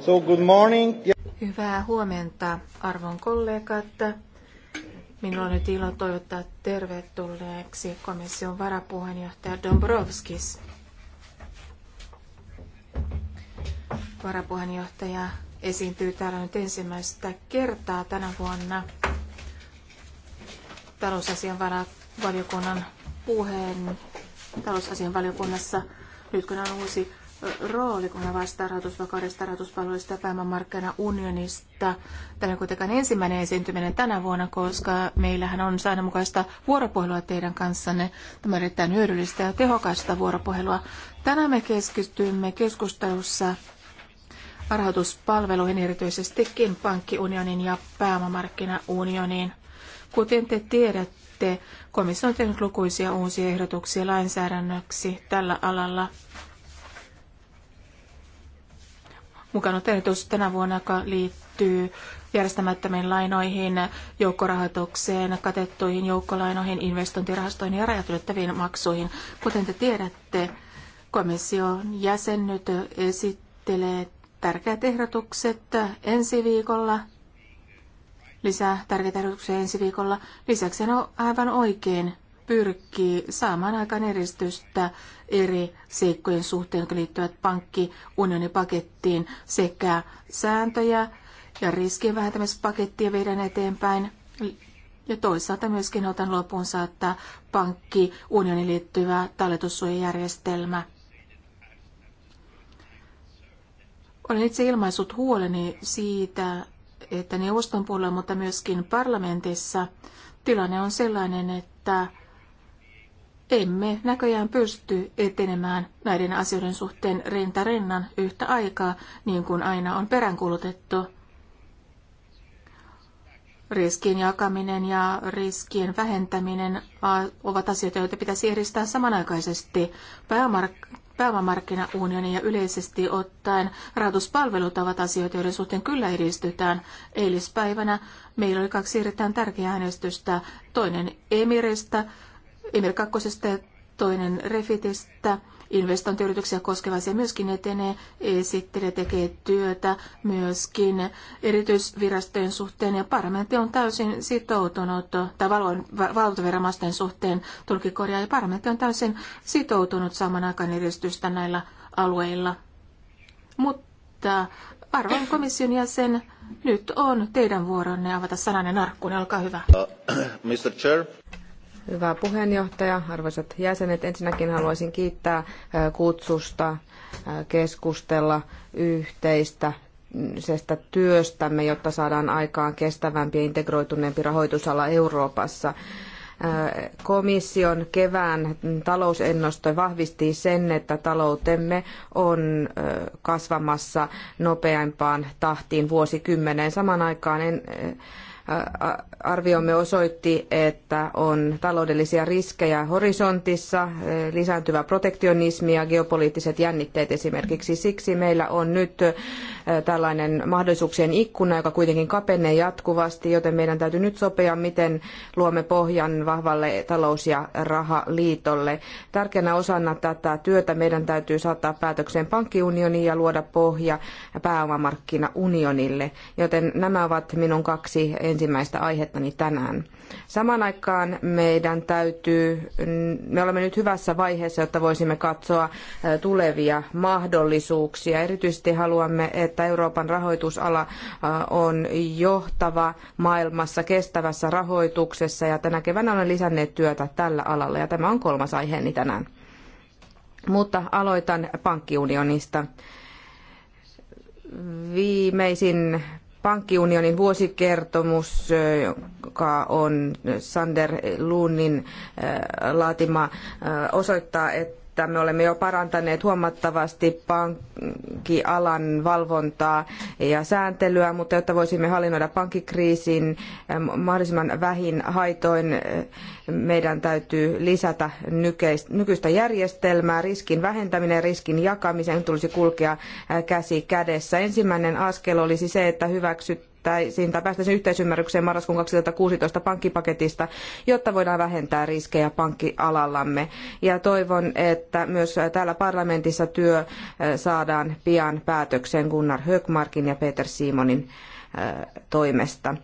So good morning. Hyvää huomenta, arvon kollegat. Minulla on nyt ilo toivottaa tervetulleeksi komission varapuheenjohtaja Dombrovskis. Varapuheenjohtaja esiintyy täällä nyt ensimmäistä kertaa tänä vuonna talousasian valiokunnan puheen talousasian valiokunnassa. Nyt kun on uusi rooli, kun hän vastaa rahoitusvakaudesta, rahoituspalveluista ja pääomamarkkinaunionista. Tämä on kuitenkaan ensimmäinen esiintyminen tänä vuonna, koska meillähän on säännönmukaista vuoropuhelua teidän kanssanne. Tämä on erittäin hyödyllistä ja tehokasta vuoropuhelua. Tänään me keskitymme keskustelussa rahoituspalveluihin, erityisestikin pankkiunionin ja pääomamarkkinaunioniin. Kuten te tiedätte, komissio on tehnyt lukuisia uusia ehdotuksia lainsäädännöksi tällä alalla. Mukana on tänä vuonna, joka liittyy järjestämättömiin lainoihin, joukkorahoitukseen, katettuihin joukkolainoihin, investointirahastoihin ja rajat ylittäviin maksuihin. Kuten te tiedätte, komission jäsennyt esittelee tärkeät ehdotukset ensi viikolla. Lisää tärkeitä ehdotuksia ensi viikolla. Lisäksi on aivan oikein pyrkii saamaan aikaan eristystä eri seikkojen suhteen, jotka liittyvät pankkiunionipakettiin sekä sääntöjä ja riskien vähentämispakettia viedään eteenpäin. Ja toisaalta myöskin otan lopun saattaa pankkiunionin liittyvä talletussuojajärjestelmä. Olen itse ilmaissut huoleni siitä, että neuvoston puolella, mutta myöskin parlamentissa tilanne on sellainen, että emme näköjään pysty etenemään näiden asioiden suhteen rinta rinnan yhtä aikaa, niin kuin aina on peräänkulutettu. Riskien jakaminen ja riskien vähentäminen ovat asioita, joita pitäisi edistää samanaikaisesti. Päämark- pääomamarkkinaunioni ja yleisesti ottaen rahoituspalvelut ovat asioita, joiden suhteen kyllä edistytään. Eilispäivänä meillä oli kaksi erittäin tärkeää äänestystä. Toinen Emiristä, Emir kakkosesta ja toinen Refitistä. Investointiyrityksiä koskeva asia myöskin etenee. Esittelijä tekee työtä myöskin erityisvirastojen suhteen ja parlamentti on täysin sitoutunut, tai valvontaviranomaisten suhteen tulkikorjaa, ja parlamentti on täysin sitoutunut saman aikaan edistystä näillä alueilla. Mutta arvon komission jäsen, nyt on teidän vuoronne avata sananen arkkuun, olkaa hyvä. Uh, Mr. Chair. Hyvä puheenjohtaja, arvoisat jäsenet, ensinnäkin haluaisin kiittää kutsusta keskustella yhteistä yhteisestä työstämme, jotta saadaan aikaan kestävämpi ja integroituneempi rahoitusala Euroopassa. Komission kevään talousennosto vahvisti sen, että taloutemme on kasvamassa nopeampaan tahtiin vuosikymmeneen. Saman aikaan en, arviomme osoitti, että on taloudellisia riskejä horisontissa, lisääntyvä protektionismi ja geopoliittiset jännitteet esimerkiksi. Siksi meillä on nyt tällainen mahdollisuuksien ikkuna, joka kuitenkin kapenee jatkuvasti, joten meidän täytyy nyt sopia, miten luomme pohjan vahvalle talous- ja rahaliitolle. Tärkeänä osana tätä työtä meidän täytyy saattaa päätökseen pankkiunioni ja luoda pohja pääomamarkkinaunionille, joten nämä ovat minun kaksi ensimmäistä aihettani tänään. Samaan aikaan meidän täytyy, me olemme nyt hyvässä vaiheessa, jotta voisimme katsoa tulevia mahdollisuuksia. Erityisesti haluamme, että että Euroopan rahoitusala äh, on johtava maailmassa kestävässä rahoituksessa ja tänä keväänä olen lisänneet työtä tällä alalla ja tämä on kolmas aiheeni tänään. Mutta aloitan pankkiunionista. Viimeisin pankkiunionin vuosikertomus, joka on Sander Luunin äh, laatima, äh, osoittaa, että että me olemme jo parantaneet huomattavasti pankkialan valvontaa ja sääntelyä, mutta jotta voisimme hallinnoida pankkikriisin ähm, mahdollisimman vähin haitoin, äh, meidän täytyy lisätä nykyistä järjestelmää. Riskin vähentäminen ja riskin jakamisen tulisi kulkea äh, käsi kädessä. Ensimmäinen askel olisi se, että hyväksyt päästäisiin, tai päästäisiin yhteisymmärrykseen marraskuun 2016 pankkipaketista, jotta voidaan vähentää riskejä pankkialallamme. Ja toivon, että myös täällä parlamentissa työ eh, saadaan pian päätökseen Gunnar Högmarkin ja Peter Simonin toimesta.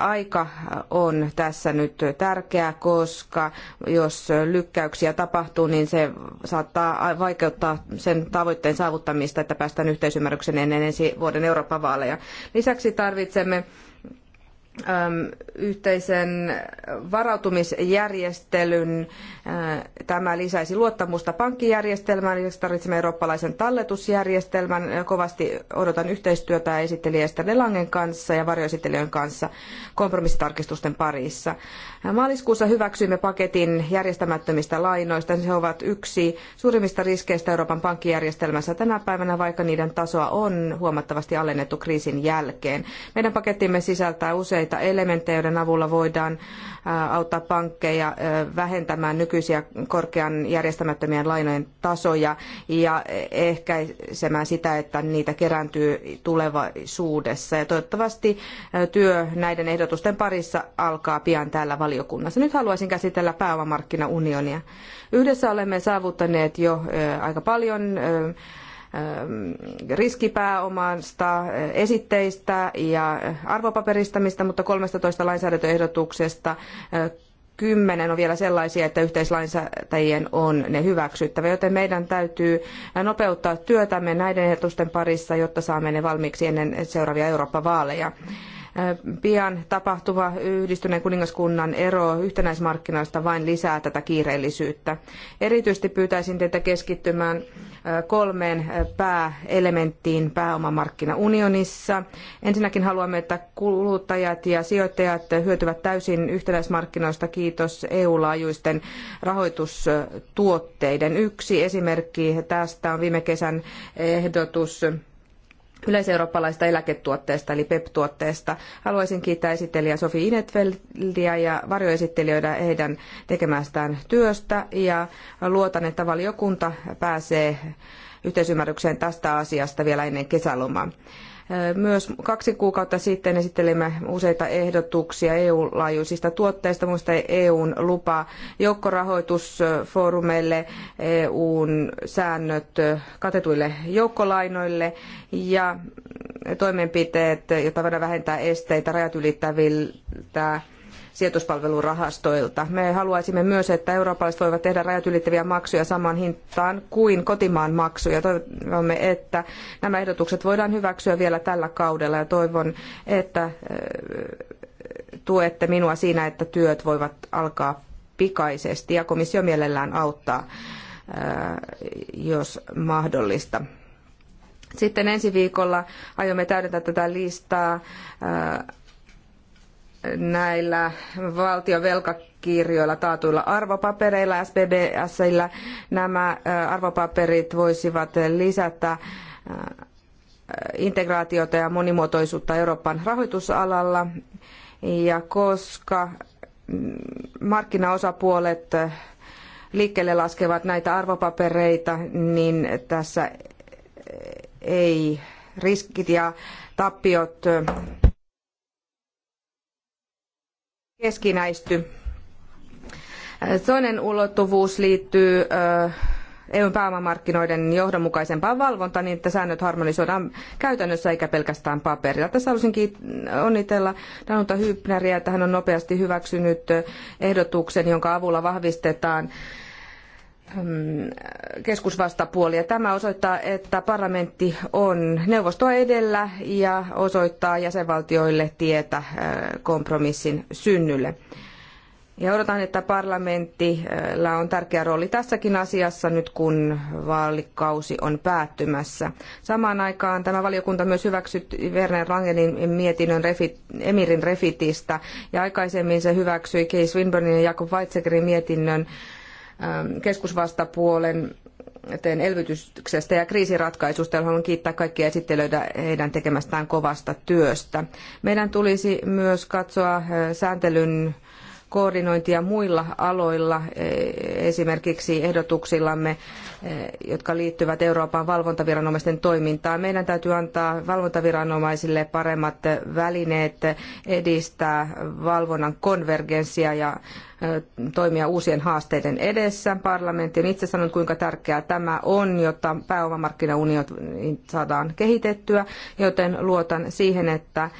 Aika on tässä nyt tärkeä, koska jos lykkäyksiä tapahtuu, niin se saattaa vaikeuttaa sen tavoitteen saavuttamista, että päästään yhteisymmärryksen ennen ensi vuoden Euroopan vaaleja. Lisäksi tarvitsemme Ähm, yhteisen varautumisjärjestelyn. Äh, tämä lisäisi luottamusta pankkijärjestelmään, lisäksi tarvitsemme eurooppalaisen talletusjärjestelmän. Kovasti odotan yhteistyötä esittelijästä Langen kanssa ja varjoesittelijän kanssa kompromissitarkistusten parissa. Maaliskuussa hyväksyimme paketin järjestämättömistä lainoista. Se ovat yksi suurimmista riskeistä Euroopan pankkijärjestelmässä tänä päivänä, vaikka niiden tasoa on huomattavasti alennettu kriisin jälkeen. Meidän pakettimme sisältää useita useita elementtejä, joiden avulla voidaan auttaa pankkeja vähentämään nykyisiä korkean järjestämättömien lainojen tasoja ja ehkäisemään sitä, että niitä kerääntyy tulevaisuudessa. Ja toivottavasti työ näiden ehdotusten parissa alkaa pian täällä valiokunnassa. Nyt haluaisin käsitellä pääomamarkkinaunionia. Yhdessä olemme saavuttaneet jo aika paljon riskipääomasta, esitteistä ja arvopaperistamista, mutta 13 lainsäädäntöehdotuksesta kymmenen on vielä sellaisia, että yhteislainsäätäjien on ne hyväksyttävä, joten meidän täytyy nopeuttaa työtämme näiden ehdotusten parissa, jotta saamme ne valmiiksi ennen seuraavia Eurooppa-vaaleja pian tapahtuva yhdistyneen kuningaskunnan ero yhtenäismarkkinoista vain lisää tätä kiireellisyyttä. Erityisesti pyytäisin teitä keskittymään kolmeen pääelementtiin pääomamarkkinaunionissa. Ensinnäkin haluamme, että kuluttajat ja sijoittajat hyötyvät täysin yhtenäismarkkinoista kiitos EU-laajuisten rahoitustuotteiden. Yksi esimerkki tästä on viime kesän ehdotus yleiseurooppalaisesta eläketuotteesta eli PEP-tuotteesta. Haluaisin kiittää esittelijä Sofi Inetfeldia ja varjoesittelijöitä heidän tekemästään työstä ja luotan, että valiokunta pääsee yhteisymmärrykseen tästä asiasta vielä ennen kesälomaa. Myös kaksi kuukautta sitten esittelimme useita ehdotuksia EU-laajuisista tuotteista, muista EUn lupa joukkorahoitusfoorumeille, EUn säännöt katetuille joukkolainoille ja toimenpiteet, jotta voidaan vähentää esteitä rajat ylittäviltä sijoituspalvelurahastoilta. Me haluaisimme myös, että eurooppalaiset voivat tehdä rajat ylittäviä maksuja samaan hintaan kuin kotimaan maksuja. Toivomme, että nämä ehdotukset voidaan hyväksyä vielä tällä kaudella ja toivon, että äh, tuette minua siinä, että työt voivat alkaa pikaisesti ja komissio mielellään auttaa, äh, jos mahdollista. Sitten ensi viikolla aiomme täydentää tätä listaa äh, näillä valtion velkakirjoilla taatuilla arvopapereilla, SBBSillä. Nämä arvopaperit voisivat lisätä integraatiota ja monimuotoisuutta Euroopan rahoitusalalla. Ja koska mm, markkinaosapuolet liikkeelle laskevat näitä arvopapereita, niin tässä ei riskit ja tappiot keskinäisty. Toinen ulottuvuus liittyy EUn pääomamarkkinoiden johdonmukaisempaan valvontaan niin, että säännöt harmonisoidaan käytännössä eikä pelkästään paperilla. Tässä haluaisin onnitella Danuta Hybneriä, että hän on nopeasti hyväksynyt ehdotuksen, jonka avulla vahvistetaan Mm, keskusvastapuoli. Ja tämä osoittaa, että parlamentti on neuvostoa edellä ja osoittaa jäsenvaltioille tietä äh, kompromissin synnylle. Ja odotan, että parlamentilla on tärkeä rooli tässäkin asiassa nyt, kun vaalikausi on päättymässä. Samaan aikaan tämä valiokunta myös hyväksyi Werner Langenin mietinnön refit, Emirin refitistä, ja aikaisemmin se hyväksyi Case Winburnin ja Jakob Weizsäckerin mietinnön Ähm, keskusvastapuolen teen elvytyksestä ja kriisiratkaisusta. Haluan kiittää kaikkia esittelyitä heidän tekemästään kovasta työstä. Meidän tulisi myös katsoa äh, sääntelyn koordinointia muilla aloilla, e, esimerkiksi ehdotuksillamme, e, jotka liittyvät Euroopan valvontaviranomaisten toimintaan. Meidän täytyy antaa valvontaviranomaisille paremmat välineet edistää valvonnan konvergenssia ja e, toimia uusien haasteiden edessä. Parlamentti on itse sanonut, kuinka tärkeää tämä on, jotta pääomamarkkinauniot saadaan kehitettyä, joten luotan siihen, että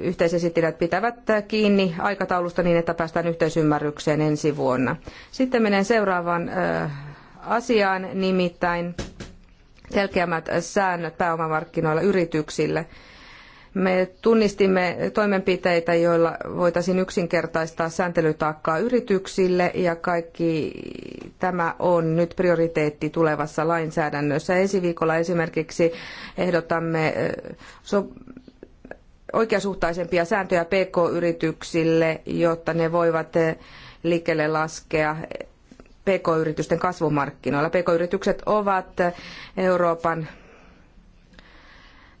yhteisesittelijät pitävät kiinni aikataulusta niin, että päästään yhteisymmärrykseen ensi vuonna. Sitten menen seuraavaan asiaan, nimittäin selkeämmät säännöt pääomamarkkinoilla yrityksille. Me tunnistimme toimenpiteitä, joilla voitaisiin yksinkertaistaa sääntelytaakkaa yrityksille ja kaikki tämä on nyt prioriteetti tulevassa lainsäädännössä. Ensi viikolla esimerkiksi ehdotamme so- oikeasuhtaisempia sääntöjä PK-yrityksille, jotta ne voivat liikkeelle laskea PK-yritysten kasvumarkkinoilla. PK-yritykset ovat Euroopan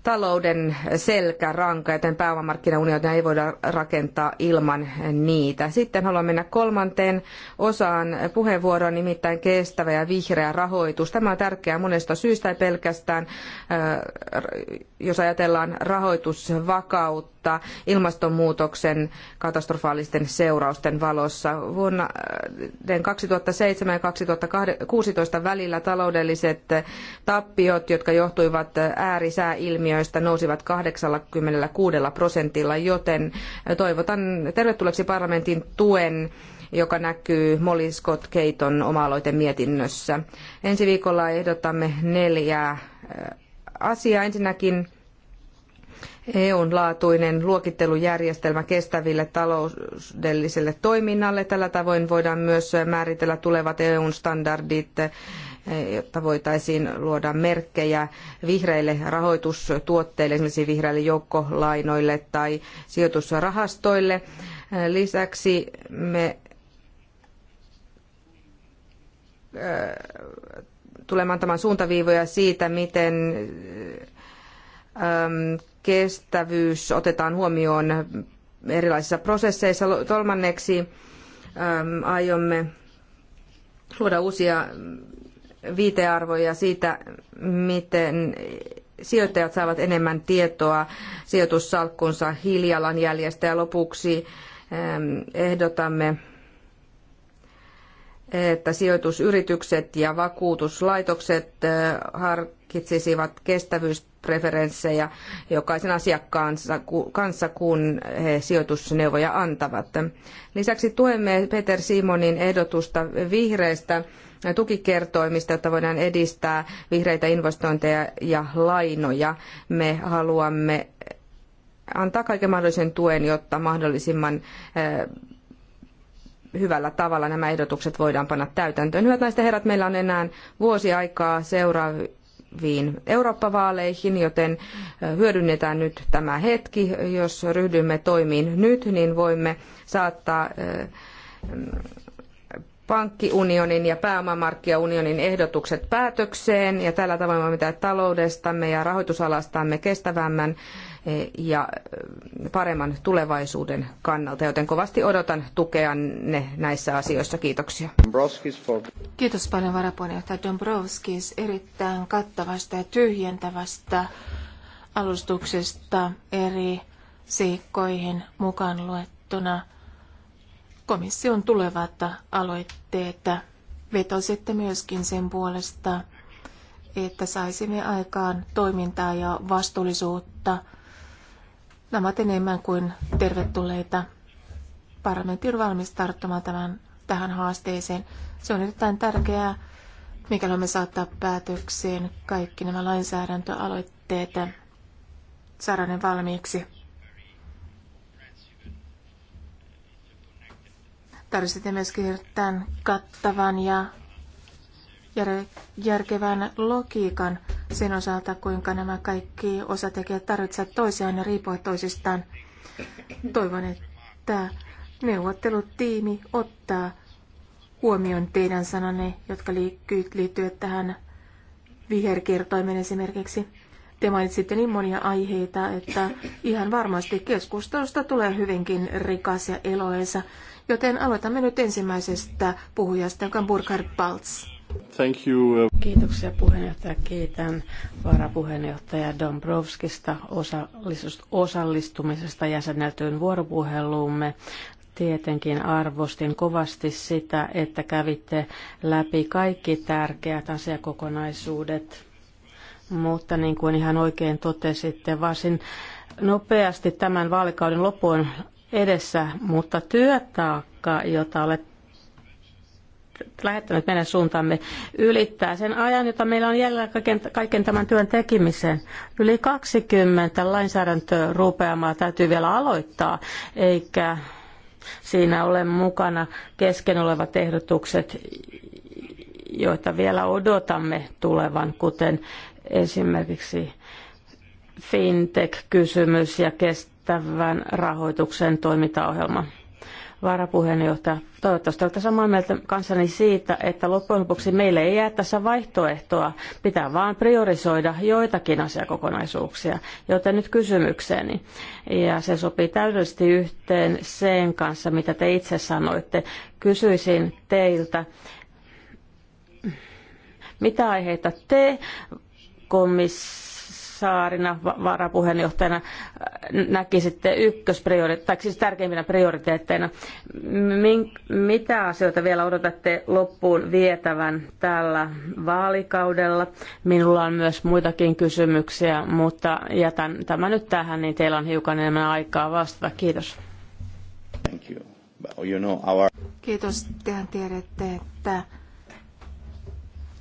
talouden selkäranka, joten pääomamarkkinaunioita ei voida rakentaa ilman niitä. Sitten haluan mennä kolmanteen osaan puheenvuoroon, nimittäin kestävä ja vihreä rahoitus. Tämä on tärkeää monesta syystä, ei pelkästään jos ajatellaan rahoitusvakautta ilmastonmuutoksen katastrofaalisten seurausten valossa. Vuonna 2007 äh, ja 2016 välillä taloudelliset tappiot, jotka johtuivat äärisääilmiöistä, nousivat 86 prosentilla, joten toivotan tervetulleeksi parlamentin tuen joka näkyy Molly Scott Keiton oma-aloitemietinnössä. Ensi viikolla ehdotamme neljää äh, asiaa. Ensinnäkin EUn laatuinen luokittelujärjestelmä kestäville taloudelliselle toiminnalle. Tällä tavoin voidaan myös määritellä tulevat EUn standardit, jotta voitaisiin luoda merkkejä vihreille rahoitustuotteille, esimerkiksi vihreille joukkolainoille tai sijoitusrahastoille. Lisäksi me äh, tulemme antamaan suuntaviivoja siitä, miten ähm, kestävyys otetaan huomioon erilaisissa prosesseissa. Kolmanneksi aiomme luoda uusia viitearvoja siitä, miten sijoittajat saavat enemmän tietoa sijoitussalkkunsa hiilijalanjäljestä. Ja lopuksi ehdotamme, että sijoitusyritykset ja vakuutuslaitokset äh, har harkitsisivat kestävyyspreferenssejä jokaisen asiakkaan kanssa, kun he sijoitusneuvoja antavat. Lisäksi tuemme Peter Simonin ehdotusta vihreistä tukikertoimista, jotta voidaan edistää vihreitä investointeja ja lainoja. Me haluamme antaa kaiken mahdollisen tuen, jotta mahdollisimman eh, hyvällä tavalla nämä ehdotukset voidaan panna täytäntöön. Hyvät naiset herrat, meillä on enää vuosi aikaa seuraavaksi tuleviin Eurooppa-vaaleihin, joten hyödynnetään nyt tämä hetki. Jos ryhdymme toimiin nyt, niin voimme saattaa pankkiunionin ja pääomamarkkinaunionin ehdotukset päätökseen ja tällä tavoin me taloudestamme ja rahoitusalastamme kestävämmän Eh, ja eh, paremman tulevaisuuden kannalta, joten kovasti odotan tukeanne näissä asioissa. Kiitoksia. Kiitos paljon varapuheenjohtaja Dombrovskis erittäin kattavasta ja tyhjentävästä alustuksesta eri seikkoihin mukaan luettuna komission tulevat aloitteet. Vetositte myöskin sen puolesta, että saisimme aikaan toimintaa ja vastuullisuutta Nämä ovat enemmän kuin tervetulleita. Parlamentti on valmis tarttumaan tämän, tähän haasteeseen. Se on erittäin tärkeää, mikä me saattaa päätökseen kaikki nämä lainsäädäntöaloitteet saada ne valmiiksi. Tarvitsette myöskin erittäin kattavan ja järkevän logiikan sen osalta, kuinka nämä kaikki osatekijät tarvitsevat toisiaan ja riippuvat toisistaan. Toivon, että neuvottelutiimi ottaa huomioon teidän sananne, jotka liittyvät tähän viherkertoimen esimerkiksi. Te mainitsitte niin monia aiheita, että ihan varmasti keskustelusta tulee hyvinkin rikas ja eloisa, joten aloitamme nyt ensimmäisestä puhujasta, joka on Burkhard Baltz. Thank you. Uh, Kiitoksia puheenjohtaja. Kiitän varapuheenjohtaja Dombrovskista osallistumisesta jäsenneltyyn vuoropuheluumme. Tietenkin arvostin kovasti sitä, että kävitte läpi kaikki tärkeät asiakokonaisuudet, mutta niin kuin ihan oikein totesitte, varsin nopeasti tämän vaalikauden loppuun edessä, mutta työtaakka, jota olette lähettänyt meidän suuntaamme ylittää sen ajan, jota meillä on jäljellä kaiken, kaiken tämän työn tekemiseen. Yli 20 lainsäädäntörupeamaa täytyy vielä aloittaa, eikä siinä ole mukana kesken olevat ehdotukset, joita vielä odotamme tulevan, kuten esimerkiksi fintech-kysymys ja kestävän rahoituksen toimintaohjelma varapuheenjohtaja. Toivottavasti olette samaa mieltä kanssani siitä, että loppujen lopuksi meille ei jää tässä vaihtoehtoa. Pitää vaan priorisoida joitakin asiakokonaisuuksia. Joten nyt kysymykseeni. Ja se sopii täydellisesti yhteen sen kanssa, mitä te itse sanoitte. Kysyisin teiltä, mitä aiheita te komissio komissaarina, varapuheenjohtajana näkisitte ykkösprioriteetteina, siis tärkeimpinä prioriteetteina. mitä asioita vielä odotatte loppuun vietävän tällä vaalikaudella? Minulla on myös muitakin kysymyksiä, mutta jätän tämä nyt tähän, niin teillä on hiukan enemmän aikaa vastata. Kiitos. Thank you. You know, our... Kiitos. Tehän tiedätte, että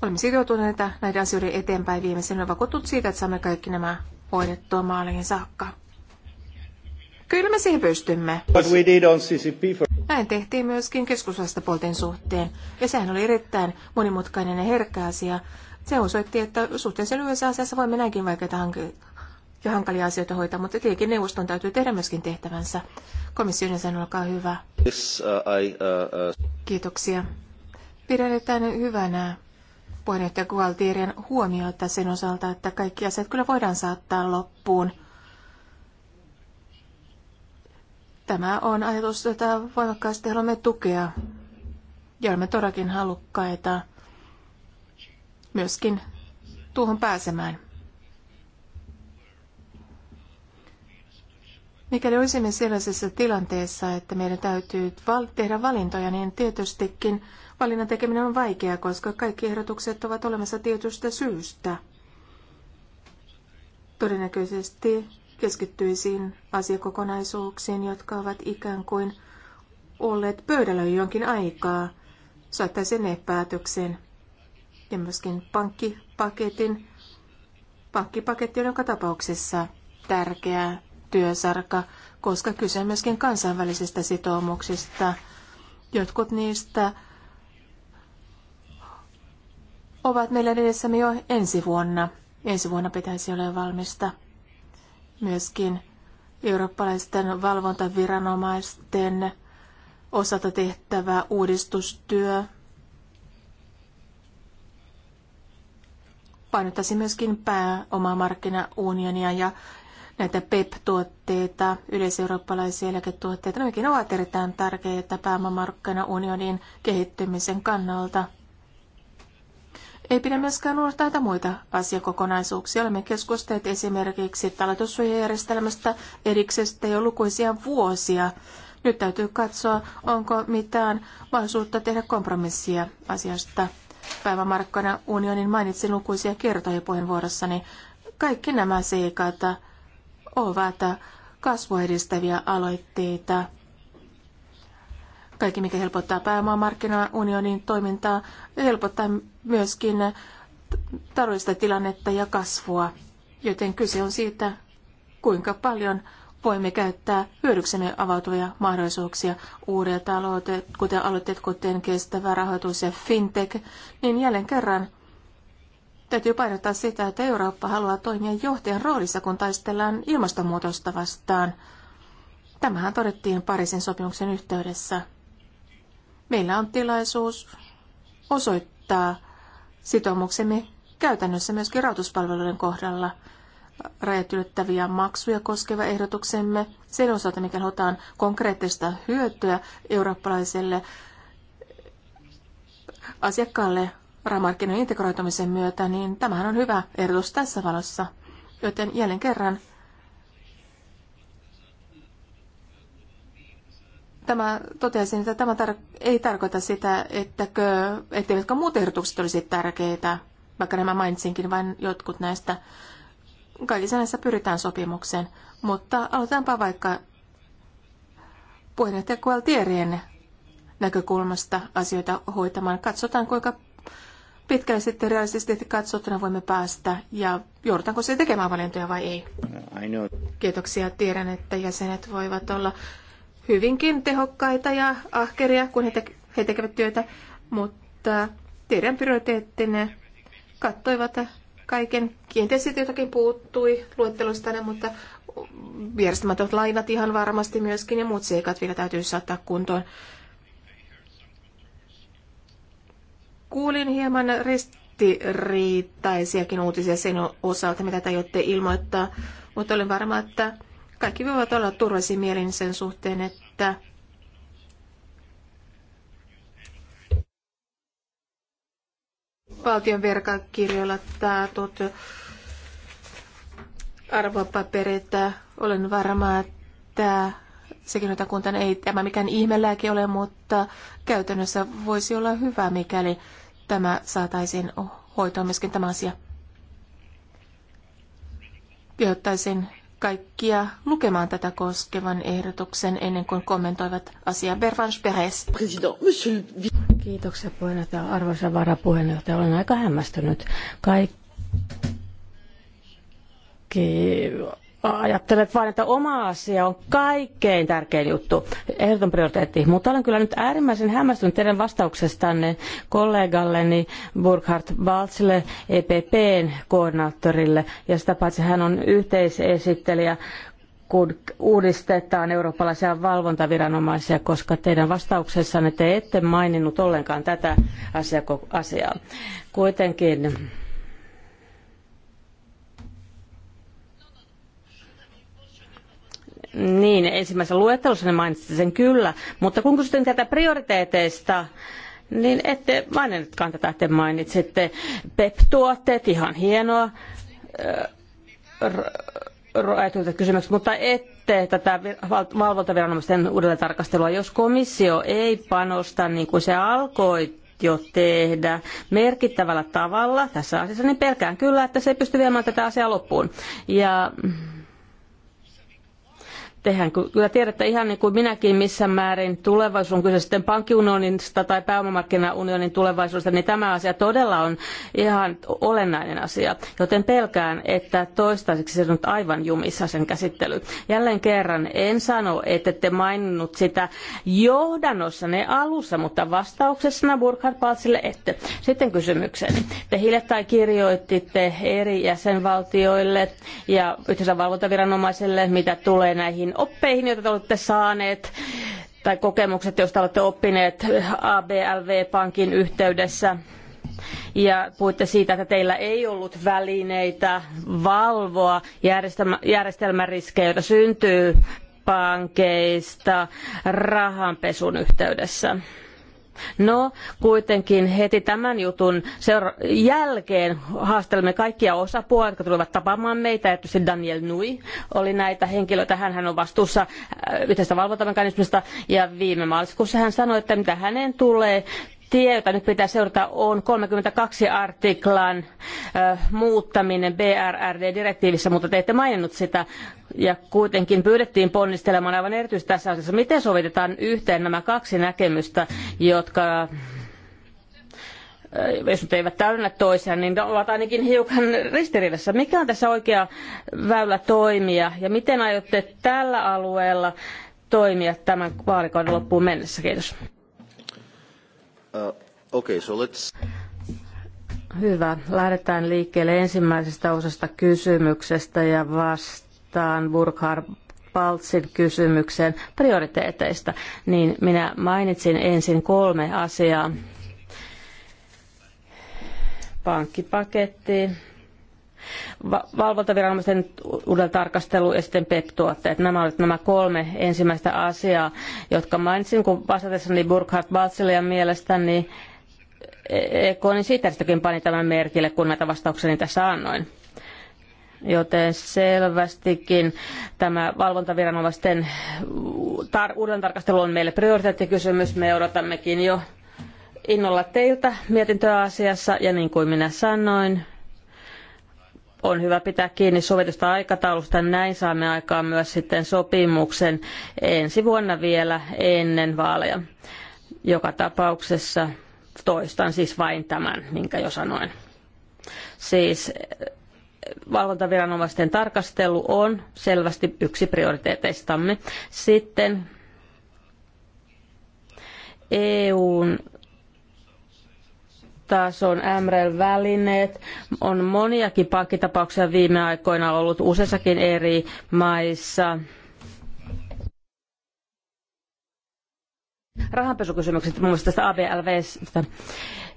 Olemme sitoutuneita näiden asioiden eteenpäin viimeisenä ja vakuuttunut siitä, että saamme kaikki nämä hoidettua maaliin saakka. Kyllä me siihen pystymme. For... Näin tehtiin myöskin keskusvastapuolten suhteen, ja sehän oli erittäin monimutkainen ja herkkä asia. Se osoitti, että suhteessa lyhyessä asiassa voimme näinkin vaikeita hankkeita ja hankalia asioita hoitaa, mutta tietenkin neuvoston täytyy tehdä myöskin tehtävänsä. Komission sen olkaa hyvä. uh, I, uh, uh... Kiitoksia. Pidän erittäin hyvänä puheenjohtaja Gualtierin huomiota sen osalta, että kaikki asiat kyllä voidaan saattaa loppuun. Tämä on ajatus, jota voimakkaasti haluamme tukea ja olemme todellakin halukkaita myöskin tuohon pääsemään. Mikäli olisimme sellaisessa tilanteessa, että meidän täytyy tehdä valintoja, niin tietystikin – Valinnan tekeminen on vaikeaa, koska kaikki ehdotukset ovat olemassa tietystä syystä. Todennäköisesti keskittyisiin asiakokonaisuuksiin, jotka ovat ikään kuin olleet pöydällä jo jonkin aikaa. Saattaisi ne päätöksen ja myöskin pankkipaketin. Pankkipaketti on joka tapauksessa tärkeä työsarka, koska kyse on myöskin kansainvälisistä sitoumuksista. Jotkut niistä ovat meillä edessämme jo ensi vuonna. Ensi vuonna pitäisi olla valmista myöskin eurooppalaisten valvontaviranomaisten osalta tehtävä uudistustyö. Painottaisin myöskin pääomamarkkinaunionia ja näitä PEP-tuotteita, yleiseurooppalaisia eläketuotteita. Nämäkin ovat erittäin tärkeitä pääomamarkkinaunionin kehittymisen kannalta. Ei pidä myöskään unohtaa muita asiakokonaisuuksia. Olemme keskustelleet esimerkiksi talletussuojajärjestelmästä eriksestä jo lukuisia vuosia. Nyt täytyy katsoa, onko mitään mahdollisuutta tehdä kompromissia asiasta. Päivämarkkana unionin mainitsin lukuisia kertoja puheenvuorossani. Kaikki nämä seikat ovat kasvua edistäviä aloitteita kaikki, mikä helpottaa pääomamarkkinaunionin toimintaa, helpottaa myöskin taloudellista tilannetta ja kasvua. Joten kyse on siitä, kuinka paljon voimme käyttää hyödyksemme avautuvia mahdollisuuksia, uudet taloudet, kuten aloitteet, kuten kestävä rahoitus ja fintech, niin jälleen kerran täytyy painottaa sitä, että Eurooppa haluaa toimia johtajan roolissa, kun taistellaan ilmastonmuutosta vastaan. Tämähän todettiin Pariisin sopimuksen yhteydessä meillä on tilaisuus osoittaa sitoumuksemme käytännössä myöskin rahoituspalveluiden kohdalla rajat ylittäviä maksuja koskeva ehdotuksemme sen osalta, mikä halutaan konkreettista hyötyä eurooppalaiselle asiakkaalle rahamarkkinoiden integroitumisen myötä, niin tämähän on hyvä ehdotus tässä valossa. Joten jälleen kerran Tämä totesin, että tämä tar- ei tarkoita sitä, että etteivätkö muut ehdotukset olisi tärkeitä, vaikka nämä mainitsinkin vain jotkut näistä. Kaikissa näissä pyritään sopimukseen, mutta aloitetaanpa vaikka puheenjohtaja Kualtierien näkökulmasta asioita hoitamaan. Katsotaan, kuinka pitkälle sitten realistisesti katsottuna voimme päästä ja joudutaanko se tekemään valintoja vai ei. Kiitoksia. Tiedän, että jäsenet voivat olla hyvinkin tehokkaita ja ahkeria, kun he, te- he tekevät työtä, mutta teidän prioriteettinne kattoivat kaiken. Kiinteistöt jotakin puuttui luettelostanne, mutta ovat lainat ihan varmasti myöskin ja muut seikat vielä täytyy saattaa kuntoon. Kuulin hieman ristiriitaisiakin uutisia sen osalta, mitä te aiotte ilmoittaa, mutta olen varma, että kaikki voivat olla turvallisin mielin sen suhteen, että valtion verkakirjoilla taatut arvopaperit. Olen varma, että sekin notakunta ei tämä mikään ihmelääke ole, mutta käytännössä voisi olla hyvä, mikäli tämä saataisiin hoitoon myöskin tämä asia kehottaisin kaikkia lukemaan tätä koskevan ehdotuksen ennen kuin kommentoivat asiaa. Bervans Perez. Kiitoksia puheenjohtaja. Arvoisa varapuheenjohtaja, olen aika hämmästynyt. Kaikki ajattelet vain, että oma asia on kaikkein tärkein juttu, ehdoton prioriteetti. Mutta olen kyllä nyt äärimmäisen hämmästynyt teidän vastauksestanne kollegalleni Burkhard Waltzille EPPn koordinaattorille, ja sitä paitsi hän on yhteisesittelijä kun uudistetaan eurooppalaisia valvontaviranomaisia, koska teidän vastauksessanne te ette maininnut ollenkaan tätä asiaa. Kuitenkin Niin, ensimmäisessä luettelossa ne mainitsitte sen kyllä, mutta kun kysyttiin tätä prioriteeteista, niin ette maininnutkaan tätä, te mainitsitte PEP-tuotteet, ihan hienoa, äh, rajoitetut mutta ette tätä valvontaviranomaisten uudelleen tarkastelua, jos komissio ei panosta niin kuin se alkoi jo tehdä merkittävällä tavalla tässä asiassa, niin pelkään kyllä, että se ei pysty viemään tätä asiaa loppuun. Ja mm, Tehän kyllä tiedätte ihan niin kuin minäkin, missä määrin tulevaisuus on kyse sitten pankkiunionista tai pääomamarkkinaunionin tulevaisuudesta, niin tämä asia todella on ihan olennainen asia. Joten pelkään, että toistaiseksi se on nyt aivan jumissa sen käsittely. Jälleen kerran en sano, että te maininnut sitä johdannossa ne alussa, mutta vastauksessana Burkhard Paltsille ette. Sitten kysymykseni. Te hiljattain kirjoititte eri jäsenvaltioille ja yhteisön valvontaviranomaiselle, mitä tulee näihin näihin oppeihin, joita te olette saaneet tai kokemukset, joista olette oppineet ABLV-pankin yhteydessä. Ja puhuitte siitä, että teillä ei ollut välineitä valvoa järjestelmäriskejä, joita syntyy pankeista rahanpesun yhteydessä. No, kuitenkin heti tämän jutun seura- jälkeen haastelimme kaikkia osapuolia, jotka tulivat tapaamaan meitä. Erityisesti Daniel Nui oli näitä henkilöitä. Hän on vastuussa äh, yhteisestä valvontamekanismista. Ja viime maaliskuussa hän sanoi, että mitä hänen tulee tie, jota nyt pitää seurata, on 32 artiklan muuttaminen BRRD-direktiivissä, mutta te ette maininnut sitä. Ja kuitenkin pyydettiin ponnistelemaan aivan erityisesti tässä asiassa. Miten sovitetaan yhteen nämä kaksi näkemystä, jotka jos nyt eivät täydennä toisiaan, niin ovat ainakin hiukan ristiriidassa. Mikä on tässä oikea väylä toimia ja miten aiotte tällä alueella toimia tämän vaalikauden loppuun mennessä? Kiitos. Uh, okay, so let's... Hyvä. Lähdetään liikkeelle ensimmäisestä osasta kysymyksestä ja vastaan Burkhard Paltsin kysymykseen prioriteeteista. Niin minä mainitsin ensin kolme asiaa. Pankkipaketti, valvontaviranomaisten uuden tarkastelu ja sitten PEP-tuotteet. Nämä olivat nämä kolme ensimmäistä asiaa, jotka mainitsin, kun vastatessani Burkhard Baltzille ja mielestäni e niin Ekonin sihteeristäkin pani tämän merkille, kun näitä vastaukseni tässä annoin. Joten selvästikin tämä valvontaviranomaisten tar- uuden tarkastelu on meille prioriteettikysymys. Me odotammekin jo innolla teiltä mietintöä asiassa ja niin kuin minä sanoin, on hyvä pitää kiinni sovitusta aikataulusta. Näin saamme aikaan myös sitten sopimuksen ensi vuonna vielä ennen vaaleja. Joka tapauksessa toistan siis vain tämän, minkä jo sanoin. Siis eh, valvontaviranomaisten tarkastelu on selvästi yksi prioriteeteistamme. Sitten EUn on mrl välineet On moniakin pankkitapauksia viime aikoina ollut useissakin eri maissa. Rahanpesukysymykset muun muassa tästä ABLVstä.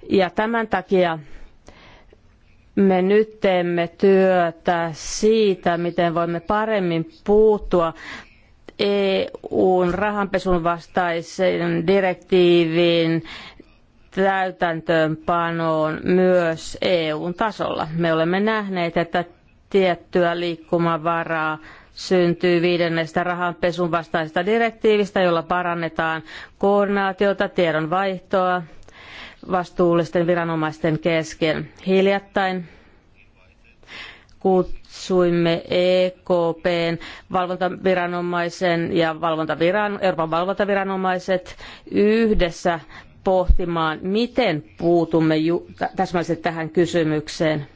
Ja tämän takia me nyt teemme työtä siitä, miten voimme paremmin puuttua EUn rahanpesun vastaisen direktiivin täytäntöönpanoon myös EUn tasolla. Me olemme nähneet, että tiettyä liikkumavaraa syntyy viidennestä rahanpesun vastaisesta direktiivistä, jolla parannetaan koordinaatiota, tiedon vaihtoa vastuullisten viranomaisten kesken. Hiljattain kutsuimme EKPn valvontaviranomaisen ja valvontaviran, Euroopan valvontaviranomaiset yhdessä pohtimaan, miten puutumme ju- täsmällisesti tähän kysymykseen.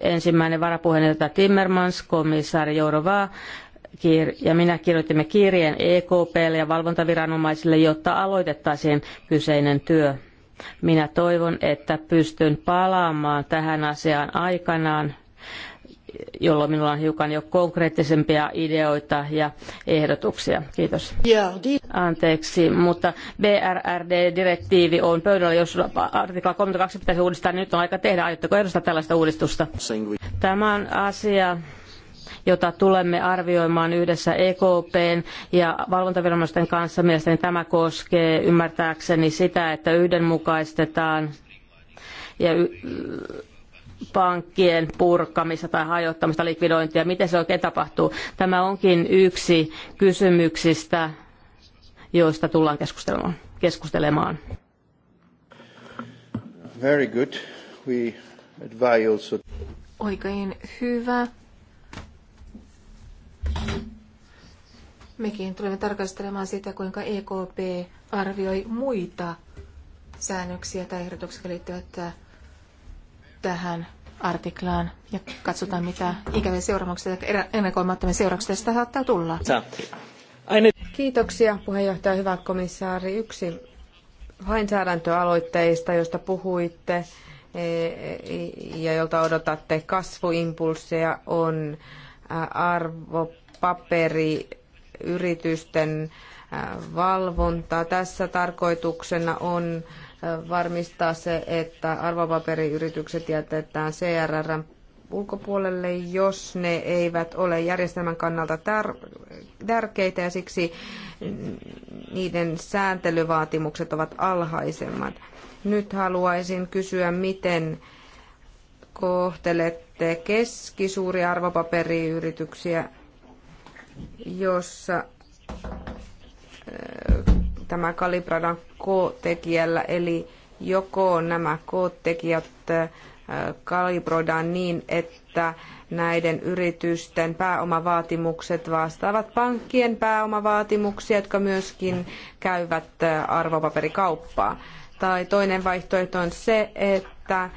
Ensimmäinen varapuheenjohtaja Timmermans, komissaari Jourovaa ja minä kirjoitimme kirjeen EKPlle ja valvontaviranomaisille, jotta aloitettaisiin kyseinen työ. Minä toivon, että pystyn palaamaan tähän asiaan aikanaan jolloin minulla on hiukan jo konkreettisempia ideoita ja ehdotuksia. Kiitos. Anteeksi, mutta BRRD-direktiivi on pöydällä, jos artikla 32 pitäisi uudistaa, niin nyt on aika tehdä. Aiotteko edustaa tällaista uudistusta? Tämä on asia, jota tulemme arvioimaan yhdessä EKPn ja valvontaviranomaisten kanssa. Mielestäni tämä koskee ymmärtääkseni sitä, että yhdenmukaistetaan ja pankkien purkamista tai hajottamista, likvidointia, miten se oikein tapahtuu. Tämä onkin yksi kysymyksistä, joista tullaan keskustelemaan. keskustelemaan. Very good. We advise also... Oikein hyvä. Mekin tulemme tarkastelemaan sitä, kuinka EKP arvioi muita säännöksiä tai ehdotuksia liittyvät tähän artiklaan ja katsotaan, mitä ikäviä seuraamuksia ja ennakoimattomia seurauksia tästä saattaa tulla. Kiitoksia puheenjohtaja, hyvä komissaari. Yksi lainsäädäntöaloitteista, josta puhuitte e, e, ja jolta odotatte kasvuimpulsseja, on arvopaperiyritysten valvonta. Tässä tarkoituksena on varmistaa se, että arvopaperiyritykset jätetään CRR ulkopuolelle, jos ne eivät ole järjestelmän kannalta tärkeitä ja siksi niiden sääntelyvaatimukset ovat alhaisemmat. Nyt haluaisin kysyä, miten kohtelette keskisuuria arvopaperiyrityksiä, jossa tämä kalibroidaan K-tekijällä, eli joko nämä K-tekijät kalibroidaan niin, että näiden yritysten pääomavaatimukset vastaavat pankkien pääomavaatimuksia, jotka myöskin käyvät arvopaperikauppaa. Tai toinen vaihtoehto on se, että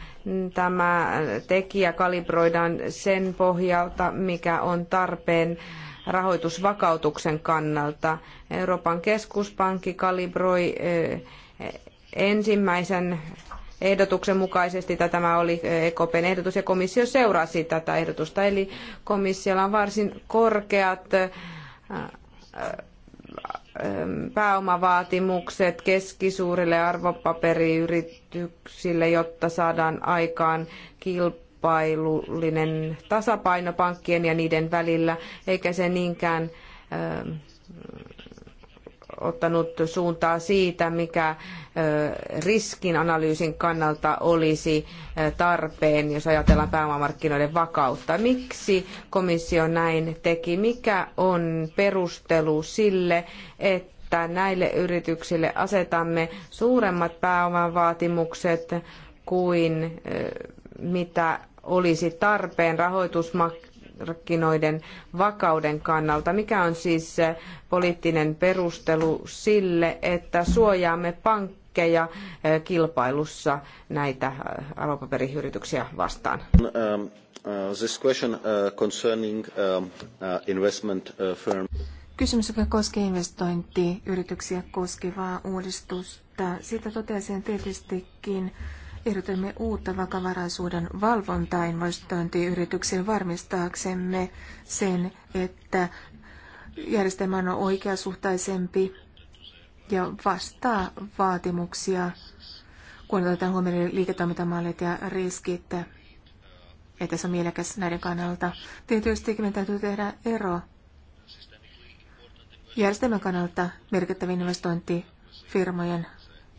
tämä tekijä kalibroidaan sen pohjalta, mikä on tarpeen rahoitusvakautuksen kannalta. Euroopan keskuspankki kalibroi eh, ensimmäisen ehdotuksen mukaisesti, tai tämä oli EKPn eh, e ehdotus, ja komissio seurasi tätä ehdotusta. Eli komissiolla on varsin korkeat eh, pääomavaatimukset keskisuurille arvopaperiyrityksille, jotta saadaan aikaan kilpailu kilpailullinen tasapaino pankkien ja niiden välillä, eikä se niinkään ähm, ottanut suuntaa siitä, mikä äh, riskinanalyysin kannalta olisi äh, tarpeen, jos ajatellaan pääomamarkkinoiden vakautta. Miksi komissio näin teki? Mikä on perustelu sille, että näille yrityksille asetamme suuremmat pääoman vaatimukset kuin äh, mitä olisi tarpeen rahoitusmarkkinoiden vakauden kannalta. Mikä on siis poliittinen perustelu sille, että suojaamme pankkeja eh, kilpailussa näitä eh, arvopaperiyrityksiä vastaan? Um, um, uh, this question uh, concerning um, uh, investment uh, firm. Kysymys, joka koskee investointiyrityksiä koskevaa uudistusta. Siitä toteaisin tietystikin, Ehdotamme uutta vakavaraisuuden valvontaa investointiyrityksiin varmistaaksemme sen, että järjestelmä on oikeasuhtaisempi ja vastaa vaatimuksia, kun otetaan huomioon liiketoimintamallit ja riskit, että se on mielekäs näiden kannalta. Tietysti meidän täytyy tehdä ero järjestelmän kannalta merkittävien investointifirmojen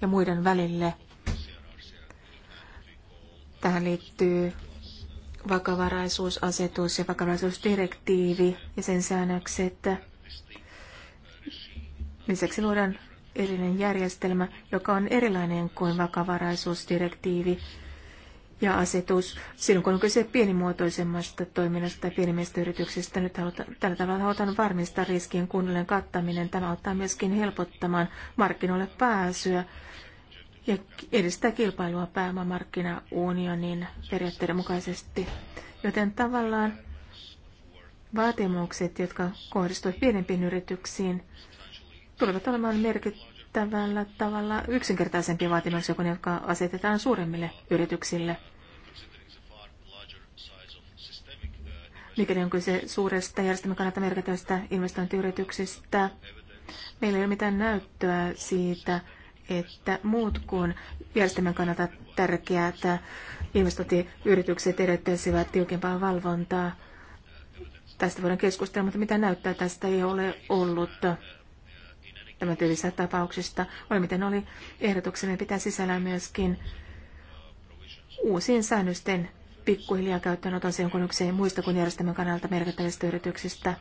ja muiden välille – Tähän liittyy vakavaraisuusasetus ja vakavaraisuusdirektiivi ja sen säännökset. Lisäksi luodaan erillinen järjestelmä, joka on erilainen kuin vakavaraisuusdirektiivi ja asetus. Silloin kun on kyse pienimuotoisemmasta toiminnasta tai pienimmistä yrityksistä, nyt halutaan, tällä tavalla halutaan varmistaa riskien kunnollinen kattaminen. Tämä auttaa myöskin helpottamaan markkinoille pääsyä ja edistää kilpailua pääomamarkkinaunionin periaatteiden mukaisesti. Joten tavallaan vaatimukset, jotka kohdistuvat pienempiin yrityksiin, tulevat olemaan merkittävällä tavalla yksinkertaisempia vaatimuksia kuin jotka asetetaan suuremmille yrityksille. Mikäli on kyse suuresta järjestelmän kannalta merkittävästä investointiyrityksestä, meillä ei ole mitään näyttöä siitä, että muut kuin järjestelmän kannalta tärkeät investointiyritykset edellyttäisivät tiukempaa valvontaa. Tästä voidaan keskustella, mutta mitä näyttää tästä ei ole ollut tämän tyylisistä tapauksista. Oli miten oli, ehdotuksemme pitää sisällä myöskin uusien säännösten pikkuhiljaa käyttöönoton jonkunnäköiseen muista kuin järjestelmän kannalta merkittävistä yrityksistä.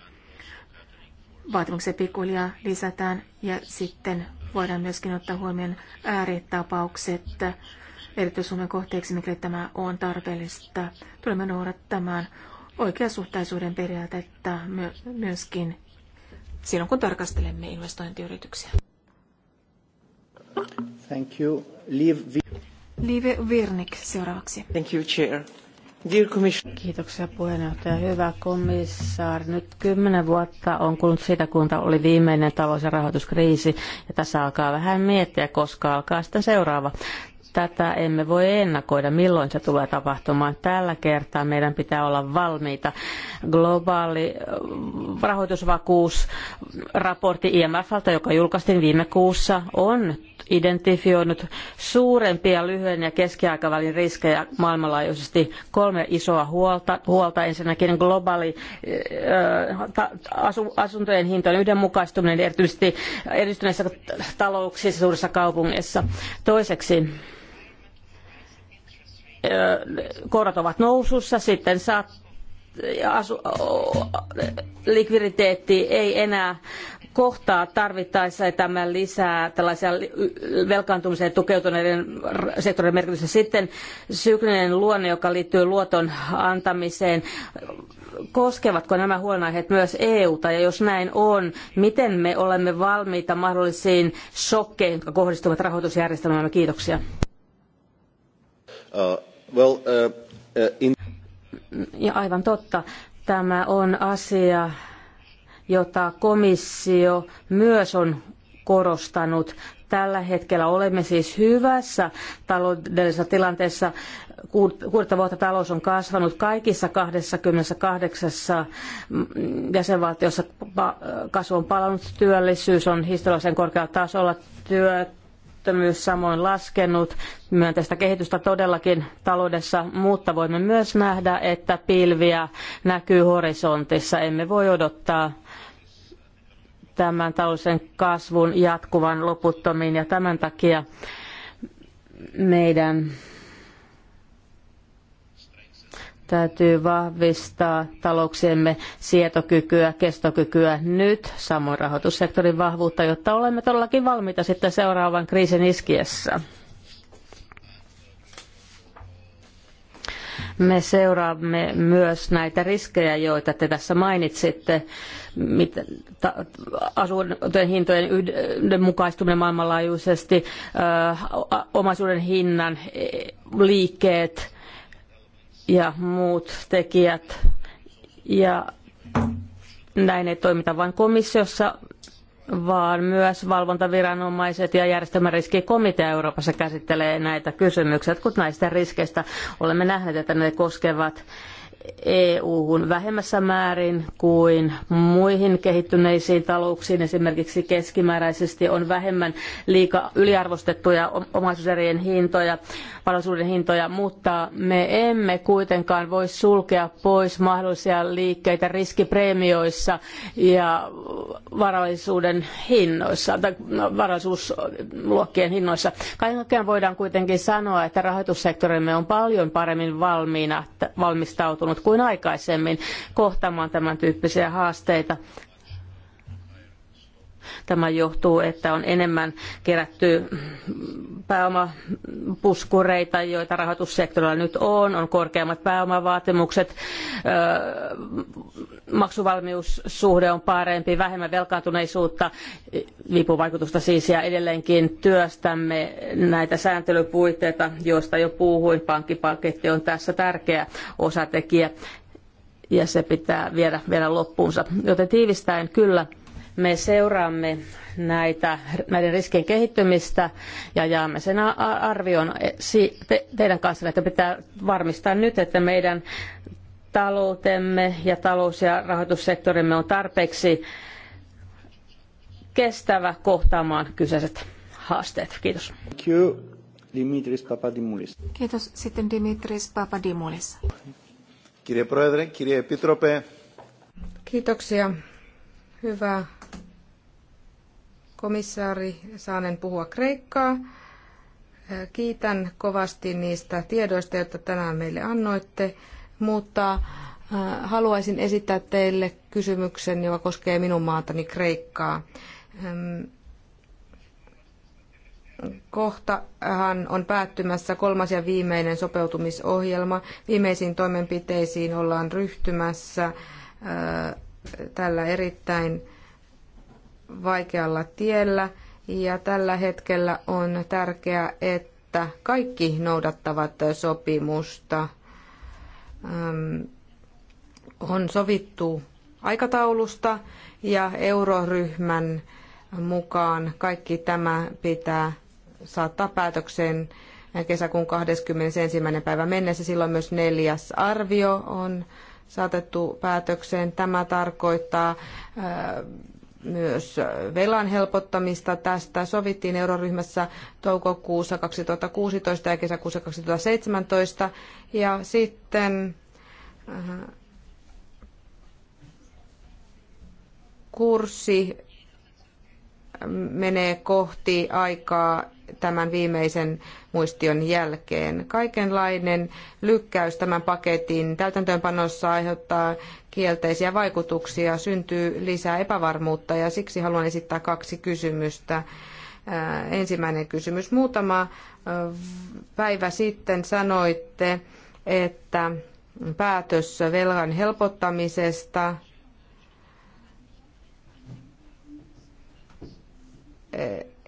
Vaatimuksia pikkuhiljaa lisätään ja sitten voidaan myöskin ottaa huomioon ääritapaukset erityisuuden kohteeksi, mikäli tämä on tarpeellista. Tulemme noudattamaan oikeasuhtaisuuden periaatetta myöskin silloin, kun tarkastelemme investointiyrityksiä. Thank you. Liv, Live Virnik seuraavaksi. Thank you, Chair. Kiitoksia puheenjohtaja. Hyvä komissaari. Nyt kymmenen vuotta on kulunut siitä, kun oli viimeinen talous- ja rahoituskriisi. Ja tässä alkaa vähän miettiä, koska alkaa sitten seuraava. Tätä emme voi ennakoida, milloin se tulee tapahtumaan. Tällä kertaa meidän pitää olla valmiita. Globaali rahoitusvakuusraportti IMFltä, joka julkaistiin viime kuussa, on identifioinut suurempia lyhyen ja keskiaikavälin riskejä maailmanlaajuisesti. Kolme isoa huolta. huolta ensinnäkin globaali asuntojen hintojen yhdenmukaistuminen erityisesti edistyneissä talouksissa suurissa kaupungeissa. Toiseksi korot ovat nousussa, sitten saattaa asu, likviditeetti ei enää kohtaa tarvittaessa tämä lisää tällaisia velkaantumiseen tukeutuneiden sektorin merkitystä. Sitten syklinen luonne, joka liittyy luoton antamiseen, koskevatko nämä huolenaiheet myös EUta ja jos näin on, miten me olemme valmiita mahdollisiin shokkeihin, jotka kohdistuvat rahoitusjärjestelmäämme? Kiitoksia. Uh, well, uh, uh, in ja aivan totta, tämä on asia, jota komissio myös on korostanut. Tällä hetkellä olemme siis hyvässä taloudellisessa tilanteessa. Kuudetta vuotta talous on kasvanut kaikissa 28 jäsenvaltiossa. Kasvu on palannut, työllisyys on historiallisen korkealla tasolla, työt työttömyys samoin laskenut. Myönteistä kehitystä todellakin taloudessa, mutta voimme myös nähdä, että pilviä näkyy horisontissa. Emme voi odottaa tämän taloudellisen kasvun jatkuvan loputtomiin ja tämän takia meidän täytyy vahvistaa talouksiemme sietokykyä, kestokykyä nyt, samoin rahoitussektorin vahvuutta, jotta olemme todellakin valmiita sitten seuraavan kriisin iskiessä. Me seuraamme myös näitä riskejä, joita te tässä mainitsitte, asuntojen hintojen yhdenmukaistuminen maailmanlaajuisesti, omaisuuden hinnan e, liikkeet, ja muut tekijät. Ja näin ei toimita vain komissiossa, vaan myös valvontaviranomaiset ja järjestelmäriskikomitea Euroopassa käsittelee näitä kysymyksiä. Kun näistä riskeistä olemme nähneet, että ne koskevat EU-hun vähemmässä määrin kuin muihin kehittyneisiin talouksiin. Esimerkiksi keskimääräisesti on vähemmän liika yliarvostettuja omaisuuserien hintoja, varallisuuden hintoja, mutta me emme kuitenkaan voi sulkea pois mahdollisia liikkeitä riskipremioissa ja varallisuuden hinnoissa, tai no, varallisuusluokkien hinnoissa. Kaiken kaikkiaan voidaan kuitenkin sanoa, että rahoitussektorimme on paljon paremmin valmiina, valmistautunut kuin aikaisemmin kohtaamaan tämän tyyppisiä haasteita. Tämä johtuu, että on enemmän kerätty pääomapuskureita, joita rahoitussektorilla nyt on, on korkeammat pääomavaatimukset, maksuvalmiussuhde on parempi, vähemmän velkaantuneisuutta, vipuvaikutusta siis, ja edelleenkin työstämme näitä sääntelypuitteita, joista jo puhuin. Pankkipaketti on tässä tärkeä osatekijä ja se pitää viedä vielä loppuunsa. Joten tiivistäen kyllä me seuraamme näitä, näiden riskien kehittymistä ja jaamme sen arvion e- teidän kanssa, että pitää varmistaa nyt, että meidän taloutemme ja talous- ja rahoitussektorimme on tarpeeksi kestävä kohtaamaan kyseiset haasteet. Kiitos. Dimitris Papadimoulis. Kiitos. Sitten Dimitris Papadimoulis. Kirje Proedre, kirje Epitrope. Kiitoksia. Hyvä komissaari Saanen puhua Kreikkaa. Kiitän kovasti niistä tiedoista, joita tänään meille annoitte, mutta äh, haluaisin esittää teille kysymyksen, joka koskee minun maatani Kreikkaa. Ehm, kohtahan on päättymässä kolmas ja viimeinen sopeutumisohjelma. Viimeisiin toimenpiteisiin ollaan ryhtymässä äh, tällä erittäin vaikealla tiellä ja tällä hetkellä on tärkeää, että kaikki noudattavat sopimusta. On sovittu aikataulusta ja euroryhmän mukaan kaikki tämä pitää saattaa päätökseen kesäkuun 21. päivä mennessä. Silloin myös neljäs arvio on saatettu päätökseen. Tämä tarkoittaa myös velan helpottamista. Tästä sovittiin euroryhmässä toukokuussa 2016 ja kesäkuussa 2017. Ja sitten äh, kurssi menee kohti aikaa tämän viimeisen muistion jälkeen. Kaikenlainen lykkäys tämän paketin täytäntöönpanossa aiheuttaa kielteisiä vaikutuksia, syntyy lisää epävarmuutta ja siksi haluan esittää kaksi kysymystä. Äh, ensimmäinen kysymys. Muutama äh, päivä sitten sanoitte, että päätös velan helpottamisesta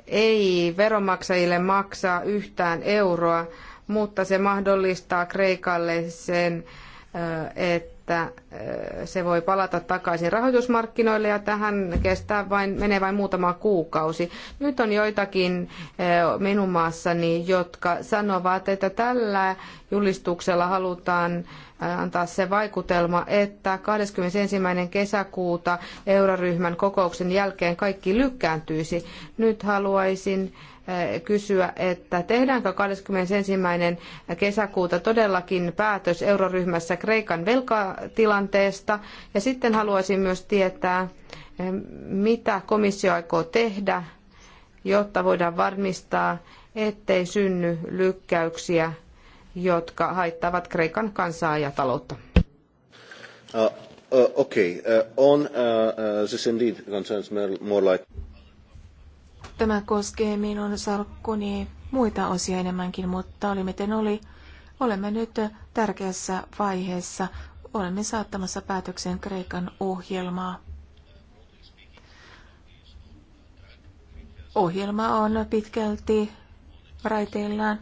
ei veronmaksajille maksaa yhtään euroa, mutta se mahdollistaa Kreikalle sen että se voi palata takaisin rahoitusmarkkinoille ja tähän kestää vain, menee vain muutama kuukausi. Nyt on joitakin minun maassani, jotka sanovat, että tällä julistuksella halutaan antaa se vaikutelma, että 21. kesäkuuta euroryhmän kokouksen jälkeen kaikki lykkääntyisi. Nyt haluaisin kysyä, että tehdäänkö 21. kesäkuuta todellakin päätös euroryhmässä Kreikan velkatilanteesta. Ja sitten haluaisin myös tietää, mitä komissio aikoo tehdä, jotta voidaan varmistaa, ettei synny lykkäyksiä, jotka haittavat Kreikan kansaa ja taloutta. Uh, uh, okay. uh, on, uh, uh, Tämä koskee minun salkkuni muita osia enemmänkin, mutta oli miten oli. Olemme nyt tärkeässä vaiheessa. Olemme saattamassa päätöksen Kreikan ohjelmaa. Ohjelma on pitkälti raiteillaan.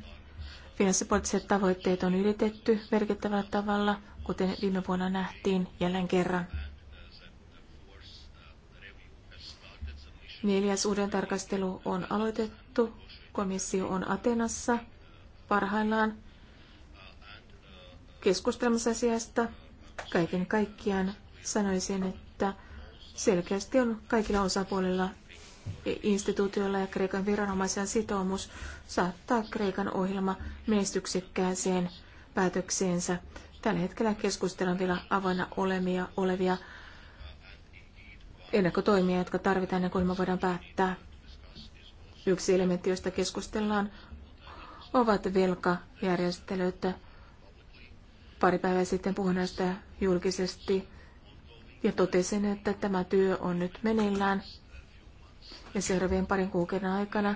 Finanssipoliittiset tavoitteet on ylitetty merkittävällä tavalla, kuten viime vuonna nähtiin jälleen kerran. Neljäs uuden tarkastelu on aloitettu. Komissio on Atenassa parhaillaan keskustelmassa asiasta. Kaiken kaikkiaan sanoisin, että selkeästi on kaikilla osapuolilla e, instituutioilla ja Kreikan viranomaisen sitoumus saattaa Kreikan ohjelma menestyksekkääseen päätökseensä. Tällä hetkellä keskustellaan vielä avoinna olemia, olevia ennakkotoimia, jotka tarvitaan ennen kuin me voidaan päättää. Yksi elementti, josta keskustellaan, ovat velkajärjestelyt. Pari päivää sitten puhuin näistä julkisesti ja totesin, että tämä työ on nyt meneillään. Ja seuraavien parin kuukauden aikana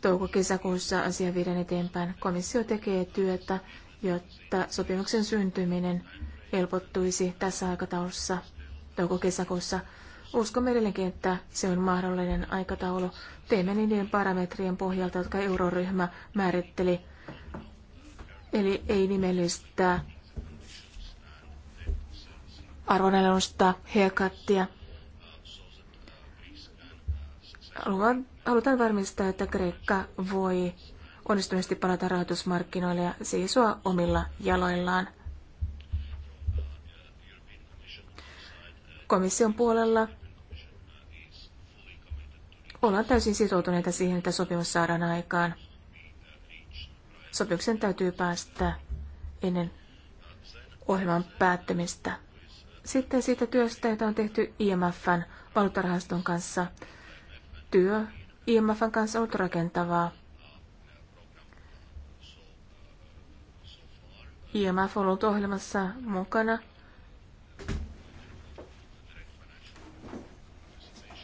touko-kesäkuussa asia viedään eteenpäin. Komissio tekee työtä, jotta sopimuksen syntyminen helpottuisi tässä aikataulussa toukokesäkuussa. kesäkuussa Uskomme edelleenkin, että se on mahdollinen aikataulu. Teemme niiden niin parametrien pohjalta, jotka euroryhmä määritteli. Eli ei nimellistä arvonelusta haircuttia. halutaan varmistaa, että Kreikka voi onnistuneesti palata rahoitusmarkkinoille ja seisoa omilla jaloillaan. Komission puolella ollaan täysin sitoutuneita siihen, että sopimus saadaan aikaan. Sopimuksen täytyy päästä ennen ohjelman päättämistä. Sitten siitä työstä, jota on tehty IMFn valuuttarahaston kanssa. Työ IMFn kanssa on ollut rakentavaa. IMF on ollut ohjelmassa mukana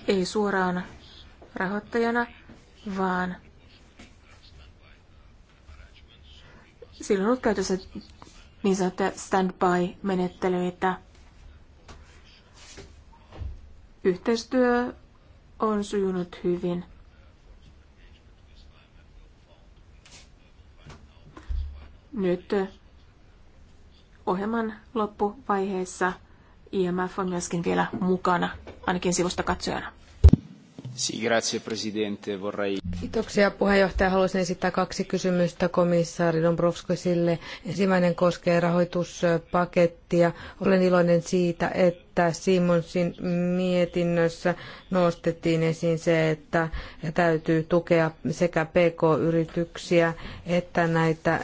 ei suoraan rahoittajana, vaan silloin on ollut käytössä niin sanottuja standby-menettelyitä. Yhteistyö on sujunut hyvin. Nyt ohjelman loppuvaiheessa IMF on myöskin vielä mukana, ainakin sivusta katsojana. Kiitoksia puheenjohtaja. Haluaisin esittää kaksi kysymystä komissaari Dombrovskisille. Ensimmäinen koskee rahoituspakettia. Olen iloinen siitä, että Simonsin mietinnössä nostettiin esiin se, että täytyy tukea sekä PK-yrityksiä että näitä äh,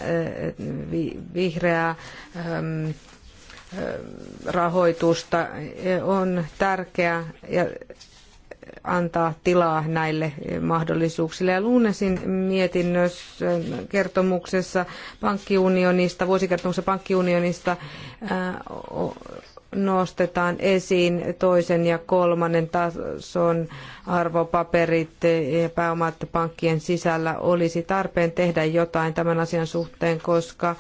vihreää ähm, äh, rahoitusta. On tärkeää ja antaa tilaa näille mahdollisuuksille. Ja Luunesin mietinnössä kertomuksessa pankkiunionista, vuosikertomuksessa pankkiunionista äh, nostetaan esiin toisen ja kolmannen tason arvopaperit ja pääomat pankkien sisällä olisi tarpeen tehdä jotain tämän asian suhteen, koska äh,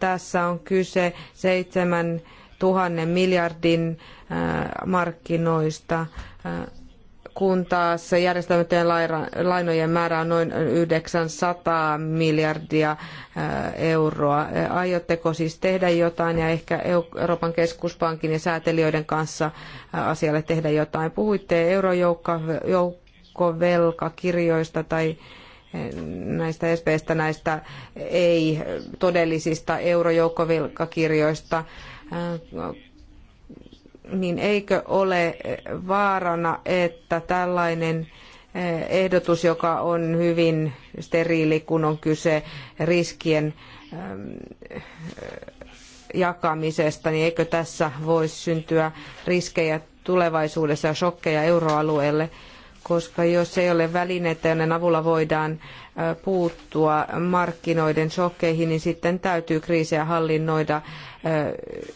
tässä on kyse seitsemän tuhannen miljardin äh, markkinoista kun taas järjestämättöjen lainojen määrä on noin 900 miljardia euroa. Aiotteko siis tehdä jotain ja ehkä Euroopan keskuspankin ja säätelijöiden kanssa asialle tehdä jotain? Puhuitte eurojoukkovelkakirjoista tai näistä SPstä, näistä ei-todellisista eurojoukkovelkakirjoista niin eikö ole vaarana, että tällainen eh, ehdotus, joka on hyvin steriili, kun on kyse riskien eh, jakamisesta, niin eikö tässä voisi syntyä riskejä tulevaisuudessa ja shokkeja euroalueelle? koska jos ei ole välineitä, joiden avulla voidaan puuttua markkinoiden shokkeihin, niin sitten täytyy kriisejä hallinnoida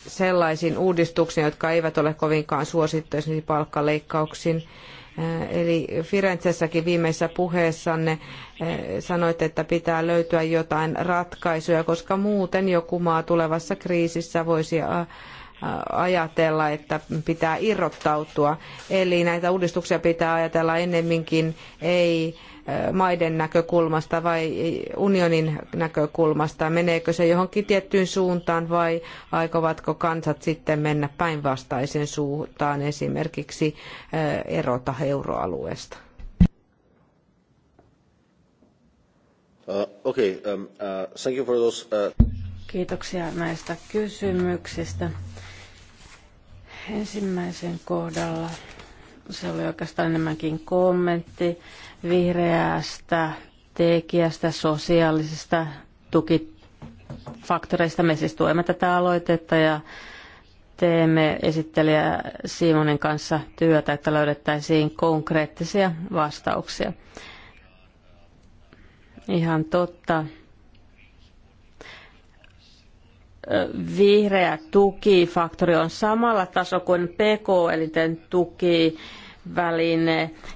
sellaisin uudistuksin, jotka eivät ole kovinkaan suosittuja, esimerkiksi palkkaleikkauksin. Eli Firenzessäkin viimeisessä puheessanne sanoitte, että pitää löytyä jotain ratkaisuja, koska muuten joku maa tulevassa kriisissä voisi Äh, ajatella, että pitää irrottautua. Eli näitä uudistuksia pitää ajatella ennemminkin ei äh, maiden näkökulmasta vai unionin näkökulmasta? Meneekö se johonkin tiettyyn suuntaan vai aikovatko kansat sitten mennä päinvastaisen suuntaan esimerkiksi äh, erota euroalueesta? Uh, okay, um, uh, those, uh... Kiitoksia näistä kysymyksistä. Ensimmäisen kohdalla se oli oikeastaan enemmänkin kommentti vihreästä tekijästä, sosiaalisista tukifaktoreista. Me siis tuemme tätä aloitetta ja teemme esittelijä Simonin kanssa työtä, että löydettäisiin konkreettisia vastauksia. Ihan totta vihreä tukifaktori on samalla tasolla kuin PK-elinten tuki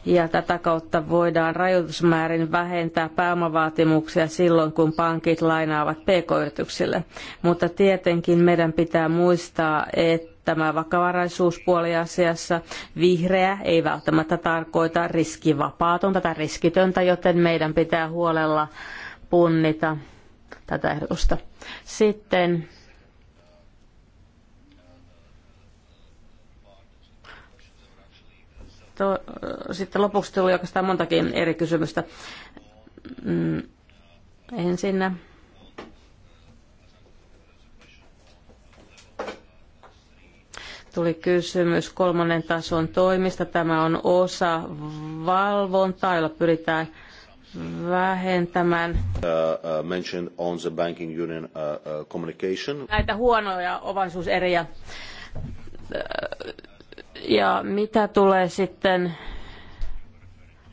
ja tätä kautta voidaan rajoitusmäärin vähentää pääomavaatimuksia silloin, kun pankit lainaavat pk-yrityksille. Mutta tietenkin meidän pitää muistaa, että tämä vakavaraisuuspuoli asiassa vihreä ei välttämättä tarkoita riskivapaatonta tai riskitöntä, joten meidän pitää huolella punnita tätä ehdotusta. Sitten to, sitten lopuksi tuli oikeastaan montakin eri kysymystä. Mm, Ensin Tuli kysymys kolmannen tason toimista. Tämä on osa valvontaa, jolla pyritään vähentämään uh, uh, on the banking union, uh, uh, communication. näitä huonoja omaisuuseriä. Ja mitä tulee sitten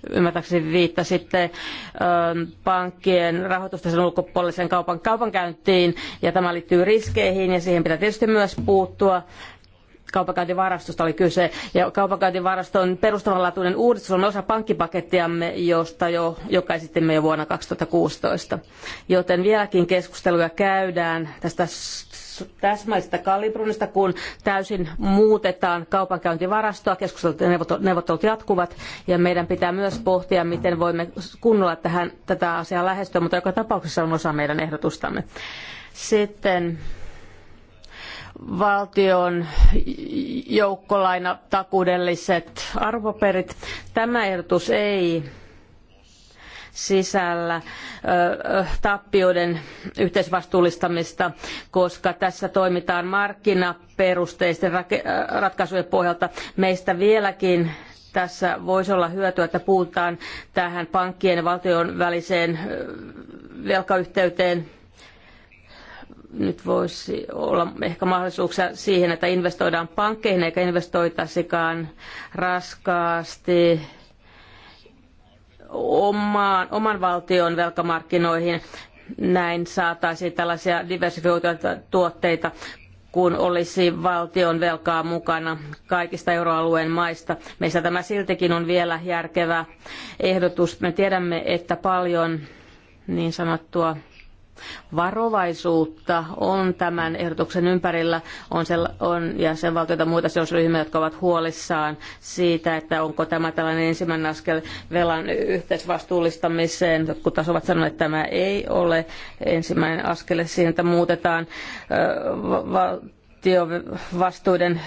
ymmärtääkseni viittasitte um, pankkien rahoitusten ulkopuolisen kaupan, kaupankäyntiin ja tämä liittyy riskeihin ja siihen pitää tietysti myös puuttua kaupankäyntivarastosta oli kyse. Ja kaupankäyntivaraston perustavanlaatuinen uudistus on osa pankkipakettiamme, josta jo, joka esitimme jo vuonna 2016. Joten vieläkin keskusteluja käydään tästä täsmällisestä kalibrunista, kun täysin muutetaan kaupankäyntivarastoa, keskustelut ja neuvottelut jatkuvat, ja meidän pitää myös pohtia, miten voimme kunnolla tähän, tätä asiaa lähestyä, mutta joka tapauksessa on osa meidän ehdotustamme. Sitten valtion joukkolainatakuudelliset arvoperit. Tämä ehdotus ei sisällä tappioiden yhteisvastuullistamista, koska tässä toimitaan markkinaperusteisten ratkaisujen pohjalta. Meistä vieläkin tässä voisi olla hyötyä, että puhutaan tähän pankkien ja valtion väliseen velkayhteyteen nyt voisi olla ehkä mahdollisuuksia siihen, että investoidaan pankkeihin eikä investoitaisikaan raskaasti omaan, oman valtion velkamarkkinoihin. Näin saataisiin tällaisia diversifioituja tuotteita, kun olisi valtion velkaa mukana kaikista euroalueen maista. Meistä tämä siltikin on vielä järkevä ehdotus. Me tiedämme, että paljon niin sanottua varovaisuutta on tämän ehdotuksen ympärillä on, sel, on jäsenvaltioita muita sidosryhmiä, jotka ovat huolissaan siitä, että onko tämä tällainen ensimmäinen askel velan yhteisvastuullistamiseen. Jotkut taas ovat sanoneet, että tämä ei ole ensimmäinen askel siinä, että muutetaan ö, va, valtiovastuiden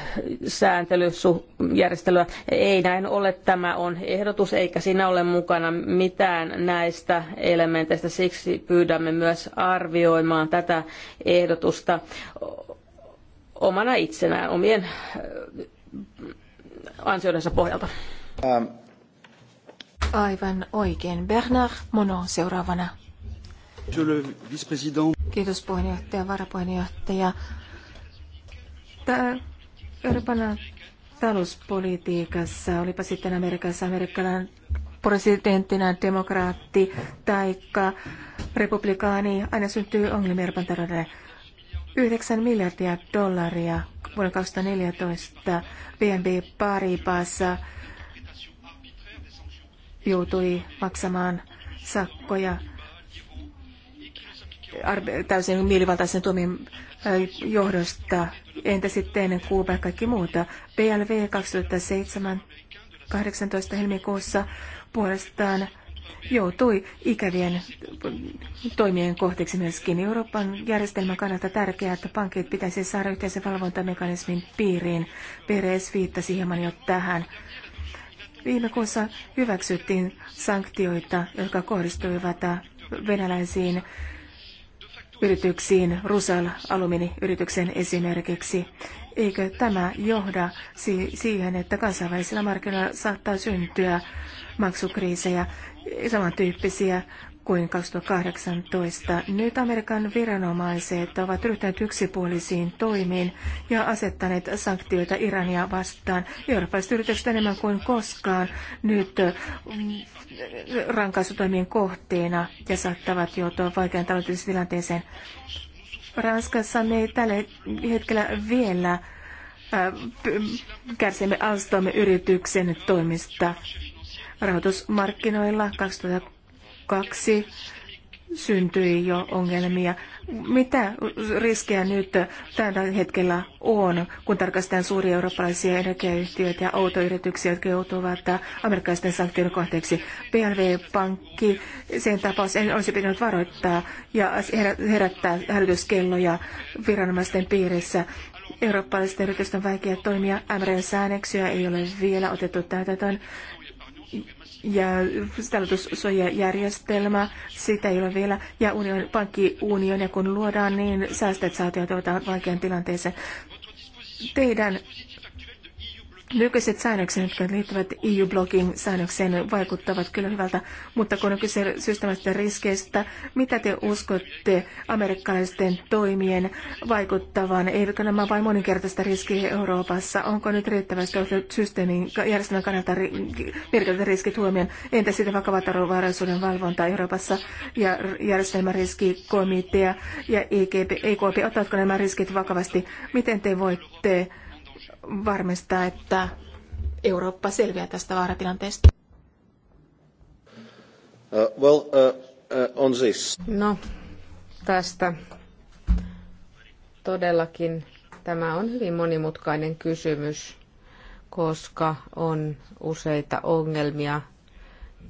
sääntelyjärjestelyä. Ei näin ole. Tämä on ehdotus, eikä siinä ole mukana mitään näistä elementeistä. Siksi pyydämme myös arvioimaan tätä ehdotusta omana itsenään, omien äh, ansioidensa pohjalta. Ähm. Aivan oikein. Bernard Mono seuraavana. Kiitos puheenjohtaja, varapuheenjohtaja. Tää Euroopan talouspolitiikassa, olipa sitten Amerikassa amerikkalainen presidenttinä demokraatti tai republikaani, aina syntyy ongelmia Euroopan taloudelle. 9 miljardia dollaria vuonna 2014 BNB Paribassa joutui maksamaan sakkoja täysin mielivaltaisen tuomion johdosta Entä sitten Kuuba ja kaikki muuta? PLV 2007 18 helmikuussa puolestaan joutui ikävien toimien kohteeksi myöskin. Euroopan järjestelmän kannalta tärkeää, että pankit pitäisi saada yhteisen valvontamekanismin piiriin. Peres viittasi hieman jo tähän. Viime kuussa hyväksyttiin sanktioita, jotka kohdistuivat venäläisiin yrityksiin, Rusal alumiiniyrityksen esimerkiksi. Eikö tämä johda si- siihen, että kansainvälisillä markkinoilla saattaa syntyä maksukriisejä, samantyyppisiä kuin 2018. Nyt Amerikan viranomaiset ovat ryhtyneet yksipuolisiin toimiin ja asettaneet sanktioita Irania vastaan. Eurooppalaiset yritykset enemmän kuin koskaan nyt mm, rankaisutoimien kohteena ja saattavat joutua vaikean taloudelliseen tilanteeseen. Ranskassa me tällä hetkellä vielä äh, kärsimme Alstom-yrityksen toimista rahoitusmarkkinoilla 2000 kaksi syntyi jo ongelmia. Mitä riskejä nyt tällä hetkellä on, kun tarkastetaan suuria eurooppalaisia energiayhtiöitä ja autoyrityksiä, jotka joutuvat amerikkalaisten sanktioiden kohteeksi? bnv pankki sen tapaus en olisi pitänyt varoittaa ja herättää hälytyskelloja viranomaisten piirissä. Eurooppalaisten yritysten on vaikea toimia. MRN säännöksiä ei ole vielä otettu täytäntöön ja talletussuojajärjestelmä, sitä ei ole vielä, ja union, ja kun luodaan, niin säästöt saatiin vaikean tilanteeseen. Teidän Nykyiset säännökset, jotka liittyvät EU-blogin säännökseen, vaikuttavat kyllä hyvältä, mutta kun on kyse systeemistä riskeistä, mitä te uskotte amerikkalaisten toimien vaikuttavan? Eivätkö nämä vain moninkertaista riskiä Euroopassa? Onko nyt riittävästi systeemin järjestelmän kannalta merkittävät riskit huomioon? Entä sitten vakavatarovaaraisuuden valvonta Euroopassa ja järjestelmäriskikomitea ja EKP, EKP? Otatko nämä riskit vakavasti? Miten te voitte varmistaa, että Eurooppa selviää tästä vaaratilanteesta? Uh, well, uh, uh, on No, tästä todellakin tämä on hyvin monimutkainen kysymys, koska on useita ongelmia,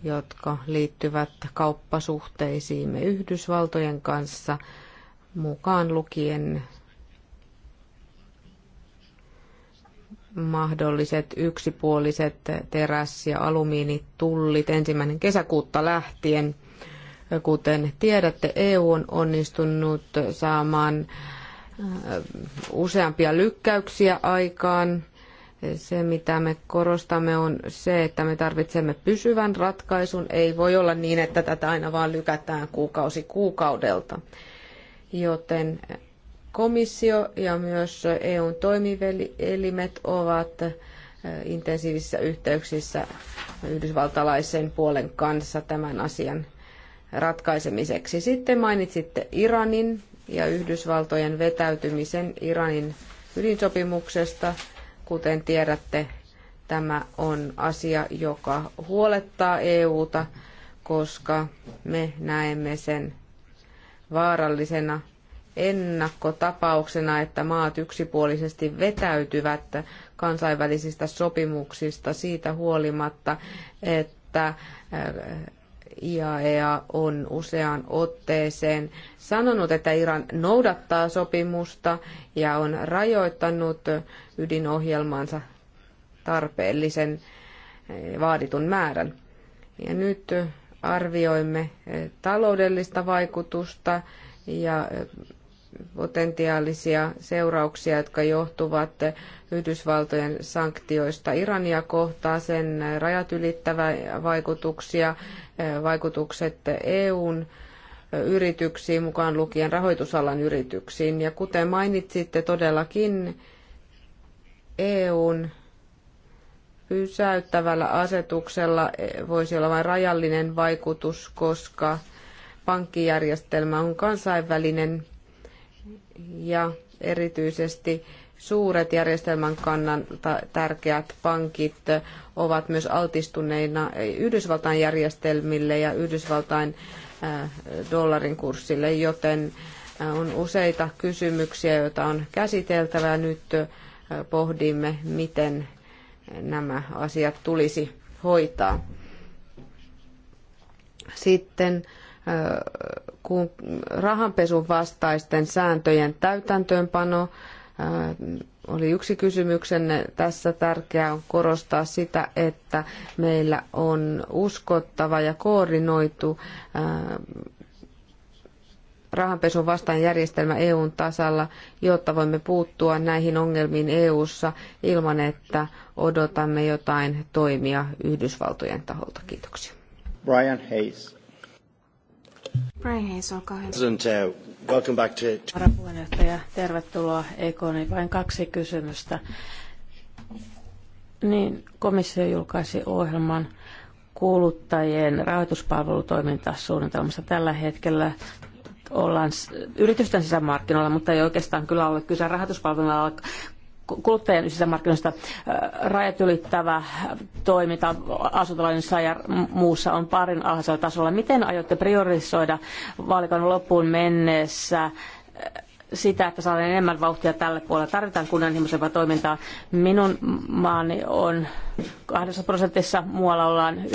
jotka liittyvät kauppasuhteisiimme Yhdysvaltojen kanssa, mukaan lukien mahdolliset yksipuoliset teräs- ja alumiinitullit ensimmäinen kesäkuutta lähtien. Kuten tiedätte, EU on onnistunut saamaan äh, useampia lykkäyksiä aikaan. Se, mitä me korostamme, on se, että me tarvitsemme pysyvän ratkaisun. Ei voi olla niin, että tätä aina vaan lykätään kuukausi kuukaudelta. Joten Komissio ja myös EUn toimielimet ovat äh, intensiivisissä yhteyksissä yhdysvaltalaisen puolen kanssa tämän asian ratkaisemiseksi. Sitten mainitsitte Iranin ja Yhdysvaltojen vetäytymisen Iranin ydinsopimuksesta. Kuten tiedätte, tämä on asia, joka huolettaa EUta, koska me näemme sen vaarallisena ennakkotapauksena, että maat yksipuolisesti vetäytyvät kansainvälisistä sopimuksista siitä huolimatta, että eh, IAEA on useaan otteeseen sanonut, että Iran noudattaa sopimusta ja on rajoittanut ydinohjelmansa tarpeellisen eh, vaaditun määrän. Ja nyt arvioimme eh, taloudellista vaikutusta ja potentiaalisia seurauksia, jotka johtuvat Yhdysvaltojen sanktioista Irania kohtaan sen rajat ylittäviä vaikutuksia, vaikutukset EUn yrityksiin, mukaan lukien rahoitusalan yrityksiin. Ja kuten mainitsitte todellakin, EUn pysäyttävällä asetuksella voisi olla vain rajallinen vaikutus, koska pankkijärjestelmä on kansainvälinen ja erityisesti suuret järjestelmän kannalta tärkeät pankit ovat myös altistuneina Yhdysvaltain järjestelmille ja Yhdysvaltain äh, dollarin kurssille, joten äh, on useita kysymyksiä, joita on käsiteltävä. Nyt äh, pohdimme, miten nämä asiat tulisi hoitaa. Sitten kuin rahanpesun vastaisten sääntöjen täytäntöönpano äh, oli yksi kysymyksenne. Tässä tärkeää on korostaa sitä, että meillä on uskottava ja koordinoitu äh, rahanpesun vastaan järjestelmä EUn tasalla, jotta voimme puuttua näihin ongelmiin EUssa ilman, että odotamme jotain toimia Yhdysvaltojen taholta. Kiitoksia. Brian Hayes. Brian Hayes, olkaa hyvä. Uh, welcome back to... Varapuheenjohtaja, tervetuloa Ekoni. Vain kaksi kysymystä. Niin, komissio julkaisi ohjelman kuluttajien rahoituspalvelutoimintasuunnitelmassa tällä hetkellä ollaan yritysten sisämarkkinoilla, mutta ei oikeastaan kyllä ole kyse rahoituspalveluilla kuluttajien sisämarkkinoista äh, rajat ylittävä toiminta asuntolainoissa ja muussa on parin alhaisella tasolla. Miten aiotte priorisoida vaalikauden loppuun mennessä äh, sitä, että saadaan enemmän vauhtia tälle puolella. Tarvitaan kunnianhimoisempaa toimintaa. Minun maani on kahdessa prosentissa, muualla ollaan 1,8.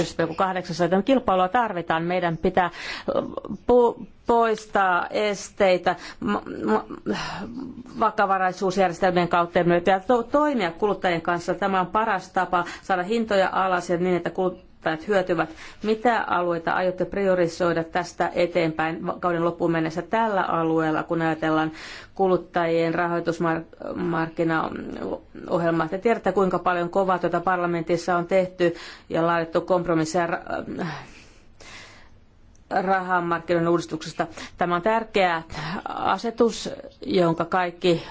Joten kilpailua tarvitaan. Meidän pitää poistaa esteitä vakavaraisuusjärjestelmien kautta ja toimia kuluttajien kanssa. Tämä on paras tapa saada hintoja alas ja niin, että päät hyötyvät. Mitä alueita aiotte priorisoida tästä eteenpäin kauden loppuun mennessä tällä alueella, kun ajatellaan kuluttajien rahoitusmarkkinaohjelmaa? Te tiedätte, kuinka paljon kovaa tuota parlamentissa on tehty ja laadittu kompromisseja rahamarkkinoiden uudistuksesta. Tämä on tärkeä asetus, jonka kaikki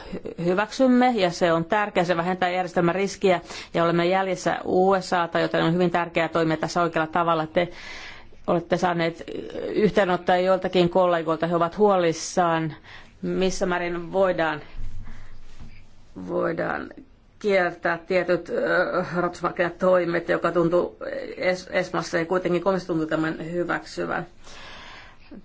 hyväksymme ja se on tärkeä. Se vähentää järjestelmän riskiä ja olemme jäljessä USAta, joten on hyvin tärkeää toimia tässä oikealla tavalla. Te olette saaneet yhteenottoja joiltakin kollegoilta, he ovat huolissaan, missä määrin voidaan, voidaan kieltää tietyt äh, toimet, joka tuntuu es, Esmassa ja kuitenkin komissio tuntuu tämän hyväksyvän.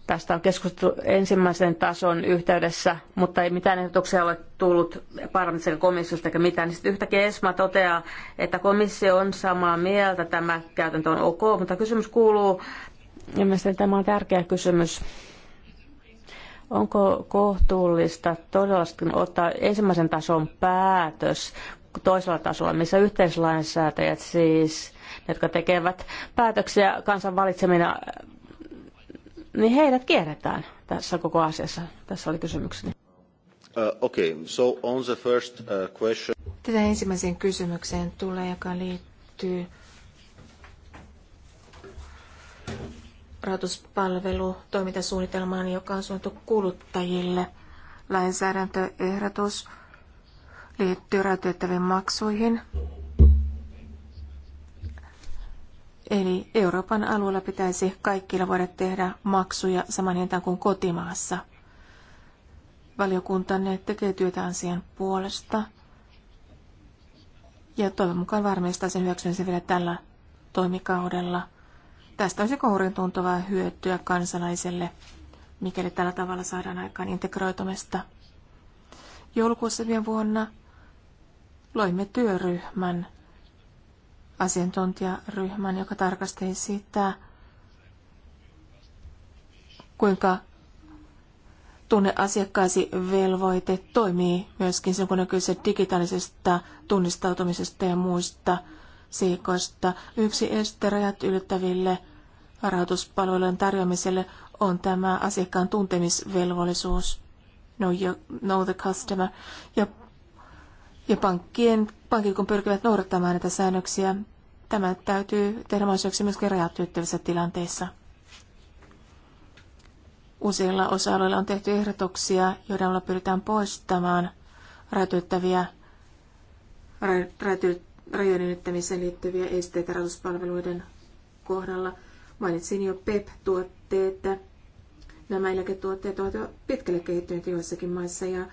Tästä on keskusteltu ensimmäisen tason yhteydessä, mutta ei mitään ehdotuksia ole tullut parlamentissa komissiosta eikä mitään. Niin sitten yhtäkkiä ESMA toteaa, että komissio on samaa mieltä, tämä käytäntö on ok, mutta kysymys kuuluu, ja mielestäni tämä on tärkeä kysymys, onko kohtuullista todellakin ottaa ensimmäisen tason päätös toisella tasolla, missä yhteislainsäätäjät siis, jotka tekevät päätöksiä kansan valitsemina, niin heidät kierretään tässä koko asiassa. Tässä oli kysymykseni. Uh, okay, so on the first uh, question. Tätä ensimmäiseen kysymykseen tulee, joka liittyy rahoituspalvelu toimintasuunnitelmaan, joka on suunnattu kuluttajille. Lainsäädäntöehdotus liittyy räätyettäviin maksuihin. Eli Euroopan alueella pitäisi kaikilla voida tehdä maksuja saman hintaan kuin kotimaassa. Valiokuntanne tekee työtä asian puolesta ja toivon mukaan varmistaa sen hyväksymisen vielä tällä toimikaudella. Tästä olisi kohurin tuntuvaa hyötyä kansalaiselle, mikäli tällä tavalla saadaan aikaan integroitumista. Joulukuussa vielä vuonna loimme työryhmän, asiantuntijaryhmän, joka tarkasteli sitä, kuinka tunne asiakkaasi velvoite toimii myöskin sen, kun on kyse digitaalisesta tunnistautumisesta ja muista siikoista. Yksi este rajat ylittäville rahoituspalvelujen tarjoamiselle on tämä asiakkaan tuntemisvelvollisuus, know, your, know the customer, ja ja pankkien, pankit kun pyrkivät noudattamaan näitä säännöksiä, tämä täytyy tehdä mahdolliseksi myöskin rajatyyttävissä tilanteissa. Useilla osa-alueilla on tehty ehdotuksia, joiden olla pyritään poistamaan rajoittavia rajojen ylittämiseen liittyviä esteitä rahoituspalveluiden kohdalla. Mainitsin jo PEP-tuotteet. Nämä eläketuotteet ovat jo pitkälle kehittyneet joissakin maissa ja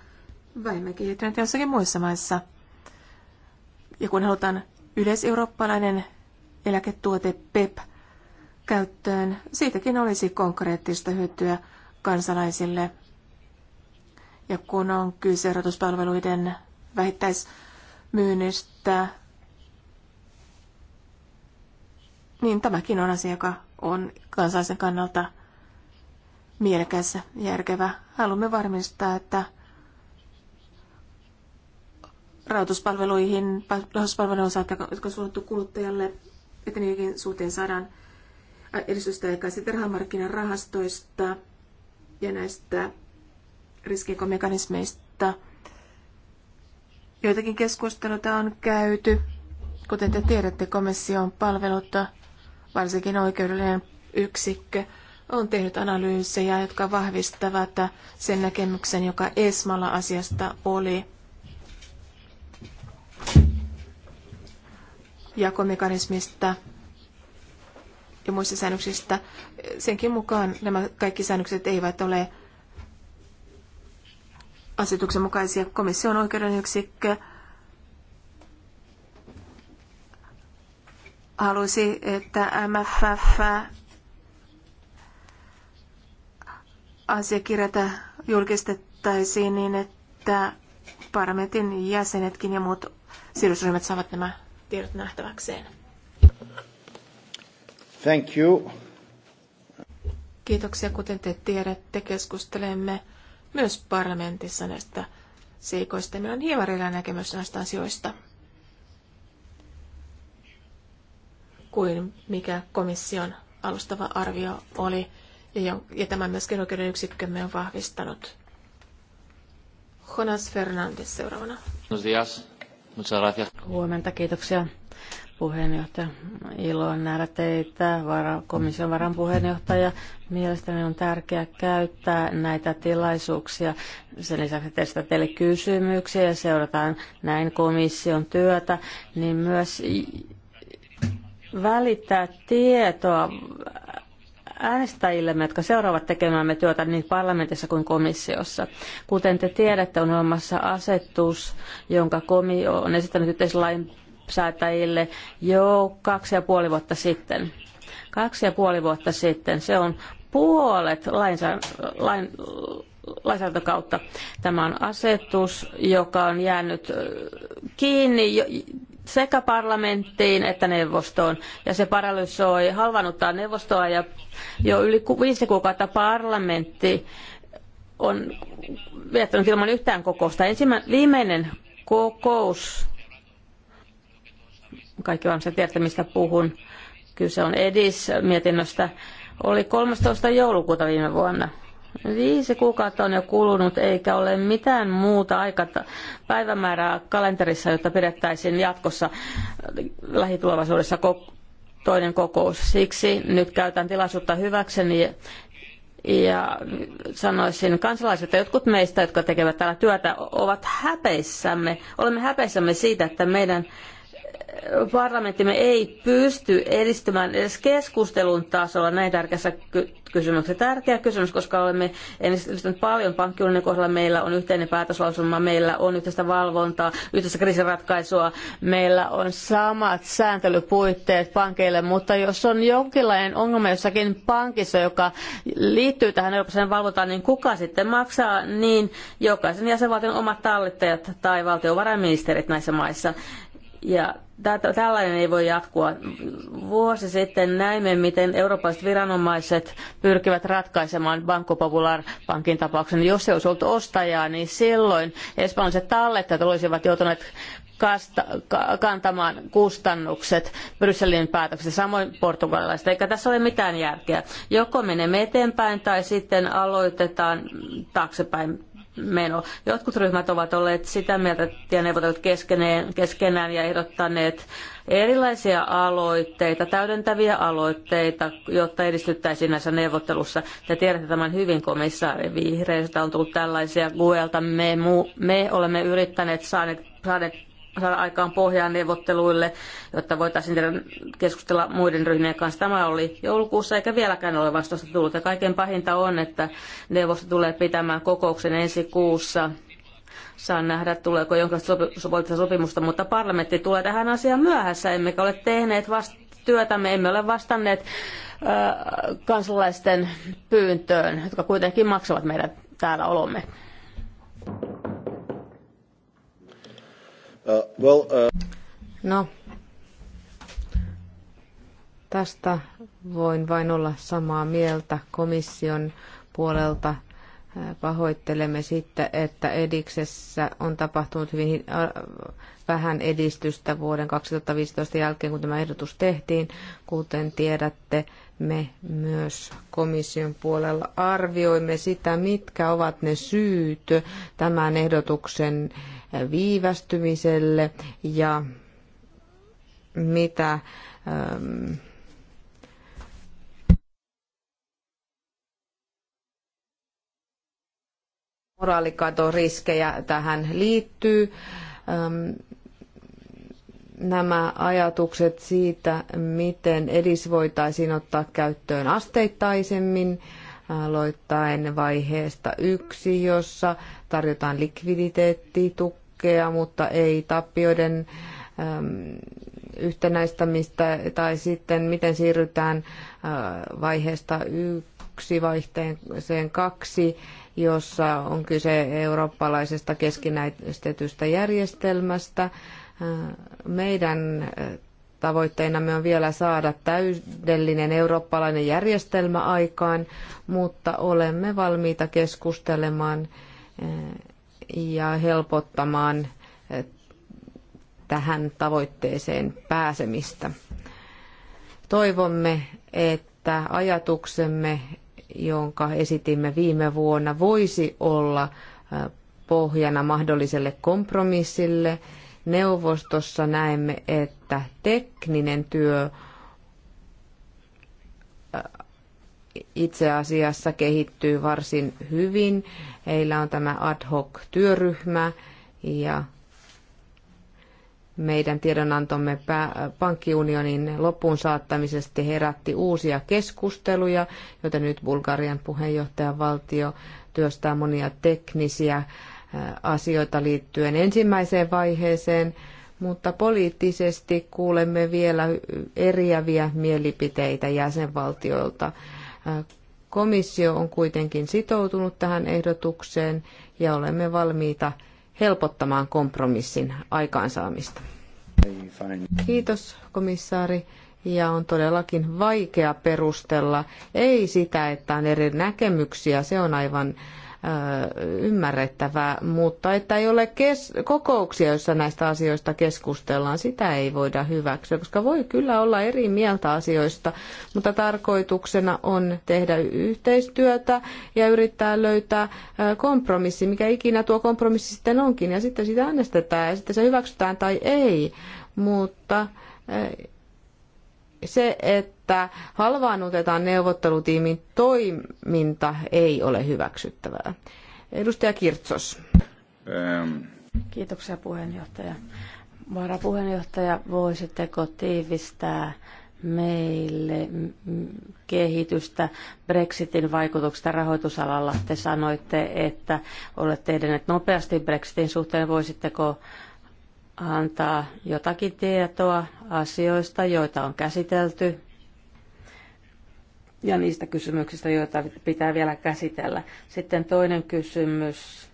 vähemmän kehittyneet jossakin muissa maissa. Ja kun halutaan yleiseurooppalainen eläketuote PEP e käyttöön, siitäkin olisi konkreettista hyötyä kansalaisille. Ja kun on kyse erotuspalveluiden vähittäismyynnistä, niin tämäkin on asia, joka on kansalaisen kannalta mielekäs järkevä. Haluamme varmistaa, että rahoituspalveluihin, rahoituspalveluiden osalta, jotka on suunnattu kuluttajalle, että niidenkin suhteen saadaan edistystä sitten rahamarkkinan rahastoista ja näistä riskikomekanismeista. Joitakin keskusteluita on käyty. Kuten te tiedätte, komission palvelutta, varsinkin oikeudellinen yksikkö, on tehnyt analyysejä, jotka vahvistavat sen näkemyksen, joka Esmalla asiasta oli. jakomekanismista ja muista säännöksistä. Senkin mukaan nämä kaikki säännökset eivät ole asetuksen mukaisia. Komission oikeuden yksikkö halusi, että MFF asiakirjata julkistettaisiin niin, että parlamentin jäsenetkin ja muut sidosryhmät saavat nämä tiedot nähtäväkseen. Thank you. Kiitoksia. Kuten te tiedätte, keskustelemme myös parlamentissa näistä seikoista. Meillä on hieman erilainen näkemys näistä asioista kuin mikä komission alustava arvio oli. Ja, ja tämä myöskin oikeuden yksikkömme on vahvistanut. Jonas Fernandes seuraavana. Buenos días. Huomenta, kiitoksia puheenjohtaja. Ilo nähdä teitä, vara, komission varan puheenjohtaja. Mielestäni on tärkeää käyttää näitä tilaisuuksia. Sen lisäksi teistä teille kysymyksiä ja seurataan näin komission työtä, niin myös välittää tietoa äänestäjillemme, jotka seuraavat tekemämme työtä niin parlamentissa kuin komissiossa. Kuten te tiedätte, on olemassa asetus, jonka komi on esittänyt yhteislain säätäjille jo kaksi ja puoli vuotta sitten. Kaksi ja puoli vuotta sitten. Se on puolet lainsä, lain, lainsäädäntökautta. Tämä on asetus, joka on jäänyt kiinni sekä parlamenttiin että neuvostoon. Ja se paralysoi, halvannuttaa neuvostoa ja jo yli viisi kuukautta parlamentti on viettänyt ilman yhtään kokousta. Ensimmä, viimeinen kokous, kaikki varmasti tiedätte mistä puhun, kyse on EDIS-mietinnöstä, oli 13. joulukuuta viime vuonna. Viisi kuukautta on jo kulunut, eikä ole mitään muuta aikata, päivämäärää kalenterissa, jotta pidettäisiin jatkossa lähitulevaisuudessa toinen kokous. Siksi nyt käytän tilaisuutta hyväkseni ja sanoisin kansalaiset, että jotkut meistä, jotka tekevät täällä työtä, ovat häpeissämme. Olemme häpeissämme siitä, että meidän parlamenttimme ei pysty edistymään edes keskustelun tasolla näin tärkeässä kysymyksessä. Tärkeä kysymys, koska olemme edistyneet paljon pankkiunionin kohdalla. Meillä on yhteinen päätöslauselma, meillä on yhteistä valvontaa, yhteistä kriisiratkaisua, meillä on samat sääntelypuitteet pankeille, mutta jos on jonkinlainen ongelma jossakin pankissa, joka liittyy tähän Euroopan valvontaan, niin kuka sitten maksaa niin jokaisen jäsenvaltion omat tallittajat tai valtiovarainministerit näissä maissa. Ja tällainen ei voi jatkua. Vuosi sitten näimme, miten eurooppalaiset viranomaiset pyrkivät ratkaisemaan Banco Popular-pankin tapauksen. Jos se olisi ollut ostajaa, niin silloin espanjalaiset tallettajat olisivat joutuneet kasta, kantamaan kustannukset Brysselin päätöksestä, samoin portugalilaiset. Eikä tässä ole mitään järkeä. Joko menemme eteenpäin tai sitten aloitetaan taaksepäin meno. Jotkut ryhmät ovat olleet sitä mieltä ja neuvotelleet keskenään, keskenään ja ehdottaneet erilaisia aloitteita, täydentäviä aloitteita, jotta edistyttäisiin näissä neuvottelussa. Te tiedätte tämän hyvin, komissaari Vihreistä on tullut tällaisia. Guelta me, me olemme yrittäneet saaneet, saaneet saada aikaan pohjaa neuvotteluille, jotta voitaisiin keskustella muiden ryhmien kanssa. Tämä oli joulukuussa eikä vieläkään ole vastausta tullut. Ja kaiken pahinta on, että neuvosto tulee pitämään kokouksen ensi kuussa. Saan nähdä, tuleeko jonkinlaista sopimusta, mutta parlamentti tulee tähän asiaan myöhässä. Emmekä ole tehneet vasta- työtämme, emme ole vastanneet kansalaisten pyyntöön, jotka kuitenkin maksavat meidän täällä olomme. Uh, well, uh, No, tästä voin vain olla samaa mieltä komission puolelta. Äh, pahoittelemme sitten, että Ediksessä on tapahtunut hyvin äh, vähän edistystä vuoden 2015 jälkeen, kun tämä ehdotus tehtiin. Kuten tiedätte, me myös komission puolella arvioimme sitä, mitkä ovat ne syyt tämän ehdotuksen viivästymiselle ja mitä ähm, moraalikatoriskejä tähän liittyy. Ähm, nämä ajatukset siitä, miten edis voitaisiin ottaa käyttöön asteittaisemmin, aloittain vaiheesta yksi, jossa tarjotaan likviditeettitukea tukea, mutta ei tappioiden yhtenäistämistä tai sitten miten siirrytään vaiheesta yksi vaihteeseen kaksi, jossa on kyse eurooppalaisesta keskinäistetystä järjestelmästä. Meidän tavoitteinamme on vielä saada täydellinen eurooppalainen järjestelmä aikaan, mutta olemme valmiita keskustelemaan ja helpottamaan eh, tähän tavoitteeseen pääsemistä. Toivomme, että ajatuksemme, jonka esitimme viime vuonna, voisi olla eh, pohjana mahdolliselle kompromissille. Neuvostossa näemme, että tekninen työ itse asiassa kehittyy varsin hyvin. Heillä on tämä ad hoc työryhmä ja meidän tiedonantomme pankkiunionin loppuun saattamisesta herätti uusia keskusteluja, joten nyt Bulgarian valtio työstää monia teknisiä asioita liittyen ensimmäiseen vaiheeseen, mutta poliittisesti kuulemme vielä eriäviä mielipiteitä jäsenvaltioilta Komissio on kuitenkin sitoutunut tähän ehdotukseen ja olemme valmiita helpottamaan kompromissin aikaansaamista. Kiitos komissaari. Ja on todellakin vaikea perustella, ei sitä, että on eri näkemyksiä, se on aivan ymmärrettävää, mutta että ei ole kes- kokouksia, joissa näistä asioista keskustellaan, sitä ei voida hyväksyä, koska voi kyllä olla eri mieltä asioista, mutta tarkoituksena on tehdä yhteistyötä ja yrittää löytää kompromissi, mikä ikinä tuo kompromissi sitten onkin, ja sitten sitä äänestetään ja sitten se hyväksytään tai ei, mutta se, että halvaannutetaan neuvottelutiimin toiminta, ei ole hyväksyttävää. Edustaja Kirtsos. Ähm. Kiitoksia puheenjohtaja. Varapuheenjohtaja, voisitteko tiivistää meille kehitystä Brexitin vaikutuksesta rahoitusalalla? Te sanoitte, että olette edenneet nopeasti Brexitin suhteen. Voisitteko antaa jotakin tietoa asioista, joita on käsitelty ja niistä kysymyksistä, joita pitää vielä käsitellä. Sitten toinen kysymys,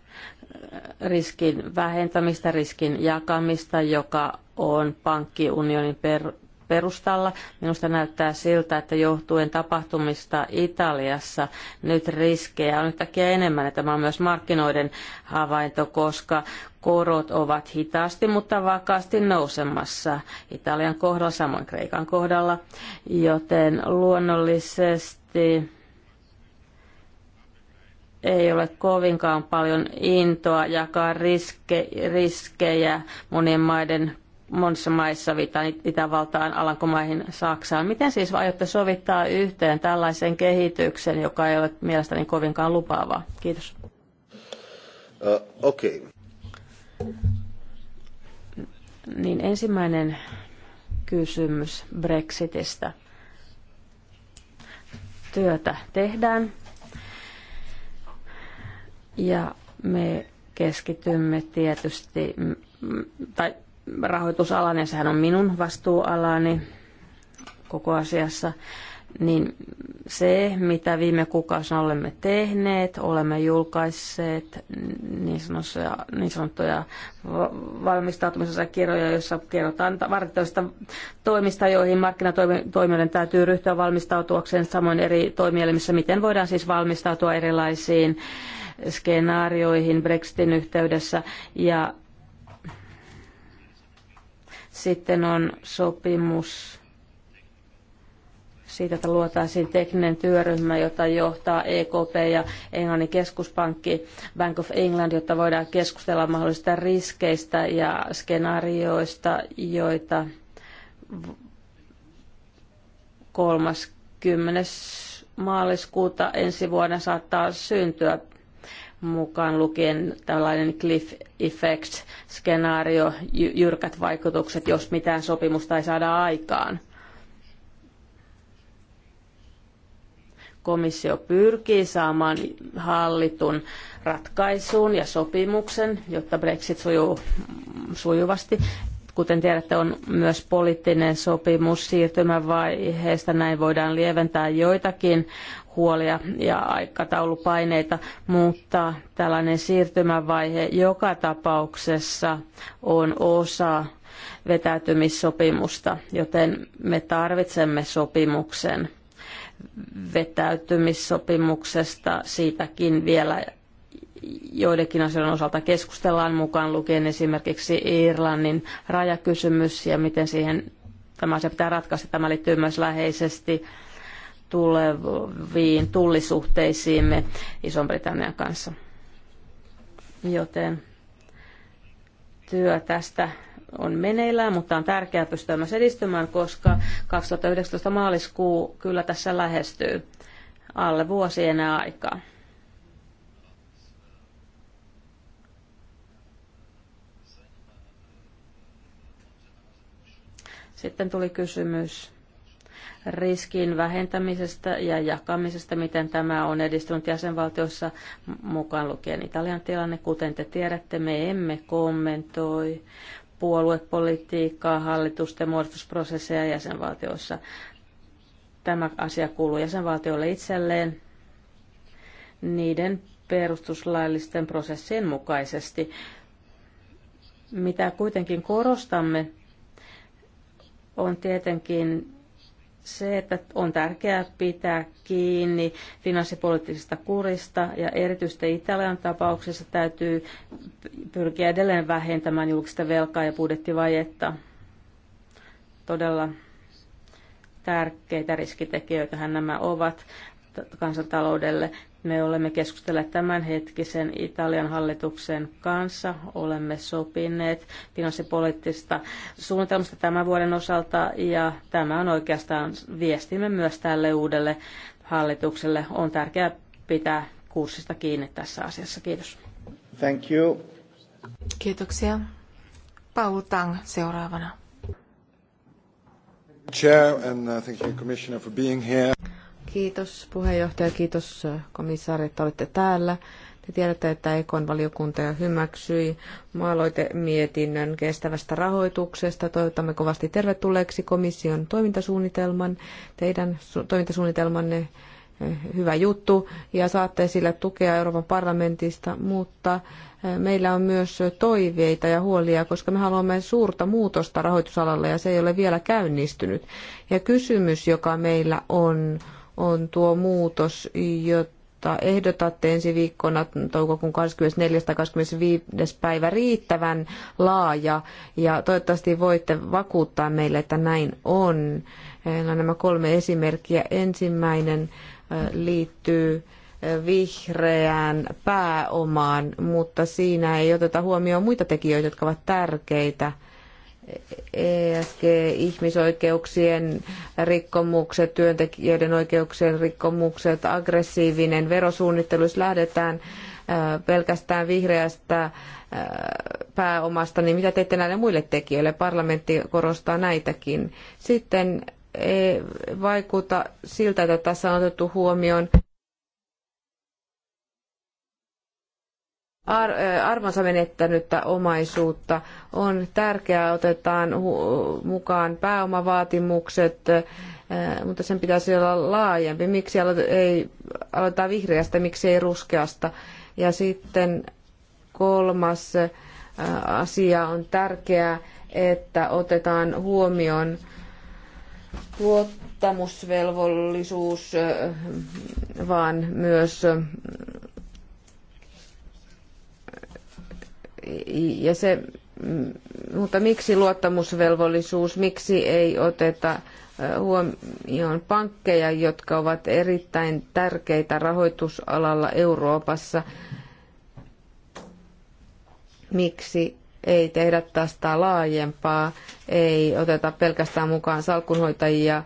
riskin vähentämistä, riskin jakamista, joka on pankkiunionin per, perustalla. Minusta näyttää siltä, että johtuen tapahtumista Italiassa nyt riskejä on yhtäkkiä enemmän. tämä on myös markkinoiden havainto, koska korot ovat hitaasti, mutta vakaasti nousemassa Italian kohdalla, samoin Kreikan kohdalla, joten luonnollisesti ei ole kovinkaan paljon intoa jakaa riske, riskejä monien maiden monissa maissa, Itävaltaan, Alankomaihin, Saksaan. Miten siis aiotte sovittaa yhteen tällaisen kehityksen, joka ei ole mielestäni kovinkaan lupaavaa? Kiitos. Uh, Okei. Okay. Niin ensimmäinen kysymys Brexitistä. Työtä tehdään ja me keskitymme tietysti, tai rahoitusalan, ja sehän on minun vastuualani koko asiassa niin se, mitä viime kuukausina olemme tehneet, olemme julkaisseet niin sanottuja, niin sanottuja kirjoja, joissa kerrotaan vartioista toimista, joihin markkinatoimijoiden täytyy ryhtyä valmistautuakseen samoin eri toimielimissä, miten voidaan siis valmistautua erilaisiin skenaarioihin Brexitin yhteydessä ja sitten on sopimus siitä, että luotaisiin tekninen työryhmä, jota johtaa EKP ja Englannin keskuspankki Bank of England, jotta voidaan keskustella mahdollisista riskeistä ja skenaarioista, joita kolmas 10. maaliskuuta ensi vuonna saattaa syntyä mukaan lukien tällainen cliff effect skenaario, jyrkät vaikutukset, jos mitään sopimusta ei saada aikaan. komissio pyrkii saamaan hallitun ratkaisuun ja sopimuksen, jotta Brexit sujuu sujuvasti. Kuten tiedätte, on myös poliittinen sopimus siirtymävaiheesta. Näin voidaan lieventää joitakin huolia ja aikataulupaineita, mutta tällainen siirtymävaihe joka tapauksessa on osa vetäytymissopimusta, joten me tarvitsemme sopimuksen vetäytymissopimuksesta. Siitäkin vielä joidenkin asioiden osalta keskustellaan mukaan lukien esimerkiksi Irlannin rajakysymys ja miten siihen tämä asia pitää ratkaista. Tämä liittyy myös läheisesti tuleviin tullisuhteisiimme Ison-Britannian kanssa. Joten työ tästä on meneillään, mutta on tärkeää pystyä myös edistymään, koska 2019 maaliskuu kyllä tässä lähestyy alle vuosi enää aikaa. Sitten tuli kysymys riskin vähentämisestä ja jakamisesta, miten tämä on edistynyt jäsenvaltioissa mukaan lukien Italian tilanne. Kuten te tiedätte, me emme kommentoi puoluepolitiikkaa, hallitusten muodostusprosesseja jäsenvaltioissa. Tämä asia kuuluu jäsenvaltioille itselleen niiden perustuslaillisten prosessien mukaisesti. Mitä kuitenkin korostamme, on tietenkin se, että on tärkeää pitää kiinni finanssipoliittisesta kurista ja erityisesti Italian tapauksessa täytyy pyrkiä edelleen vähentämään julkista velkaa ja budjettivajetta. Todella tärkeitä riskitekijöitähän nämä ovat kansantaloudelle. Me olemme keskustelleet tämänhetkisen Italian hallituksen kanssa. Olemme sopineet finanssipoliittisesta suunnitelmasta tämän vuoden osalta ja tämä on oikeastaan viestimme myös tälle uudelle hallitukselle. On tärkeää pitää kurssista kiinni tässä asiassa. Kiitos. Thank you. Kiitoksia. Paul Tang seuraavana. Chair and uh, thank you, Commissioner, for being here. Kiitos puheenjohtaja, kiitos komissaari, että olette täällä. Te tiedätte, että Ekon valiokunta hyväksyi mietinnön kestävästä rahoituksesta. Toivotamme kovasti tervetulleeksi komission toimintasuunnitelman, teidän toimintasuunnitelmanne eh, hyvä juttu ja saatte sillä tukea Euroopan parlamentista, mutta eh, meillä on myös toiveita ja huolia, koska me haluamme suurta muutosta rahoitusalalla ja se ei ole vielä käynnistynyt. Ja kysymys, joka meillä on, on tuo muutos, jota ehdotatte ensi viikkona toukokuun 24. tai 25. päivä riittävän laaja ja toivottavasti voitte vakuuttaa meille, että näin on. Meillä on nämä kolme esimerkkiä. Ensimmäinen liittyy vihreään pääomaan, mutta siinä ei oteta huomioon muita tekijöitä, jotka ovat tärkeitä – ESG-ihmisoikeuksien rikkomukset, työntekijöiden oikeuksien rikkomukset, aggressiivinen verosuunnittelu, jos lähdetään pelkästään vihreästä pääomasta, niin mitä teette näille muille tekijöille? Parlamentti korostaa näitäkin. Sitten ei vaikuta siltä, että tässä on otettu huomioon ar- äh, arvonsa menettänyttä omaisuutta. On tärkeää, otetaan mukaan pääomavaatimukset, äh, mutta sen pitäisi olla laajempi. Miksi alo- ei, aloitetaan vihreästä, miksi ei ruskeasta? Ja sitten kolmas äh, asia on tärkeää, että otetaan huomioon luottamusvelvollisuus, vaan myös Ja se, mm, mutta miksi luottamusvelvollisuus, miksi ei oteta huomioon pankkeja, jotka ovat erittäin tärkeitä rahoitusalalla Euroopassa? Miksi ei tehdä tästä laajempaa, ei oteta pelkästään mukaan salkunhoitajia,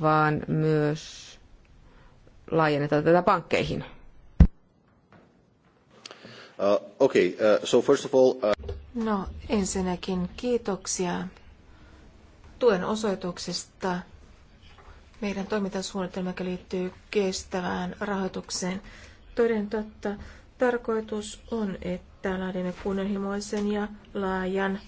vaan myös laajenneta tätä pankkeihin? Uh, okay, uh, so first of all, uh... No ensinnäkin kiitoksia tuen osoituksesta meidän toimintasuunnitelma, joka liittyy kestävään rahoitukseen. Toden totta, tarkoitus on, että laadimme kunnianhimoisen ja laajan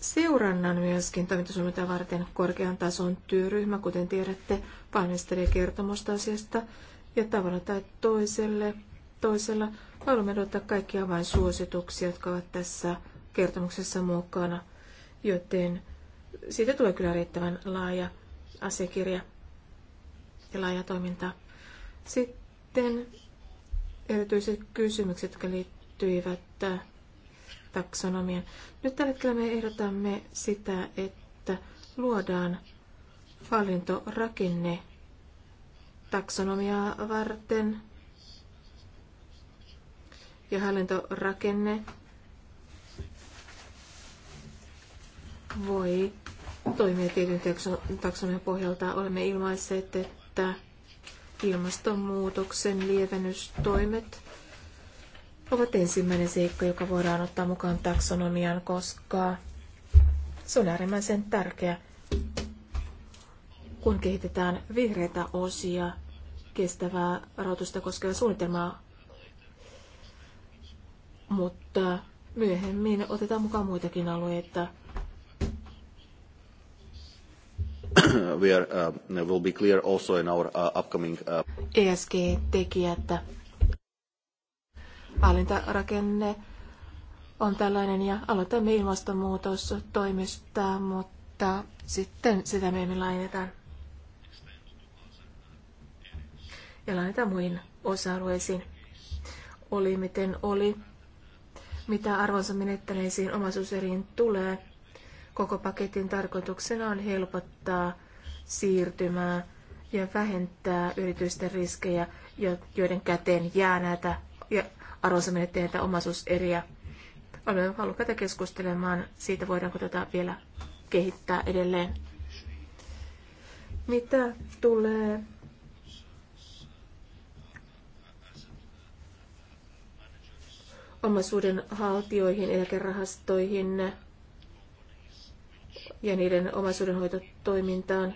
seurannan myöskin toimintasuunnitelmaa varten korkean tason työryhmä, kuten tiedätte, valmistelee kertomusta asiasta ja tavalla tai toiselle, toisella Haluamme odottaa kaikki avainsuosituksia, jotka ovat tässä kertomuksessa mukana, joten siitä tulee kyllä riittävän laaja asiakirja ja laaja toiminta. Sitten erityiset kysymykset, jotka liittyivät äh, taksonomian. Nyt tällä hetkellä me ehdotamme sitä, että luodaan hallintorakenne taksonomiaa varten – ja hallintorakenne voi toimia tietyn taksonomian pohjalta. Olemme ilmaisseet, että ilmastonmuutoksen lievennystoimet ovat ensimmäinen seikka, joka voidaan ottaa mukaan taksonomian, koska se on äärimmäisen tärkeä, kun kehitetään vihreitä osia kestävää rahoitusta koskevaa suunnitelmaa mutta myöhemmin otetaan mukaan muitakin alueita. We are, uh, will be clear also in our uh, upcoming... Uh... ESG-tekijät. Hallintarakenne on tällainen ja aloitamme ilmastonmuutostoimista, mutta sitten sitä me emme lainetaan. Ja lainetaan muihin osa-alueisiin. Oli miten oli mitä arvonsa menettäneisiin omaisuuseriin tulee. Koko paketin tarkoituksena on helpottaa siirtymää ja vähentää yritysten riskejä, joiden käteen jää näitä arvonsa menettäneitä omaisuuseriä. Olemme halukkaita keskustelemaan siitä, voidaanko tätä vielä kehittää edelleen. Mitä tulee omaisuuden haltioihin, eläkerahastoihin ja niiden omaisuudenhoitotoimintaan,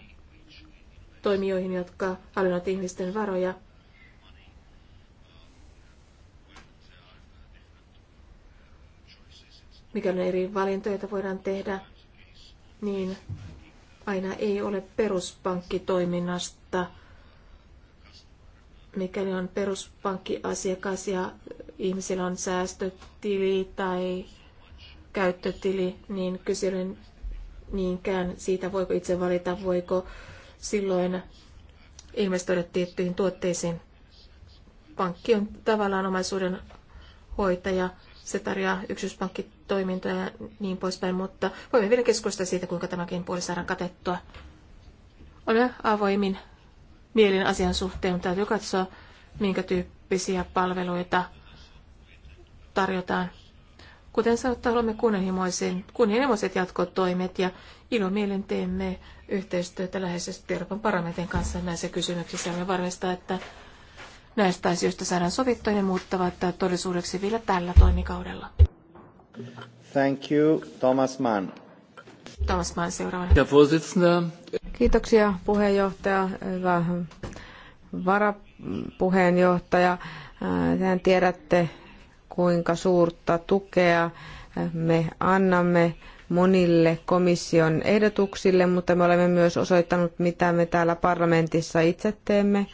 toimijoihin, jotka hallinnoivat ihmisten varoja. Mikäli eri valintoja voidaan tehdä, niin aina ei ole peruspankkitoiminnasta mikäli on peruspankkiasiakas ja ihmisillä on säästötili tai käyttötili, niin kyselin niinkään siitä, voiko itse valita, voiko silloin investoida tiettyihin tuotteisiin. Pankki on tavallaan omaisuuden hoitaja, se tarjoaa yksityispankkitoimintoja ja niin poispäin, mutta voimme vielä keskustella siitä, kuinka tämäkin puoli saadaan katettua. Olen avoimin mielin asian suhteen, mutta täytyy katsoa, minkä tyyppisiä palveluita tarjotaan. Kuten sanottu, haluamme kunnianhimoiset jatkotoimet ja ilomielen teemme yhteistyötä läheisesti Euroopan parlamentin kanssa näissä kysymyksissä. Me varmistaa, että näistä asioista saadaan sovittua ja muuttavat todellisuudeksi vielä tällä toimikaudella. Thank you, Thomas Mann. Thomas Mann seuraavana. Kiitoksia puheenjohtaja, hyvä varapuheenjohtaja. Tehän tiedätte kuinka suurta tukea me annamme monille komission ehdotuksille, mutta me olemme myös osoittanut, mitä me täällä parlamentissa itse teemme.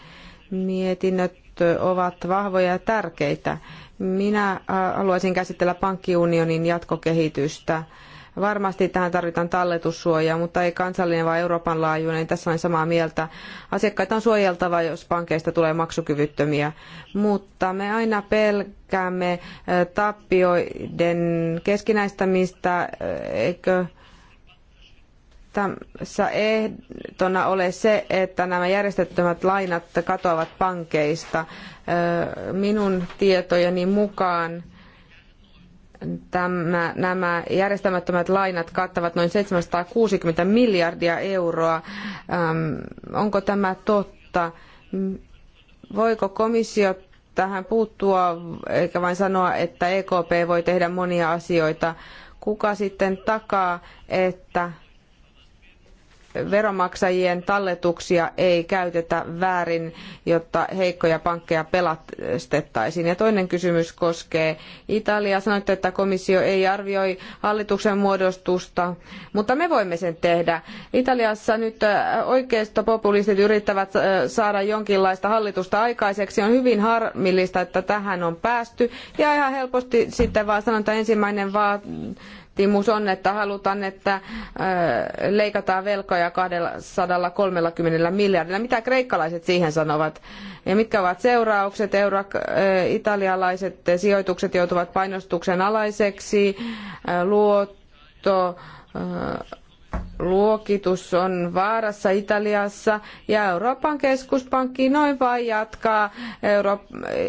Mietinnöt ovat vahvoja ja tärkeitä. Minä haluaisin käsitellä pankkiunionin jatkokehitystä Varmasti tähän tarvitaan talletussuojaa, mutta ei kansallinen vaan Euroopan laajuinen. Niin tässä olen samaa mieltä. Asiakkaita on suojeltava, jos pankeista tulee maksukyvyttömiä. Mutta me aina pelkäämme tappioiden keskinäistämistä, eikö tässä ehtona ole se, että nämä järjestettömät lainat katoavat pankeista. Minun tietojeni mukaan tämä, nämä järjestämättömät lainat kattavat noin 760 miljardia euroa. Ähm, onko tämä totta? Voiko komissio tähän puuttua, eikä vain sanoa, että EKP voi tehdä monia asioita? Kuka sitten takaa, että veronmaksajien talletuksia ei käytetä väärin, jotta heikkoja pankkeja pelastettaisiin. Ja toinen kysymys koskee Italiaa. Sanoitte, että komissio ei arvioi hallituksen muodostusta, mutta me voimme sen tehdä. Italiassa nyt oikeistopopulistit yrittävät saada jonkinlaista hallitusta aikaiseksi. On hyvin harmillista, että tähän on päästy. Ja ihan helposti sitten vaan sanotaan ensimmäinen vaan vaatimus on, että halutaan, että äh, leikataan velkoja 230 miljardilla. Mitä kreikkalaiset siihen sanovat? Ja mitkä ovat seuraukset? Euro, äh, italialaiset sijoitukset joutuvat painostuksen alaiseksi, äh, luotto, luokitus on vaarassa Italiassa ja Euroopan keskuspankki noin vain jatkaa euro-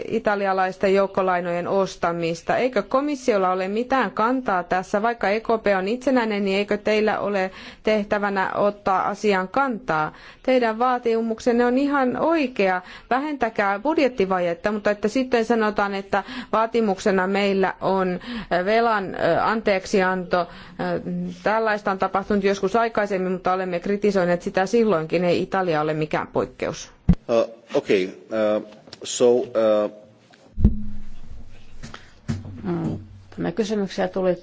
italialaisten joukkolainojen ostamista. Eikö komissiolla ole mitään kantaa tässä? Vaikka EKP on itsenäinen, niin eikö teillä ole tehtävänä ottaa asian kantaa? Teidän vaatimuksenne on ihan oikea. Vähentäkää budjettivajetta, mutta että sitten sanotaan, että vaatimuksena meillä on velan anteeksianto. Tällaista on tapahtunut jo joskus aikaisemmin, mutta olemme kritisoineet sitä silloinkin. Ei Italia ole mikään poikkeus. Uh, okay. uh, so, uh... Mm, tämä kysymyksiä tuli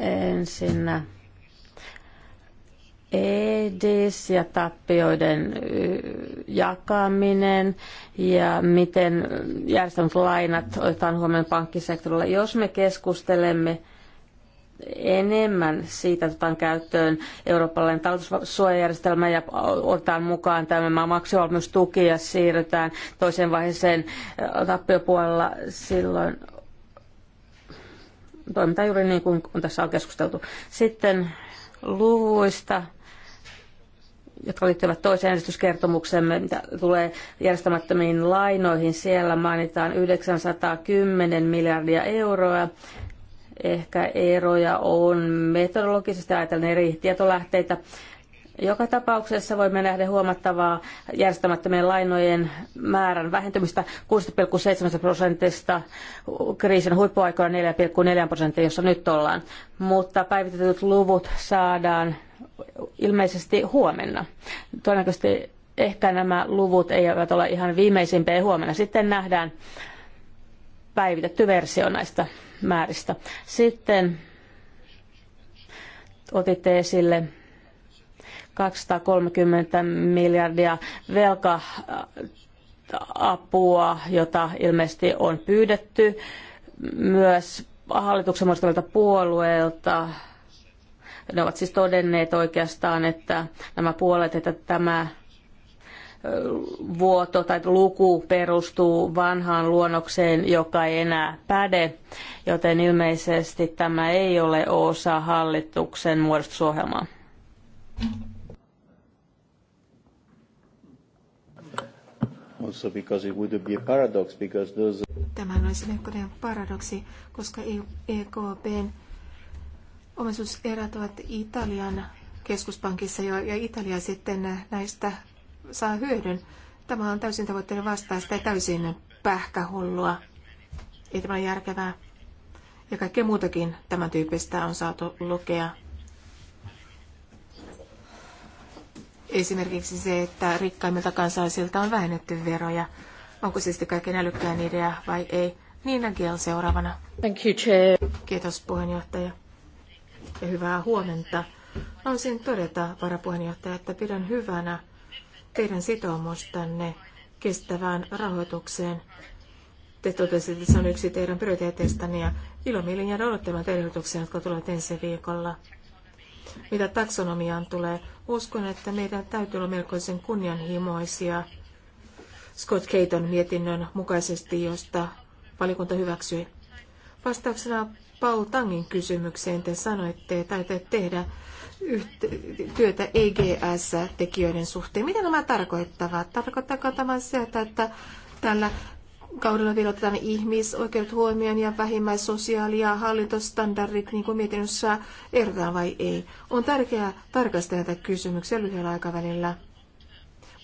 ensin EDIS ja tappioiden jakaminen ja miten järjestämät lainat otetaan huomioon pankkisektorilla. Jos me keskustelemme enemmän siitä, otetaan käyttöön eurooppalainen talutussuojajärjestelmä ja otetaan mukaan tämä maksuvalmiustuki ja siirrytään toiseen vaiheeseen äh, tappiopuolella silloin toimitaan juuri niin kuin tässä on keskusteltu. Sitten luvuista jotka liittyvät toiseen äänestyskertomuksemme, mitä tulee järjestämättömiin lainoihin. Siellä mainitaan 910 miljardia euroa Ehkä eroja on metodologisesti ajatellen eri tietolähteitä. Joka tapauksessa voimme nähdä huomattavaa järjestämättömien lainojen määrän vähentymistä 6,7 prosentista kriisin huippuaikoina 4,4 prosenttia, jossa nyt ollaan. Mutta päivitetyt luvut saadaan ilmeisesti huomenna. Todennäköisesti ehkä nämä luvut eivät ole ihan viimeisimpiä huomenna. Sitten nähdään, päivitetty versio näistä määristä. Sitten otitte esille 230 miljardia velka-apua, jota ilmeisesti on pyydetty myös hallituksen muodostavilta puolueilta. Ne ovat siis todenneet oikeastaan, että nämä puolet, että tämä vuoto tai luku perustuu vanhaan luonnokseen, joka ei enää päde, joten ilmeisesti tämä ei ole osa hallituksen muodostusohjelmaa. Also because it would be a paradox, because those... olisi melkoinen paradoksi, koska EKPn e omaisuuserät ovat Italian keskuspankissa jo, ja Italia sitten näistä saa hyödyn. Tämä on täysin tavoitteiden vastaista ja täysin pähkähullua. Ei tämä ole järkevää. Ja kaikkea muutakin tämän tyyppistä on saatu lukea. Esimerkiksi se, että rikkaimmilta kansalaisilta on vähennetty veroja. Onko se sitten kaiken älykkään idea vai ei? Niina Gill seuraavana. Thank you, Chair. Kiitos puheenjohtaja ja hyvää huomenta. Haluaisin todeta, varapuheenjohtaja, että pidän hyvänä teidän sitoumustanne kestävään rahoitukseen. Te totesitte, että se on yksi teidän prioriteeteistanne ja ilomielin jäädä odottamaan teidän ehdotuksia, jotka tulevat ensi viikolla. Mitä taksonomiaan tulee, uskon, että meidän täytyy olla melkoisen kunnianhimoisia Scott Caton mietinnön mukaisesti, josta valikunta hyväksyi. Vastauksena Paul Tangin kysymykseen te sanoitte, että taitaa tehdä työtä EGS-tekijöiden suhteen. Mitä nämä tarkoittavat? Tarkoittaako tämä sitä, että tällä kaudella vielä otetaan ihmisoikeudet huomioon ja vähimmäissosiaali- ja hallintostandardit, niin kuin mietinnössä ehdotetaan vai ei. On tärkeää tarkastella tätä kysymyksiä lyhyellä aikavälillä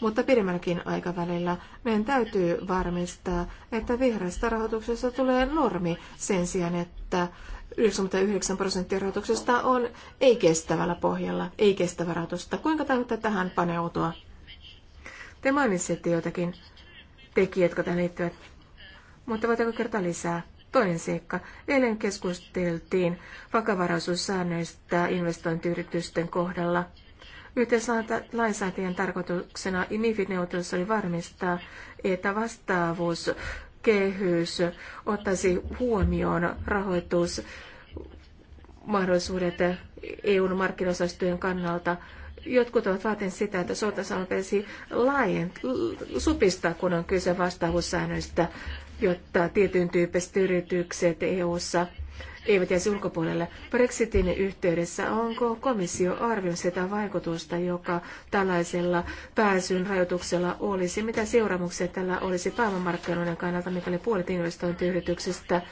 mutta pidemmälläkin aikavälillä meidän täytyy varmistaa, että vihreästä rahoituksesta tulee normi sen sijaan, että 99 prosenttia rahoituksesta on ei-kestävällä pohjalla, ei-kestävä rahoitusta. Kuinka täytyy tähän paneutua? Te mainitsitte jotakin tekijät, jotka tähän liittyvät, mutta voitteko kertoa lisää? Toinen seikka. Eilen keskusteltiin vakavaraisuussäännöistä investointiyritysten kohdalla – Yhteislainsäätien tarkoituksena imifi neuvottelussa oli varmistaa, että vastaavuus kehys ottaisi huomioon rahoitusmahdollisuudet EUn markkinoisastojen kannalta. Jotkut ovat vaatineet sitä, että sotasana pitäisi supistaa, kun on kyse vastaavuussäännöistä, jotta tietyn tyyppiset yritykset EUssa – eivät jäisi ulkopuolelle. Brexitin yhteydessä onko komissio arvioinut sitä vaikutusta, joka tällaisella pääsyn rajoituksella olisi? Mitä seuraamuksia tällä olisi pääomamarkkinoiden kannalta, mikäli puolet investointiyrityksistä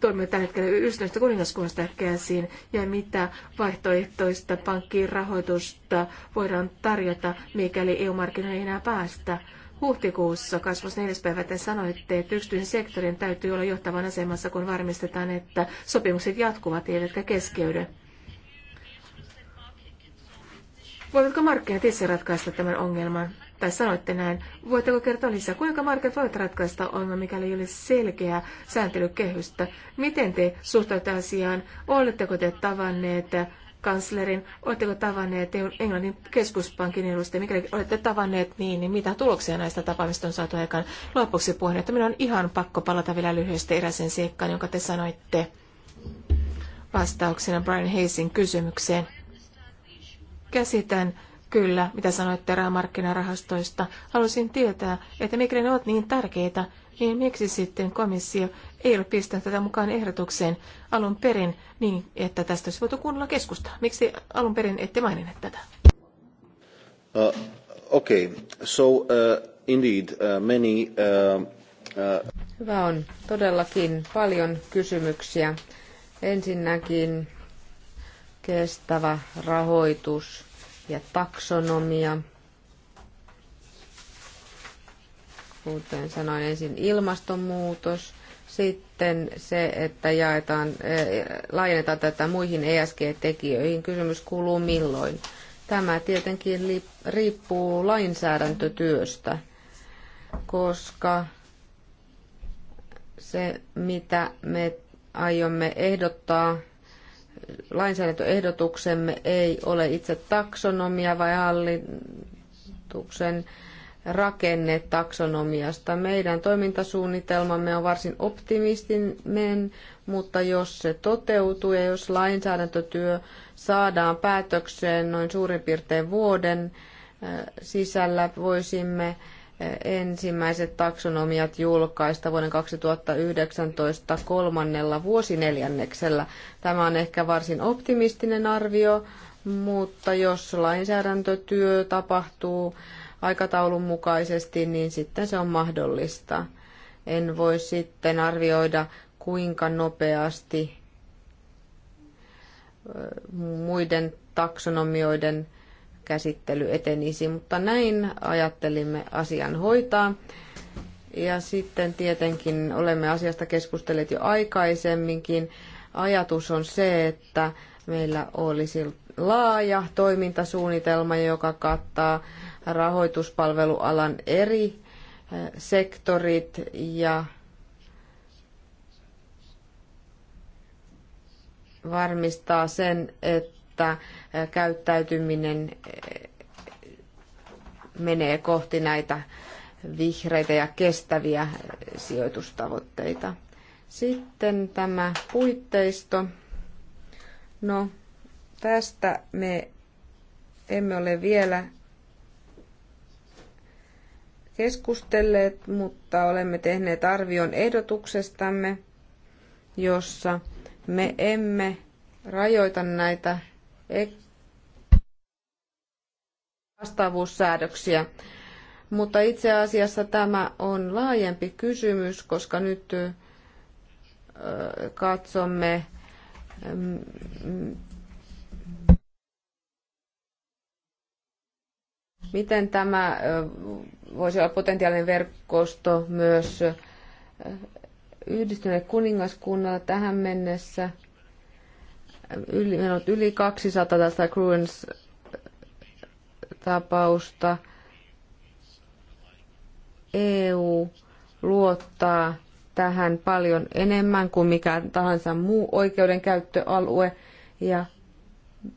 toimii tällä hetkellä yhdistyneestä kuningaskunnasta käsin, ja mitä vaihtoehtoista pankkirahoitusta voidaan tarjota, mikäli EU-markkinoihin ei enää päästä. Huhtikuussa 24. päivä te sanoitte, että yksityisen sektorin täytyy olla johtavan asemassa, kun varmistetaan, että sopimukset jatkuvat eivätkä keskeydy. Voivatko markkinat itse ratkaista tämän ongelman? Tai sanoitte näin, voitteko kertoa lisää, kuinka markkinat voivat ratkaista ongelman, mikäli ei ole selkeää sääntelykehystä? Miten te suhtaudutte asiaan? Oletteko te tavanneet kanslerin. Oletteko tavanneet Englannin keskuspankin edustajia? Mikäli olette tavanneet niin, niin mitä tuloksia näistä tapaamista on saatu aikaan? Lopuksi puhun, että minun on ihan pakko palata vielä lyhyesti eräseen seikkaan, jonka te sanoitte vastauksena Brian Hayesin kysymykseen. Käsitän kyllä, mitä sanoitte rahamarkkinarahastoista. Haluaisin tietää, että mikä ne ovat niin tärkeitä, niin miksi sitten komissio ei ole pistänyt tätä mukaan ehdotukseen alun perin niin, että tästä olisi voitu kuunnella keskustaa? Miksi alun perin ette maininneet tätä? Uh, okay. so uh, indeed uh, many... Uh, uh... Hyvä on todellakin paljon kysymyksiä. Ensinnäkin kestävä rahoitus ja taksonomia – kuten sanoin, ensin ilmastonmuutos, sitten se, että jaetaan, eh, laajennetaan tätä muihin ESG-tekijöihin. Kysymys kuuluu milloin. Tämä tietenkin riippuu lainsäädäntötyöstä, koska se, mitä me aiomme ehdottaa, lainsäädäntöehdotuksemme ei ole itse taksonomia vai hallituksen rakenne taksonomiasta. Meidän toimintasuunnitelmamme on varsin optimistinen, mutta jos se toteutuu ja jos lainsäädäntötyö saadaan päätökseen noin suurin piirtein vuoden äh, sisällä, voisimme äh, ensimmäiset taksonomiat julkaista vuoden 2019 kolmannella vuosineljänneksellä. Tämä on ehkä varsin optimistinen arvio, mutta jos lainsäädäntötyö tapahtuu aikataulun mukaisesti, niin sitten se on mahdollista. En voi sitten arvioida, kuinka nopeasti muiden taksonomioiden käsittely etenisi, mutta näin ajattelimme asian hoitaa. Ja sitten tietenkin olemme asiasta keskustelleet jo aikaisemminkin. Ajatus on se, että meillä olisi laaja toimintasuunnitelma, joka kattaa rahoituspalvelualan eri eh, sektorit ja varmistaa sen, että eh, käyttäytyminen eh, menee kohti näitä vihreitä ja kestäviä sijoitustavoitteita. Sitten tämä puitteisto. No, tästä me emme ole vielä keskustelleet, mutta olemme tehneet arvion ehdotuksestamme, jossa me emme rajoita näitä vastaavuussäädöksiä. Mutta itse asiassa tämä on laajempi kysymys, koska nyt katsomme Miten tämä voisi olla potentiaalinen verkosto myös yhdistyneelle kuningaskunnalle tähän mennessä? Yli, meillä on yli 200 tästä Cruens-tapausta. EU luottaa tähän paljon enemmän kuin mikä tahansa muu oikeudenkäyttöalue. Ja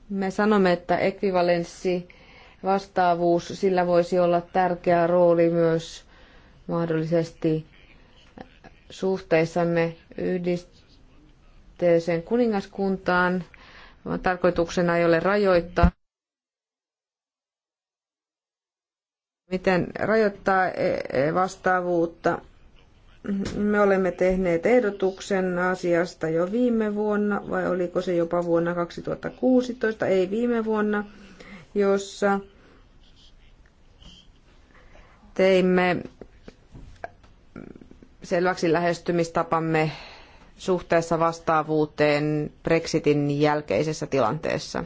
me sanomme, että ekvivalenssi vastaavuus, sillä voisi olla tärkeä rooli myös mahdollisesti suhteissamme yhdisteeseen kuningaskuntaan, tarkoituksena ei ole rajoittaa. Miten rajoittaa e- e- vastaavuutta? Me olemme tehneet ehdotuksen asiasta jo viime vuonna, vai oliko se jopa vuonna 2016? Ei viime vuonna jossa teimme selväksi lähestymistapamme suhteessa vastaavuuteen Brexitin jälkeisessä tilanteessa.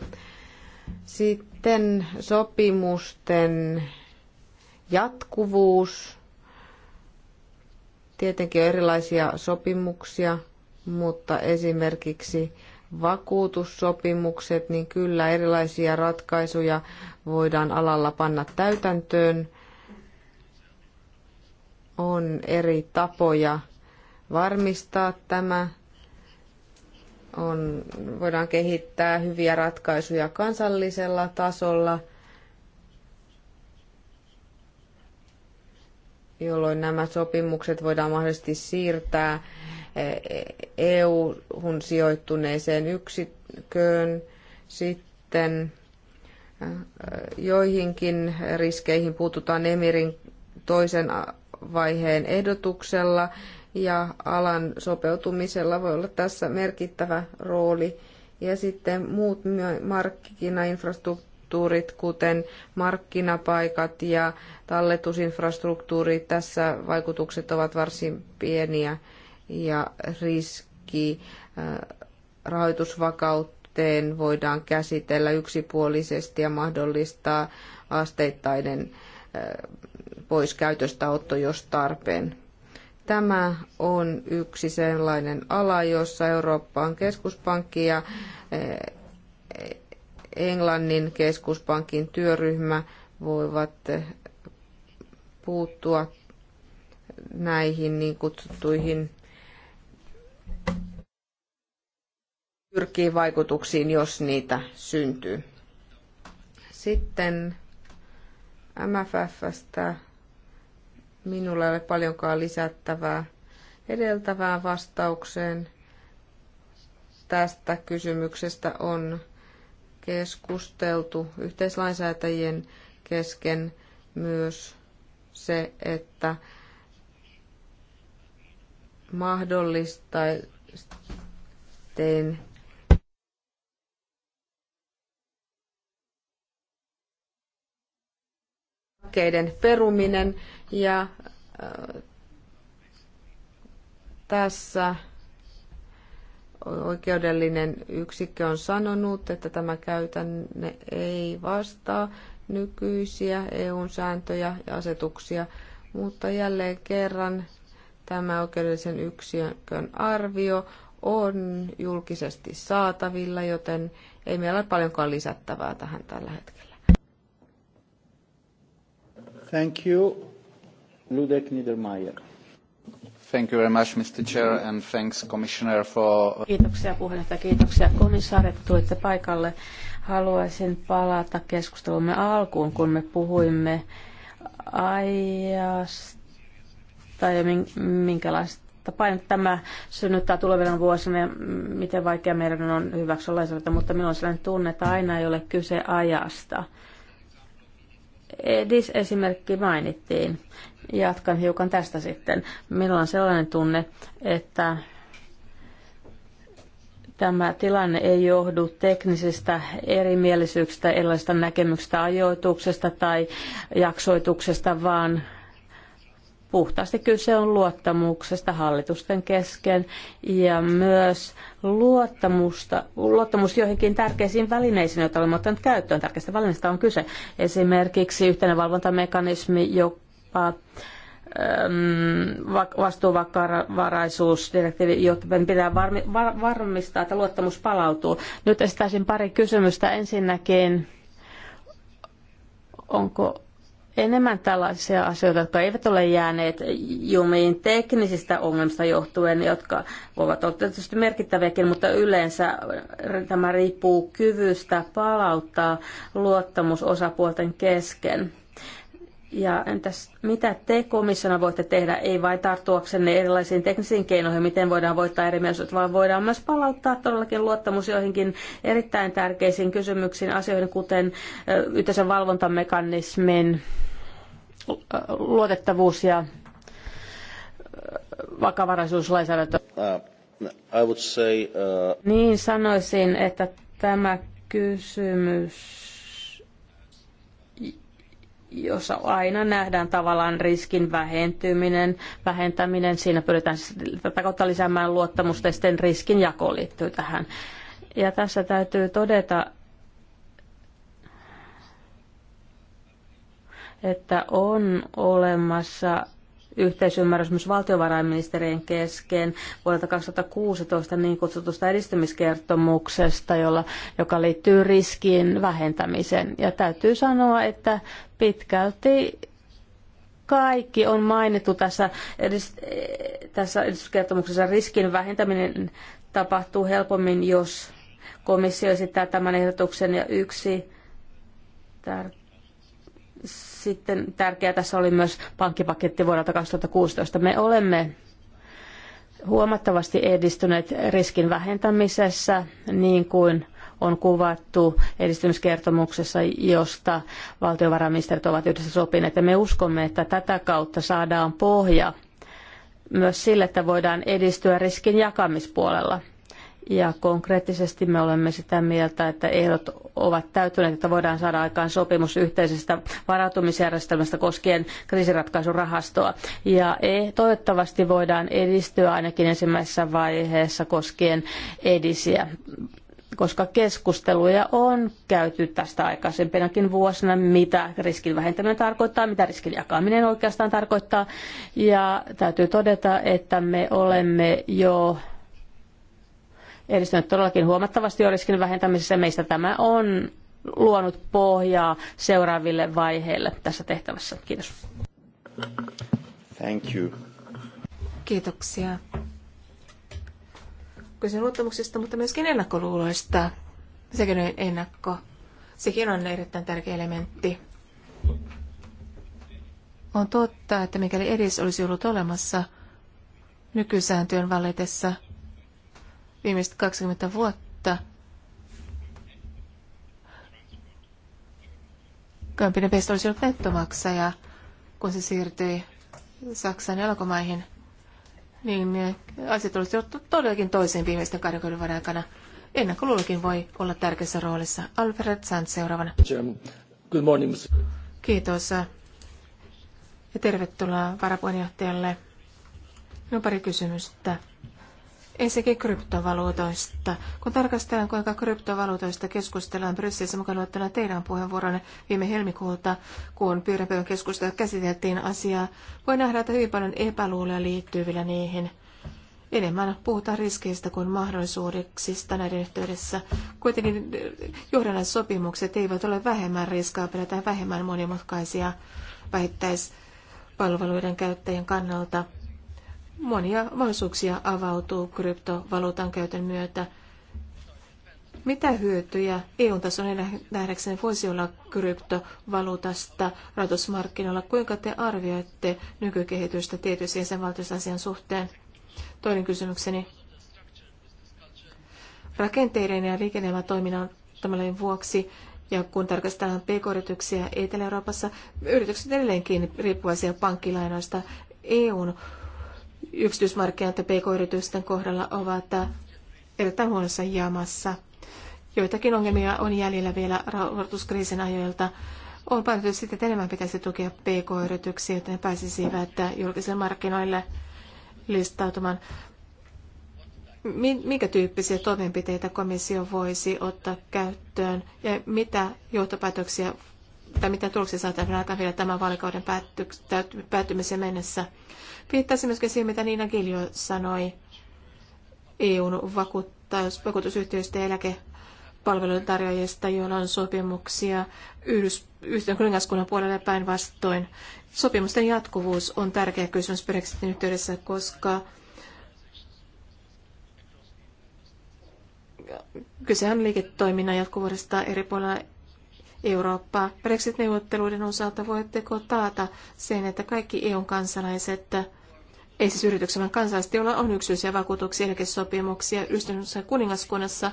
Sitten sopimusten jatkuvuus. Tietenkin on erilaisia sopimuksia, mutta esimerkiksi vakuutussopimukset, niin kyllä erilaisia ratkaisuja voidaan alalla panna täytäntöön. On eri tapoja varmistaa tämä. On, voidaan kehittää hyviä ratkaisuja kansallisella tasolla, jolloin nämä sopimukset voidaan mahdollisesti siirtää EU-hun sijoittuneeseen yksikköön, sitten joihinkin riskeihin puututaan Emirin toisen vaiheen ehdotuksella ja alan sopeutumisella voi olla tässä merkittävä rooli. Ja sitten muut markkinainfrastruktuurit, kuten markkinapaikat ja talletusinfrastruktuuri, tässä vaikutukset ovat varsin pieniä ja riski äh, rahoitusvakauteen voidaan käsitellä yksipuolisesti ja mahdollistaa asteittainen äh, pois käytöstä otto, jos tarpeen. Tämä on yksi sellainen ala, jossa Euroopan keskuspankki ja äh, Englannin keskuspankin työryhmä voivat puuttua näihin niin kutsuttuihin pyrkii vaikutuksiin, jos niitä syntyy. Sitten MFFstä minulla ei ole paljonkaan lisättävää edeltävään vastaukseen. Tästä kysymyksestä on keskusteltu yhteislainsäätäjien kesken myös se, että mahdollistaisiin hankkeiden peruminen ja äh, tässä oikeudellinen yksikkö on sanonut, että tämä käytänne ei vastaa nykyisiä EU-sääntöjä ja asetuksia, mutta jälleen kerran tämä oikeudellisen yksikön arvio on julkisesti saatavilla, joten ei meillä ole paljonkaan lisättävää tähän tällä hetkellä. Thank you. Ludek Niedermayer. Thank you very much, Mr. Chair, and thanks, Commissioner, for... Kiitoksia puheenjohtaja, kiitoksia komissaari, että tulitte paikalle. Haluaisin palata keskustelumme alkuun, kun me puhuimme ajasta ja minkälaista painetta tämä synnyttää tulevina vuosina ja miten vaikea meidän on hyväksyä lainsäädäntöä, mutta minulla on sellainen tunne, että aina ei ole kyse ajasta Edis esimerkki mainittiin. Jatkan hiukan tästä sitten. Minulla on sellainen tunne, että tämä tilanne ei johdu teknisistä erimielisyyksistä, erilaisista näkemyksistä, ajoituksesta tai jaksoituksesta, vaan puhtaasti kyse on luottamuksesta hallitusten kesken ja myös luottamusta, luottamus joihinkin tärkeisiin välineisiin, joita olemme ottaneet käyttöön. Tärkeistä välineistä on kyse. Esimerkiksi yhteinen valvontamekanismi, joka vastuuvakavaraisuusdirektiivi, jotta pitää varmistaa, että luottamus palautuu. Nyt esittäisin pari kysymystä. Ensinnäkin, onko enemmän tällaisia asioita, jotka eivät ole jääneet jumiin teknisistä ongelmista johtuen, jotka voivat olla tietysti merkittäviäkin, mutta yleensä tämä riippuu kyvystä palauttaa luottamus osapuolten kesken. Ja entäs mitä te komissiona voitte tehdä, ei vain tarttuaksenne erilaisiin teknisiin keinoihin, miten voidaan voittaa eri mielisyydet, vaan voidaan myös palauttaa todellakin luottamus joihinkin erittäin tärkeisiin kysymyksiin, asioihin, kuten yhteisen valvontamekanismin luotettavuus ja vakavaraisuuslainsäädäntö. Uh, I would say, uh... Niin sanoisin, että tämä kysymys jossa aina nähdään tavallaan riskin vähentyminen, vähentäminen. Siinä pyritään siis tätä kautta lisäämään luottamusta ja sitten riskin jako liittyy tähän. Ja tässä täytyy todeta, että on olemassa yhteisymmärrys myös valtiovarainministerien kesken vuodelta 2016 niin kutsutusta edistymiskertomuksesta, jolla, joka liittyy riskiin vähentämiseen. Ja täytyy sanoa, että pitkälti kaikki on mainittu tässä, edist, tässä edistyskertomuksessa. Riskin vähentäminen tapahtuu helpommin, jos komissio esittää tämän ehdotuksen ja yksi tärkeä sitten tärkeää tässä oli myös pankkipaketti vuodelta 2016. Me olemme huomattavasti edistyneet riskin vähentämisessä, niin kuin on kuvattu edistymiskertomuksessa, josta valtiovarainministerit ovat yhdessä sopineet. Ja me uskomme, että tätä kautta saadaan pohja myös sille, että voidaan edistyä riskin jakamispuolella. Ja konkreettisesti me olemme sitä mieltä, että ehdot ovat täyttyneet, että voidaan saada aikaan sopimus yhteisestä varautumisjärjestelmästä koskien kriisiratkaisurahastoa. Ja e, toivottavasti voidaan edistyä ainakin ensimmäisessä vaiheessa koskien edisiä koska keskusteluja on käyty tästä aikaisempinakin vuosina, mitä riskin vähentäminen tarkoittaa, mitä riskin jakaminen oikeastaan tarkoittaa. Ja täytyy todeta, että me olemme jo edistynyt todellakin huomattavasti jo riskin vähentämisessä. Meistä tämä on luonut pohjaa seuraaville vaiheille tässä tehtävässä. Kiitos. Thank you. Kiitoksia. Kyse luottamuksesta, mutta myöskin ennakkoluuloista. Sekin on ennakko. Sekin on erittäin tärkeä elementti. On totta, että mikäli edes olisi ollut olemassa nykysääntöjen vallitessa – viimeiset 20 vuotta. Kömpinenpest olisi ollut nettomaksaja, kun se siirtyi Saksan jalkomaihin. Niin asiat olisi ollut todellakin toiseen viimeisten 20 vuoden aikana. Ennakkoluulokin voi olla tärkeässä roolissa. Alfred Sand seuraavana. Good morning. Kiitos. Ja tervetuloa varapuheenjohtajalle. Minun pari kysymystä. Ensinnäkin kryptovaluutoista. Kun tarkastellaan, kuinka kryptovaluutoista keskustellaan Brysselissä mukaan luettuna teidän puheenvuoronne viime helmikuulta, kun pyöräpäivän keskustelua käsiteltiin asiaa, voi nähdä, että hyvin paljon epäluuloja liittyy vielä niihin. Enemmän puhutaan riskeistä kuin mahdollisuuksista näiden yhteydessä. Kuitenkin johdannaissopimukset eivät ole vähemmän riskaapeleja tai vähemmän monimutkaisia vähittäispalveluiden käyttäjien kannalta – monia mahdollisuuksia avautuu kryptovaluutan käytön myötä. Mitä hyötyjä EU-tason nähdäkseni voisi olla kryptovaluutasta rahoitusmarkkinoilla? Kuinka te arvioitte nykykehitystä tietyissä jäsenvaltioissa asian suhteen? Toinen kysymykseni. Rakenteiden ja liikennelmätoiminnan tämmöinen vuoksi ja kun tarkastellaan pk-yrityksiä Etelä-Euroopassa, yritykset edelleenkin riippuvaisia pankkilainoista EUn yksityismarkkinat ja pk-yritysten kohdalla ovat äh, erittäin huonossa jamassa. Joitakin ongelmia on jäljellä vielä rahoituskriisin ajoilta. On päätetty sitten, että enemmän pitäisi tukea pk-yrityksiä, että ne pääsisivät äh, julkisille markkinoille listautumaan. Minkä tyyppisiä toimenpiteitä komissio voisi ottaa käyttöön ja mitä johtopäätöksiä tai mitä tuloksia saataisiin aikaan vielä tämän vaalikauden päätty, päättymiseen mennessä. Viittaisin myöskin siihen, mitä Niina Kiljo sanoi EUn vakuutusyhtiöistä ja eläkepalvelujen tarjoajista, joilla on sopimuksia Yhdys, yhteen kuningaskunnan puolelle päinvastoin. Sopimusten jatkuvuus on tärkeä kysymys Brexitin yhteydessä, koska kyse on liiketoiminnan jatkuvuudesta eri puolilla Eurooppaa Brexit-neuvotteluiden osalta? Voitteko taata sen, että kaikki EUn kansalaiset, ei siis yrityksen, kansalaiset, joilla on yksityisiä vakuutuksia, eläkesopimuksia yhdistyneessä kuningaskunnassa,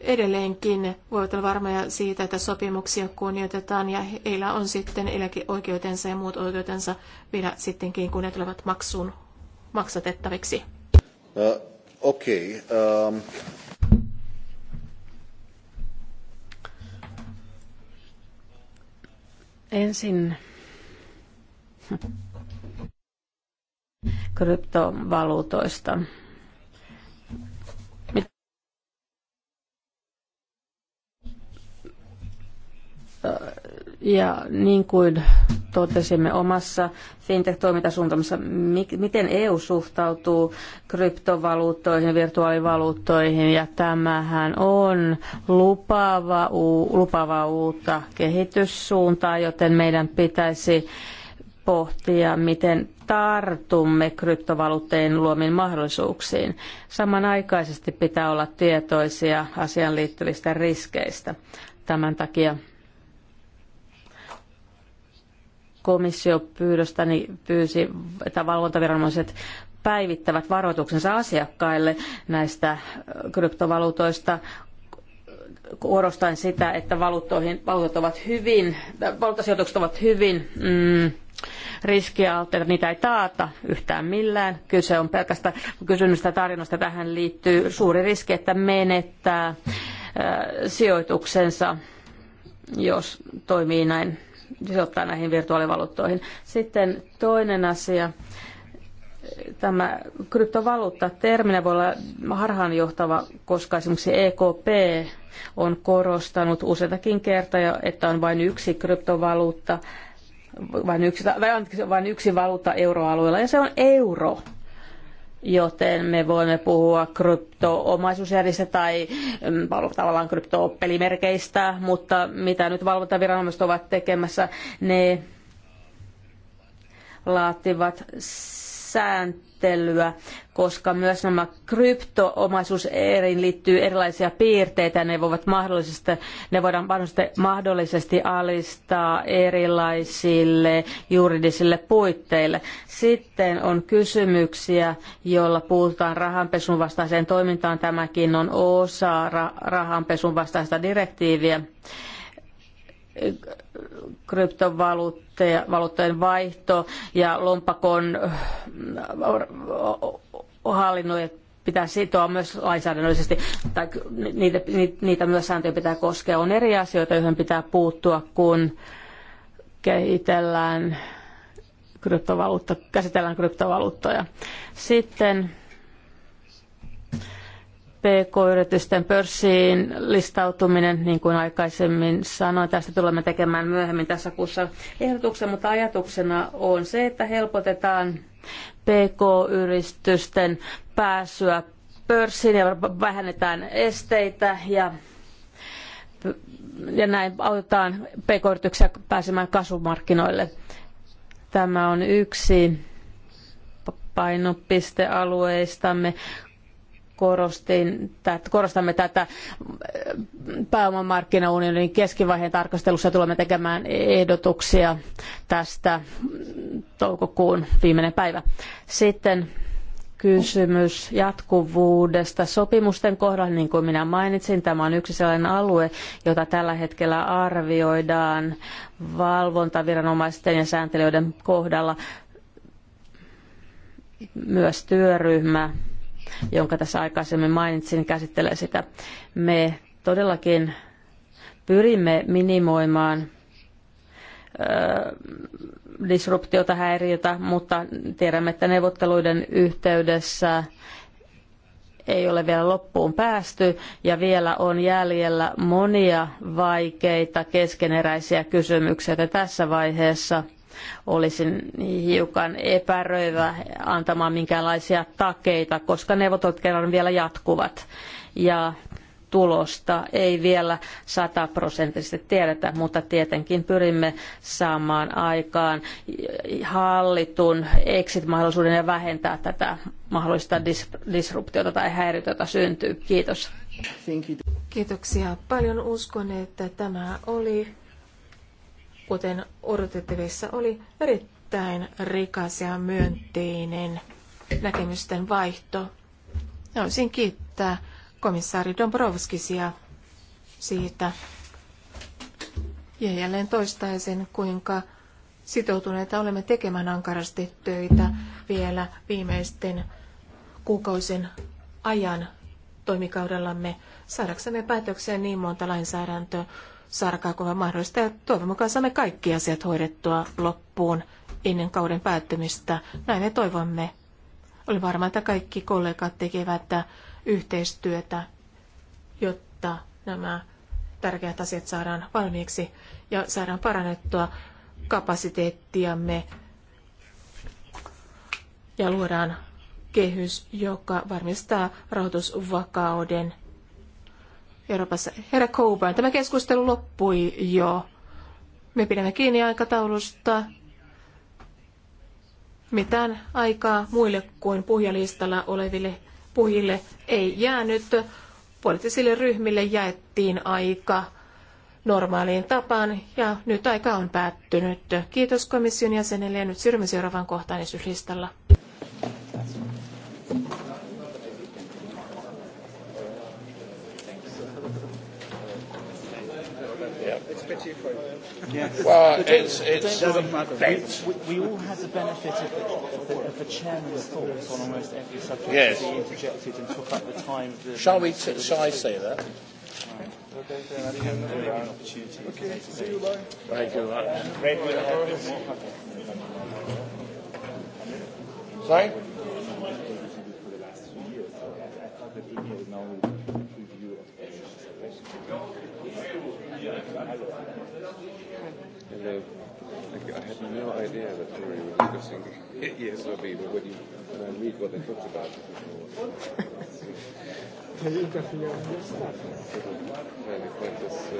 edelleenkin voivat olla varmoja siitä, että sopimuksia kunnioitetaan ja heillä on sitten eläkeoikeutensa ja muut oikeutensa vielä sittenkin, kun ne tulevat maksuun maksatettaviksi. Uh, Okei. Okay. Um... Ensin kryptovaluutoista. Ja niin kuin totesimme omassa fintech-toimintasuuntamassa, miten EU suhtautuu kryptovaluuttoihin, virtuaalivaluuttoihin, ja tämähän on lupaava, lupaava uutta kehityssuuntaa, joten meidän pitäisi pohtia, miten tartumme kryptovaluutteen luomiin mahdollisuuksiin. Samanaikaisesti pitää olla tietoisia asian liittyvistä riskeistä. Tämän takia komissio pyydöstäni pyysi, että valvontaviranomaiset päivittävät varoituksensa asiakkaille näistä äh, kryptovaluutoista korostaen sitä, että valuuttoihin, valuutat ovat hyvin, äh, valuuttasijoitukset ovat hyvin mm, riskialtteita, niitä ei taata yhtään millään. Kyse on pelkästä kysymystä tarjonnasta. Tähän liittyy suuri riski, että menettää äh, sijoituksensa, jos toimii näin sijoittaa näihin virtuaalivaluuttoihin. Sitten toinen asia, tämä kryptovaluutta terminä voi olla harhaanjohtava, koska esimerkiksi EKP on korostanut useitakin kertoja, että on vain yksi kryptovaluutta, vain yksi, vain yksi valuutta euroalueella, ja se on euro joten me voimme puhua kryptoomaisuusjärjistä tai mm, tavallaan kryptopelimerkeistä, mutta mitä nyt valvontaviranomaiset ovat tekemässä, ne laativat sääntelyä koska myös nämä kryptoomaisuuseriin liittyy erilaisia piirteitä, ne voivat mahdollisesti, ne voidaan mahdollisesti alistaa erilaisille juridisille puitteille. Sitten on kysymyksiä, joilla puhutaan rahanpesun vastaiseen toimintaan. Tämäkin on osa rahanpesun vastaista direktiiviä kryptovaluuttojen vaihto ja lompakon hallinnoijat pitää sitoa myös lainsäädännöllisesti, tai niitä, niitä myös sääntöjä pitää koskea. On eri asioita, joihin pitää puuttua, kun kehitellään kryptovaluutta, käsitellään kryptovaluuttoja. Sitten PK-yritysten pörssiin listautuminen, niin kuin aikaisemmin sanoin, tästä tulemme tekemään myöhemmin tässä kuussa ehdotuksen, mutta ajatuksena on se, että helpotetaan PK-yritysten pääsyä pörssiin ja vähennetään esteitä ja ja näin autetaan pk-yrityksiä pääsemään kasvumarkkinoille. Tämä on yksi painopistealueistamme korostin, korostamme tätä äh, pääomamarkkinaunionin keskivaiheen tarkastelussa tulemme tekemään ehdotuksia tästä toukokuun viimeinen päivä. Sitten kysymys jatkuvuudesta sopimusten kohdalla, niin kuin minä mainitsin, tämä on yksi sellainen alue, jota tällä hetkellä arvioidaan valvontaviranomaisten ja sääntelijöiden kohdalla. Myös työryhmä jonka tässä aikaisemmin mainitsin, käsittelee sitä. Me todellakin pyrimme minimoimaan disruptiota, häiriötä, mutta tiedämme, että neuvotteluiden yhteydessä ei ole vielä loppuun päästy ja vielä on jäljellä monia vaikeita keskeneräisiä kysymyksiä. Ja tässä vaiheessa olisin hiukan epäröivä antamaan minkäänlaisia takeita, koska neuvottelut kerran vielä jatkuvat. Ja tulosta ei vielä sataprosenttisesti tiedetä, mutta tietenkin pyrimme saamaan aikaan hallitun exit-mahdollisuuden ja vähentää tätä mahdollista disruptiota tai häiriötä, jota syntyy. Kiitos. Kiitoksia paljon. Uskon, että tämä oli kuten odotettavissa, oli erittäin rikas ja myönteinen näkemysten vaihto. Haluaisin kiittää komissaari Dombrovskisia siitä. Ja jälleen toistaisin, kuinka sitoutuneita olemme tekemään ankarasti töitä vielä viimeisten kuukausien ajan toimikaudellamme saadaksemme päätökseen niin monta lainsäädäntöä sarkaa kuin mahdollista. Ja toivon mukaan saamme kaikki asiat hoidettua loppuun ennen kauden päättymistä. Näin me toivomme. Olen varma, että kaikki kollegat tekevät yhteistyötä, jotta nämä tärkeät asiat saadaan valmiiksi ja saadaan parannettua kapasiteettiamme ja luodaan kehys, joka varmistaa rahoitusvakauden – Euroopassa. Herra Coburn, tämä keskustelu loppui jo. Me pidämme kiinni aikataulusta. Mitään aikaa muille kuin puhjalistalla oleville puhjille ei jäänyt. Poliittisille ryhmille jaettiin aika normaaliin tapaan ja nyt aika on päättynyt. Kiitos komission jäsenelle ja nyt siirrymme seuraavaan kohtaan esityslistalla. pity for you. Yes. Well, it's, doesn't matter. We, we all have the benefit of the, of the, of the chairman's thoughts on almost every subject yes. to interjected and took up the time. the shall we? T- shall I say that? Okay, you Okay, see you later. Thank you. Sorry? Hello. I, I had no idea that Tory was discussing ESRB, but when, you, when I read what they talked about, this is more. Fairly pointless. Uh,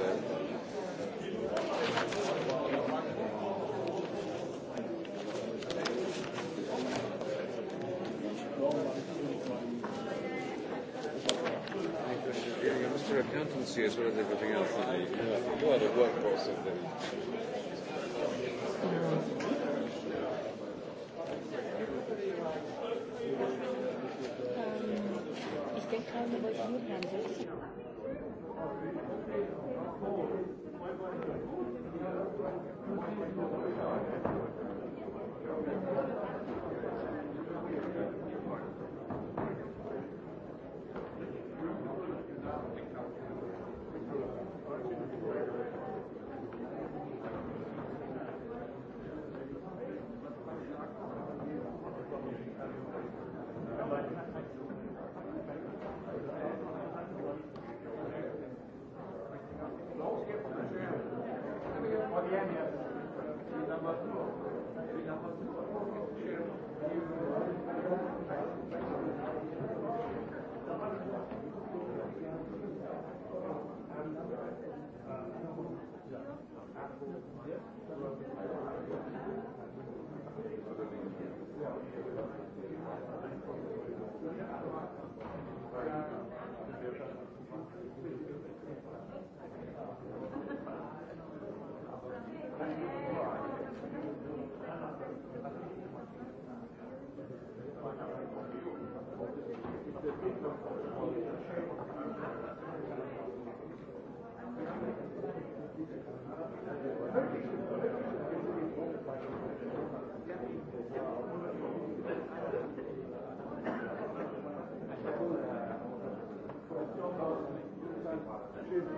see as well as everything else that you have. You are the workhorse of them. Thank you. Yeah. Thank you.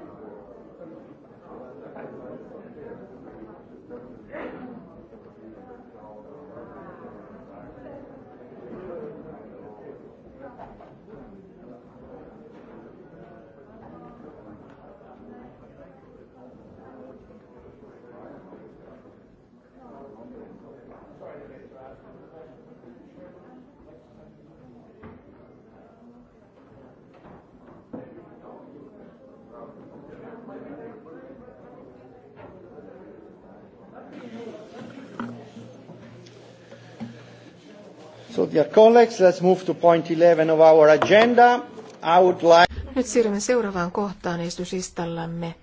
Dear colleagues, let's move to point 11 of our agenda. I would like... Nyt siirrymme seuraavaan kohtaan esityslistallamme.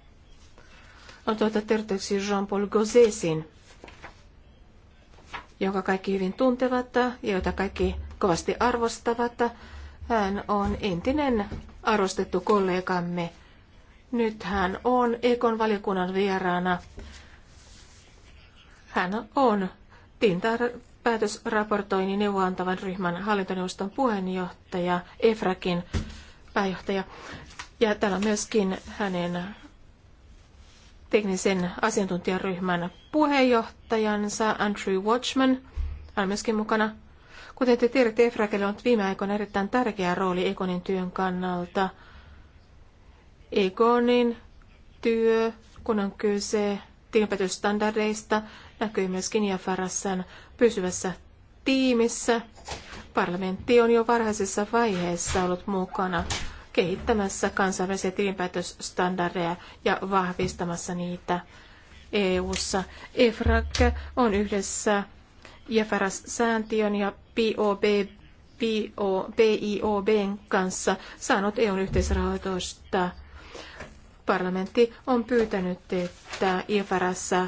Otetaan tuota tervetuksi Jean-Paul Gauzesin, jonka kaikki hyvin tuntevat ja jota kaikki kovasti arvostavat. Hän on entinen arvostettu kollegamme. Nyt hän on Ekon valiokunnan vieraana. Hän on päätösraportoinnin neuvoantavan ryhmän hallintoneuvoston puheenjohtaja, EFRAKin pääjohtaja. Ja täällä on myöskin hänen teknisen asiantuntijaryhmän puheenjohtajansa Andrew Watchman. Hän on myöskin mukana. Kuten te tiedätte, EFRAKilla on viime aikoina erittäin tärkeä rooli Ekonin työn kannalta. Ekonin työ, kun on kyse tilinpäätösstandardeista, näkyy myöskin IFRSn pysyvässä tiimissä. Parlamentti on jo varhaisessa vaiheessa ollut mukana kehittämässä kansainvälisiä tilinpäätösstandardeja ja vahvistamassa niitä EU-ssa. EFRAG on yhdessä IFRS-sääntiön e ja POB, PO, PIOBn kanssa saanut EUn yhteisrahoitusta. Parlamentti on pyytänyt, että IFRS e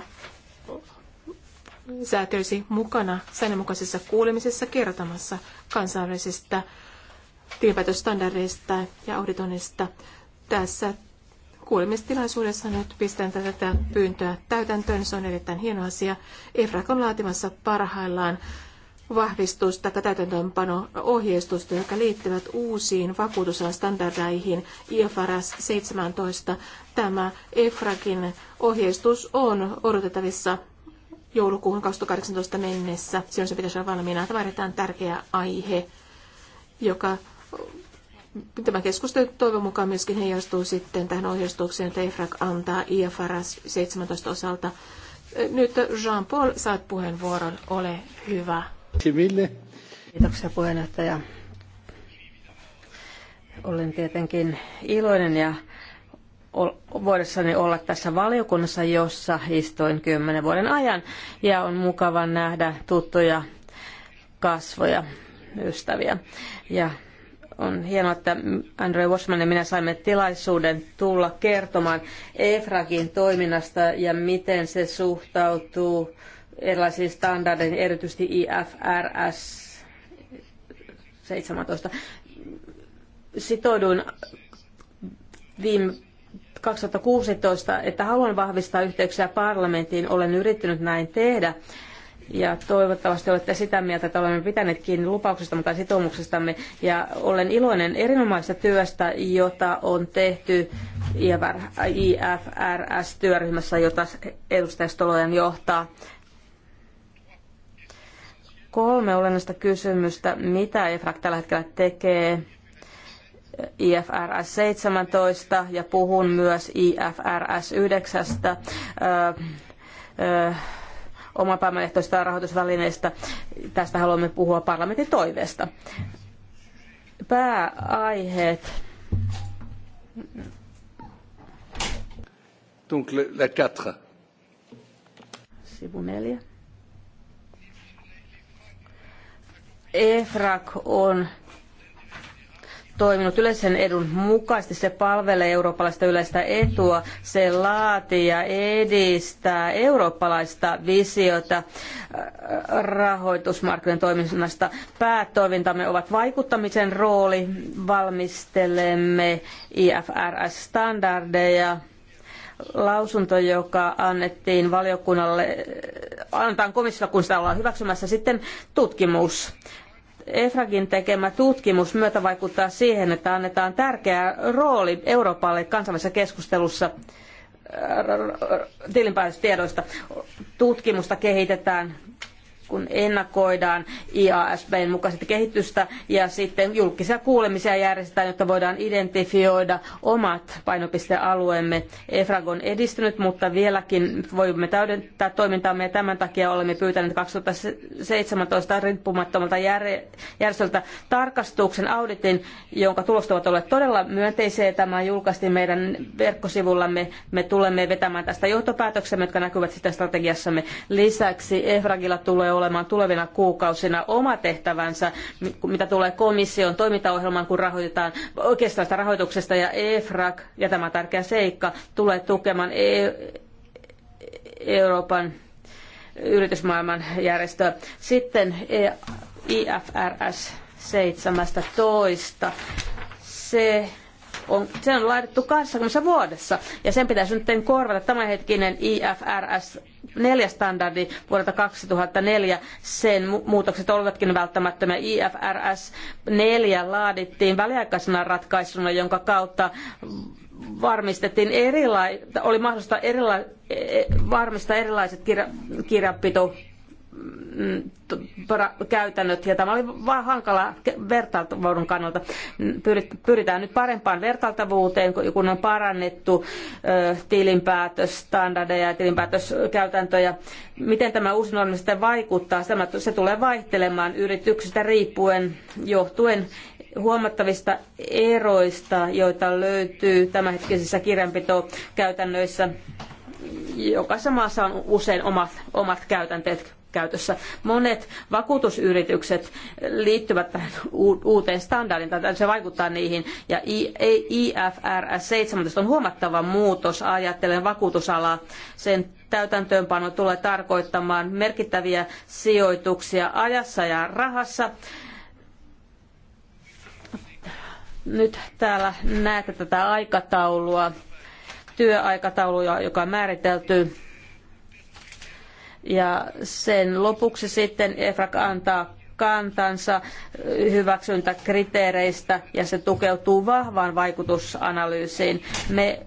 säätiö mukana säännönmukaisessa kuulemisessa kertomassa kansainvälisistä tilinpäätöstandardeista ja auditoinnista. Tässä kuulemistilaisuudessa nyt pistän tätä pyyntöä täytäntöön. Se on erittäin hieno asia. EFRAK on laatimassa parhaillaan vahvistus- tai täytäntöönpano-ohjeistusta, joka liittyvät uusiin vakuutusalan standardeihin IFRS 17. Tämä EFRAKin ohjeistus on odotettavissa joulukuuhun 2018 mennessä. Silloin se pitäisi olla valmiina. Tämä on erittäin tärkeä aihe, joka tämä keskustelu toivon mukaan myöskin heijastuu sitten tähän ohjeistukseen, että EFRAG antaa IFRS 17 osalta. Nyt Jean-Paul, saat puheenvuoron. Ole hyvä. Siville. Kiitoksia puheenjohtaja. Olen tietenkin iloinen ja voidessani olla tässä valiokunnassa, jossa istuin kymmenen vuoden ajan. Ja on mukava nähdä tuttuja kasvoja, ystäviä. Ja on hienoa, että Andre Wasman ja minä saimme tilaisuuden tulla kertomaan EFRAGin toiminnasta ja miten se suhtautuu erilaisiin standardeihin, erityisesti IFRS 17. Sitouduin viime 2016, että haluan vahvistaa yhteyksiä parlamenttiin. Olen yrittänyt näin tehdä. Ja toivottavasti olette sitä mieltä, että olemme pitäneet kiinni lupauksestamme tai sitoumuksestamme. Ja olen iloinen erinomaisesta työstä, jota on tehty IFRS-työryhmässä, jota edustaja Stolojan johtaa. Kolme olennaista kysymystä. Mitä EFRAC tällä hetkellä tekee? IFRS 17 ja puhun myös IFRS 9 oman pääomaehtoisista rahoitusvälineistä. Tästä haluamme puhua parlamentin toiveesta. Pääaiheet. Donc le, le quatre. Sivu 4. EFRAC on toiminut yleisen edun mukaisesti, se palvelee eurooppalaista yleistä etua, se laatii ja edistää eurooppalaista visiota äh, rahoitusmarkkinoiden toiminnasta. Päätoimintamme ovat vaikuttamisen rooli, valmistelemme IFRS-standardeja, lausunto, joka annettiin valiokunnalle, annetaan komissiolla, kun sitä ollaan hyväksymässä, sitten tutkimus EFRAGin tekemä tutkimus myötä vaikuttaa siihen, että annetaan tärkeä rooli Euroopalle kansainvälisessä keskustelussa äh, tilinpäätöstiedoista. Tutkimusta kehitetään kun ennakoidaan IASBn mukaista kehitystä ja sitten julkisia kuulemisia järjestetään, jotta voidaan identifioida omat painopistealueemme. EFRAG on edistynyt, mutta vieläkin voimme täydentää toimintaamme ja tämän takia olemme pyytäneet 2017 riippumattomalta järjestöltä tarkastuksen auditin, jonka tulokset ovat olleet todella myönteisiä. Tämä julkaistiin meidän verkkosivullamme. Me tulemme vetämään tästä johtopäätöksemme, jotka näkyvät sitten strategiassamme. Lisäksi EFRAGilla tulee olla olemaan tulevina kuukausina oma tehtävänsä, mitä tulee komission toimintaohjelmaan, kun rahoitetaan oikeastaan rahoituksesta ja EFRAG, ja tämä on tärkeä seikka, tulee tukemaan e Euroopan yritysmaailman järjestöä. Sitten e IFRS 17. Se on, se on laadittu 20 vuodessa ja sen pitäisi nyt korvata tämänhetkinen IFRS neljä standardi vuodelta 2004. Sen muutokset olivatkin välttämättömiä. IFRS 4 laadittiin väliaikaisena ratkaisuna, jonka kautta varmistettiin erila- oli mahdollista erila- e- e- varmistaa erilaiset kirja- kirjanpito Mm, käytännöt, ja tämä oli vaan hankala vertailtavuuden kannalta. Pyritään nyt parempaan vertailtavuuteen, kun on parannettu tilinpäätösstandardeja ja tilinpäätöskäytäntöjä. Miten tämä uusi normi sitten vaikuttaa? Se tulee vaihtelemaan yrityksestä riippuen, johtuen huomattavista eroista, joita löytyy tämänhetkisissä kirjanpitokäytännöissä. Jokaisessa maassa on usein omat, omat käytänteet käytössä. Monet vakuutusyritykset liittyvät tähän uuteen standardiin, tai se vaikuttaa niihin, ja IFRS 17 on huomattava muutos, ajattelen vakuutusalaa. Sen täytäntöönpano tulee tarkoittamaan merkittäviä sijoituksia ajassa ja rahassa. Nyt täällä näette tätä aikataulua, työaikataulua, joka on määritelty ja sen lopuksi sitten EFRAK antaa kantansa hyväksyntäkriteereistä ja se tukeutuu vahvaan vaikutusanalyysiin. Me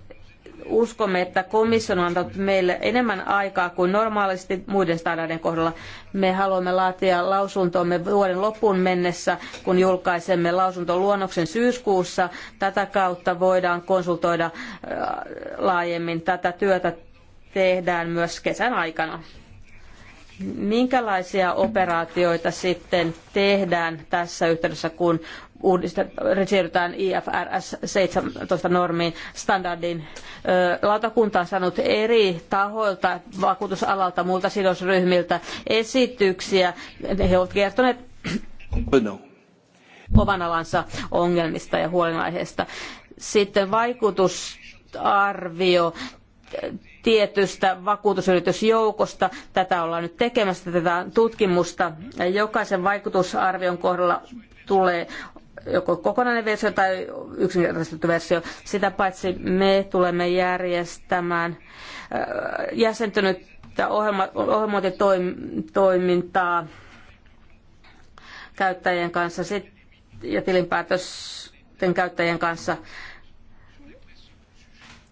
uskomme, että komission on antanut meille enemmän aikaa kuin normaalisti muiden standardien kohdalla. Me haluamme laatia lausuntomme vuoden loppuun mennessä, kun julkaisemme lausuntoluonnoksen syyskuussa. Tätä kautta voidaan konsultoida äh, laajemmin. Tätä työtä tehdään myös kesän aikana. Minkälaisia operaatioita sitten tehdään tässä yhteydessä, kun siirrytään IFRS 17 normiin standardiin. Lautakunta on saanut eri tahoilta, vakuutusalalta, muilta sidosryhmiltä esityksiä. He ovat kertoneet oman alansa ongelmista ja huolenaiheista. Sitten vaikutusarvio tietystä vakuutusyritysjoukosta. Tätä ollaan nyt tekemässä, tätä tutkimusta. Jokaisen vaikutusarvion kohdalla tulee joko kokonainen versio tai yksinkertaistettu versio. Sitä paitsi me tulemme järjestämään äh, jäsentynyttä ohjelma, ohjelmointitoimintaa käyttäjien kanssa sit, ja tilinpäätösten käyttäjien kanssa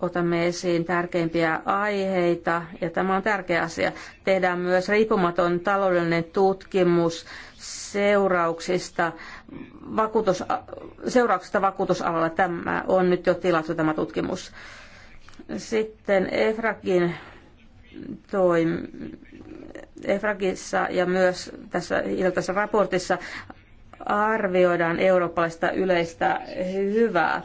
otamme esiin tärkeimpiä aiheita, ja tämä on tärkeä asia. Tehdään myös riippumaton taloudellinen tutkimus seurauksista, vakuutus, seurauksista vakuutusalalla. Tämä on nyt jo tilattu tämä tutkimus. Sitten EFRAKin toim, EFRAKissa ja myös tässä iltaisessa raportissa arvioidaan eurooppalaista yleistä hyvää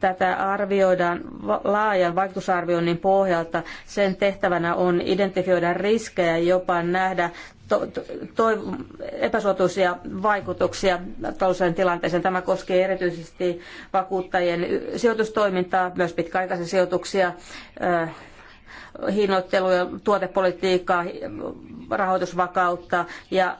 Tätä arvioidaan laajan vaikutusarvioinnin pohjalta. Sen tehtävänä on identifioida riskejä, jopa nähdä to, to, to, epäsuotuisia vaikutuksia taloudelliseen tilanteeseen. Tämä koskee erityisesti vakuuttajien sijoitustoimintaa, myös pitkäaikaisia sijoituksia, hinnoittelu- ja tuotepolitiikkaa, rahoitusvakautta ja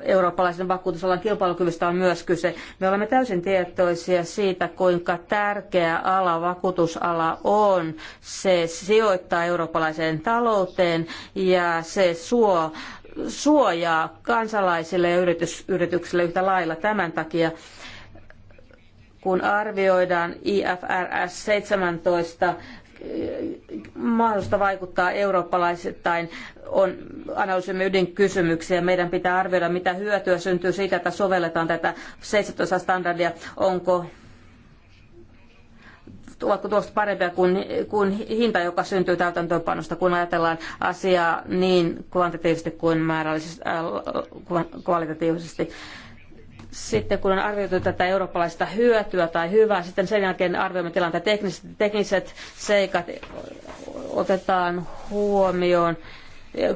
eurooppalaisen vakuutusalan kilpailukyvystä on myös kyse. Me olemme täysin tietoisia siitä, kuinka tärkeä ala vakuutusala on. Se sijoittaa eurooppalaiseen talouteen ja se suo suojaa kansalaisille ja yritys, yrityksille yhtä lailla tämän takia kun arvioidaan IFRS 17 mahdollista vaikuttaa eurooppalaisittain on analysoimme ydinkysymyksiä. Meidän pitää arvioida, mitä hyötyä syntyy siitä, että sovelletaan tätä 17 standardia. Onko ovatko tuosta parempia kuin, kuin hinta, joka syntyy täytäntöönpanosta, kun ajatellaan asiaa niin kvantitatiivisesti kuin määrällisesti, äh, kvalitatiivisesti. Äh, sitten kun on arvioitu tätä eurooppalaista hyötyä tai hyvää, sitten sen jälkeen arvioimme tilanteen tekniset, tekniset seikat otetaan huomioon.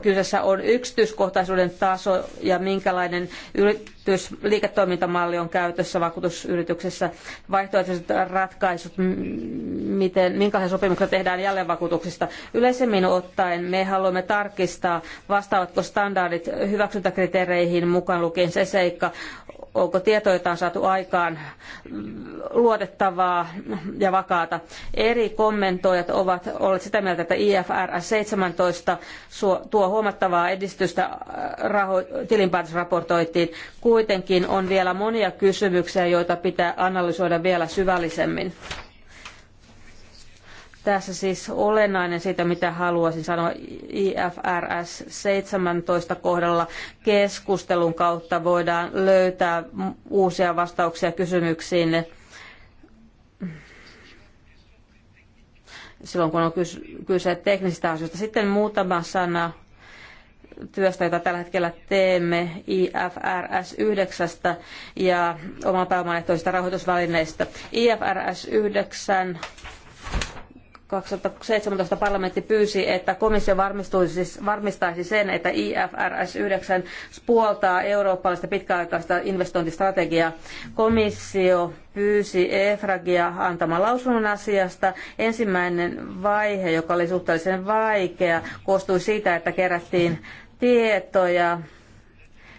Kyseessä on yksityiskohtaisuuden taso ja minkälainen yritysliiketoimintamalli on käytössä vakuutusyrityksessä, vaihtoehtoiset ratkaisut, miten, minkälaisia sopimuksia tehdään jälleenvakuutuksista. Yleisemmin ottaen me haluamme tarkistaa, vastaavatko standardit hyväksyntäkriteereihin mukaan lukien se seikka, onko tietoa, jota on saatu aikaan, luotettavaa ja vakaata. Eri kommentoijat ovat olleet sitä mieltä, että IFRS 17 tuo huomattavaa edistystä raho- tilinpäätösraportointiin, kun kuitenkin on vielä monia kysymyksiä, joita pitää analysoida vielä syvällisemmin. Tässä siis olennainen siitä, mitä haluaisin sanoa IFRS 17 kohdalla. Keskustelun kautta voidaan löytää uusia vastauksia kysymyksiin. Silloin kun on kyse teknisistä asioista. Sitten muutama sana työstä, jota tällä hetkellä teemme IFRS 9 ja oman pääomaehtoisista rahoitusvälineistä. IFRS 9 2017 parlamentti pyysi, että komissio varmistaisi sen, että IFRS 9 puoltaa eurooppalaista pitkäaikaista investointistrategiaa. Komissio pyysi EFRAGia antamaan lausunnon asiasta. Ensimmäinen vaihe, joka oli suhteellisen vaikea, koostui siitä, että kerättiin tietoja.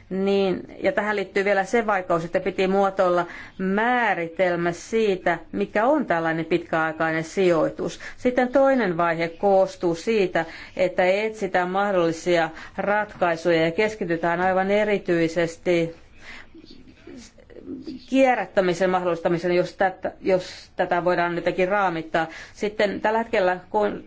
Niin, ja tähän liittyy vielä se vaikeus, että piti muotoilla määritelmä siitä, mikä on tällainen pitkäaikainen sijoitus. Sitten toinen vaihe koostuu siitä, että etsitään mahdollisia ratkaisuja ja keskitytään aivan erityisesti kierrättämisen mahdollistamisen, jos tätä, jos tätä voidaan jotenkin raamittaa. Sitten tällä hetkellä, kun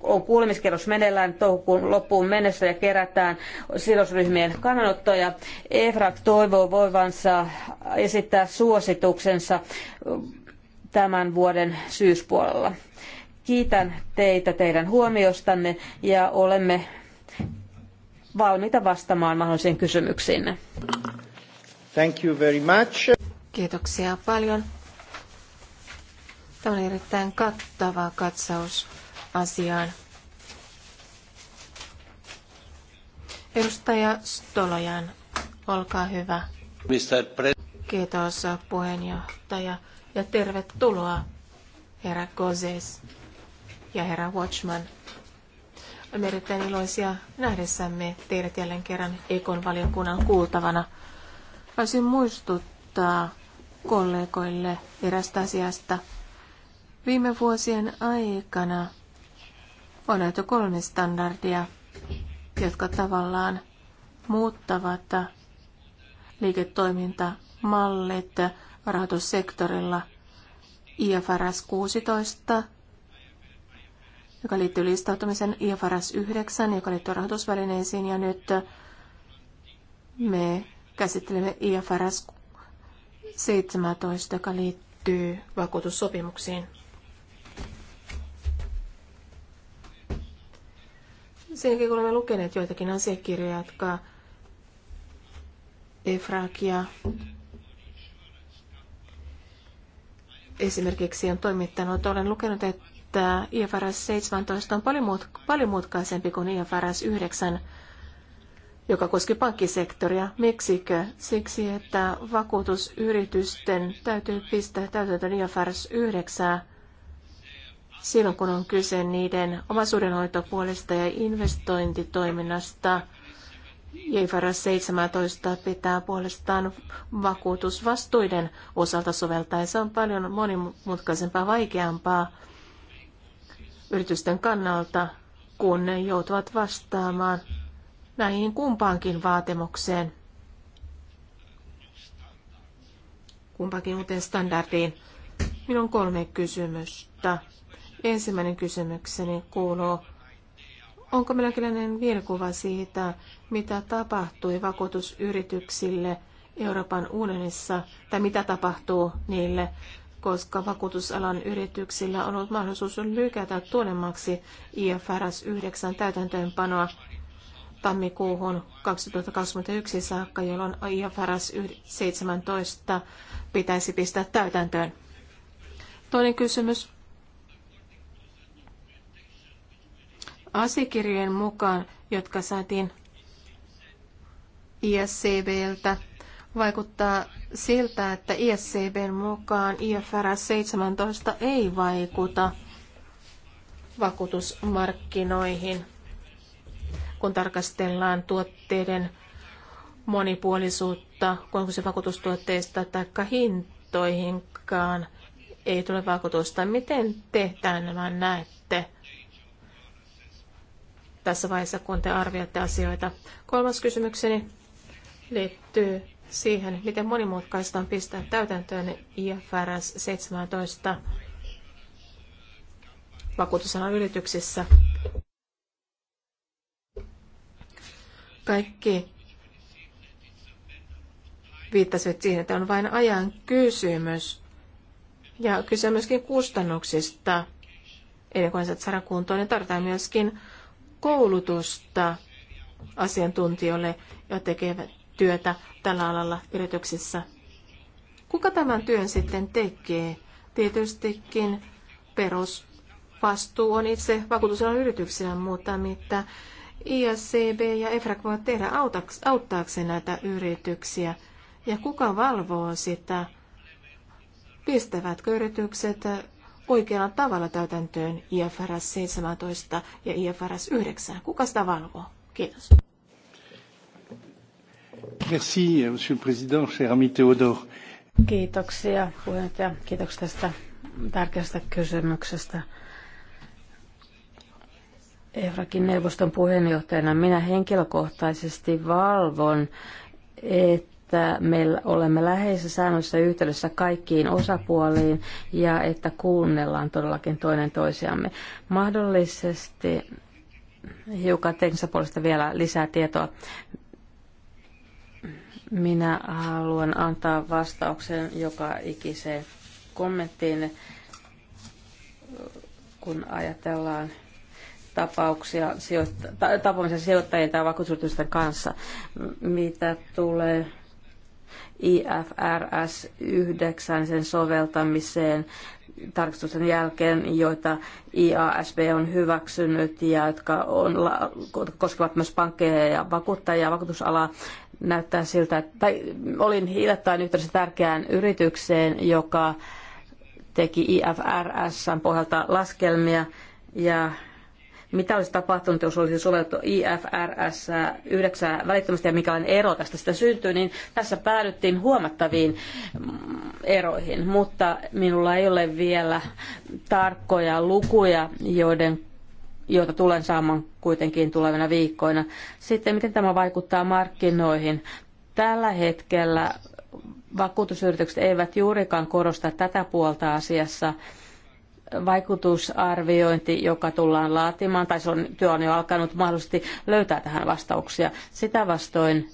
on kuulemiskierros meneillään toukokuun loppuun mennessä ja kerätään sidosryhmien kannanottoja, EFRAG toivoo voivansa esittää suosituksensa tämän vuoden syyspuolella. Kiitän teitä teidän huomiostanne ja olemme valmiita vastaamaan mahdollisiin kysymyksiinne. Thank you very much. Kiitoksia paljon. Tämä on erittäin kattava katsaus asiaan. Edustaja Stolojan, olkaa hyvä. Mr. Pre- Kiitos puheenjohtaja ja tervetuloa herra Gozes ja herra Watchman. Olemme erittäin iloisia nähdessämme teidät jälleen kerran Ekon valiokunnan kuultavana. Haluaisin muistuttaa kollegoille erästä asiasta. Viime vuosien aikana on näitä kolme standardia, jotka tavallaan muuttavat liiketoimintamallit rahoitussektorilla. IFRS 16, joka liittyy listautumisen IFRS 9, joka liittyy rahoitusvälineisiin, ja nyt me käsittelemme IFRS 17, joka liittyy vakuutussopimuksiin. jälkeen, kun olemme lukeneet joitakin asiakirjoja, jotka EFRAGia esimerkiksi on toimittanut, olen lukenut, että IFRS 17 on paljon, paljon mutkaisempi kuin IFRS 9 joka koski pankkisektoria. Miksikö? Siksi, että vakuutusyritysten täytyy pistää täytäntöön IFRS 9 silloin, kun on kyse niiden omaisuudenhoitopuolesta ja investointitoiminnasta. IFRS 17 pitää puolestaan vakuutusvastuiden osalta soveltaa, ja se on paljon monimutkaisempaa, vaikeampaa yritysten kannalta, kun ne joutuvat vastaamaan näihin kumpaankin vaatimukseen, kumpaankin uuteen standardiin. Minun kolme kysymystä. Ensimmäinen kysymykseni kuuluu, onko meilläkinlainen virkuva siitä, mitä tapahtui vakuutusyrityksille Euroopan unionissa, tai mitä tapahtuu niille, koska vakuutusalan yrityksillä on ollut mahdollisuus lykätä tuonemmaksi IFRS 9 täytäntöönpanoa tammikuuhun 2021 saakka, jolloin IFRS 17 pitäisi pistää täytäntöön. Toinen kysymys. Asiakirjojen mukaan, jotka saatiin ISCBltä, vaikuttaa siltä, että ISCBn mukaan IFRS 17 ei vaikuta vakuutusmarkkinoihin – kun tarkastellaan tuotteiden monipuolisuutta, kun se vakuutustuotteista tai hintoihinkaan ei tule vakuutusta. Miten te tämän näette tässä vaiheessa, kun te arvioitte asioita? Kolmas kysymykseni liittyy siihen, miten monimutkaista on pistää täytäntöön IFRS 17 vakuutusalan yrityksissä. Kaikki viittasivat siihen, että on vain ajan kysymys. Ja kyse on myöskin kustannuksista. Ennen kuin saat saada kuntoon, niin tarvitaan myöskin koulutusta asiantuntijoille, jotka tekevät työtä tällä alalla yrityksissä. Kuka tämän työn sitten tekee? Tietystikin perusvastuu on itse vakuutusalan yrityksellä, mutta mitä ISCB ja EFRAC voivat tehdä auttaakseen näitä yrityksiä? Ja kuka valvoo sitä? Pistävätkö yritykset oikealla tavalla täytäntöön IFRS 17 ja IFRS 9? Kuka sitä valvoo? Kiitos. Merci, monsieur le président, cher ami Théodore. Kiitoksia puheenjohtaja. Kiitoksia tästä tärkeästä kysymyksestä. EFRAKin neuvoston puheenjohtajana minä henkilökohtaisesti valvon, että me olemme läheisessä säännössä yhteydessä kaikkiin osapuoliin ja että kuunnellaan todellakin toinen toisiamme. Mahdollisesti hiukan teknisestä puolesta vielä lisää tietoa. Minä haluan antaa vastauksen joka ikiseen kommenttiin, kun ajatellaan tapauksia sijoitta- tapaamisen sijoittajien tai vakuutusyritysten kanssa, mitä tulee IFRS 9 sen soveltamiseen tarkistusten jälkeen, joita IASB on hyväksynyt ja jotka on, koskevat myös pankkeja ja vakuuttajia ja vakuutusalaa. Näyttää siltä, että tai olin hiljattain yhteydessä tärkeään yritykseen, joka teki IFRS pohjalta laskelmia ja mitä olisi tapahtunut, jos olisi sovellettu IFRS 9 välittömästi ja minkälainen ero tästä sitä syntyy, niin tässä päädyttiin huomattaviin mm, eroihin, mutta minulla ei ole vielä tarkkoja lukuja, joiden joita tulen saamaan kuitenkin tulevina viikkoina. Sitten miten tämä vaikuttaa markkinoihin? Tällä hetkellä vakuutusyritykset eivät juurikaan korosta tätä puolta asiassa vaikutusarviointi, joka tullaan laatimaan, tai se on, työ on jo alkanut mahdollisesti löytää tähän vastauksia. Sitä vastoin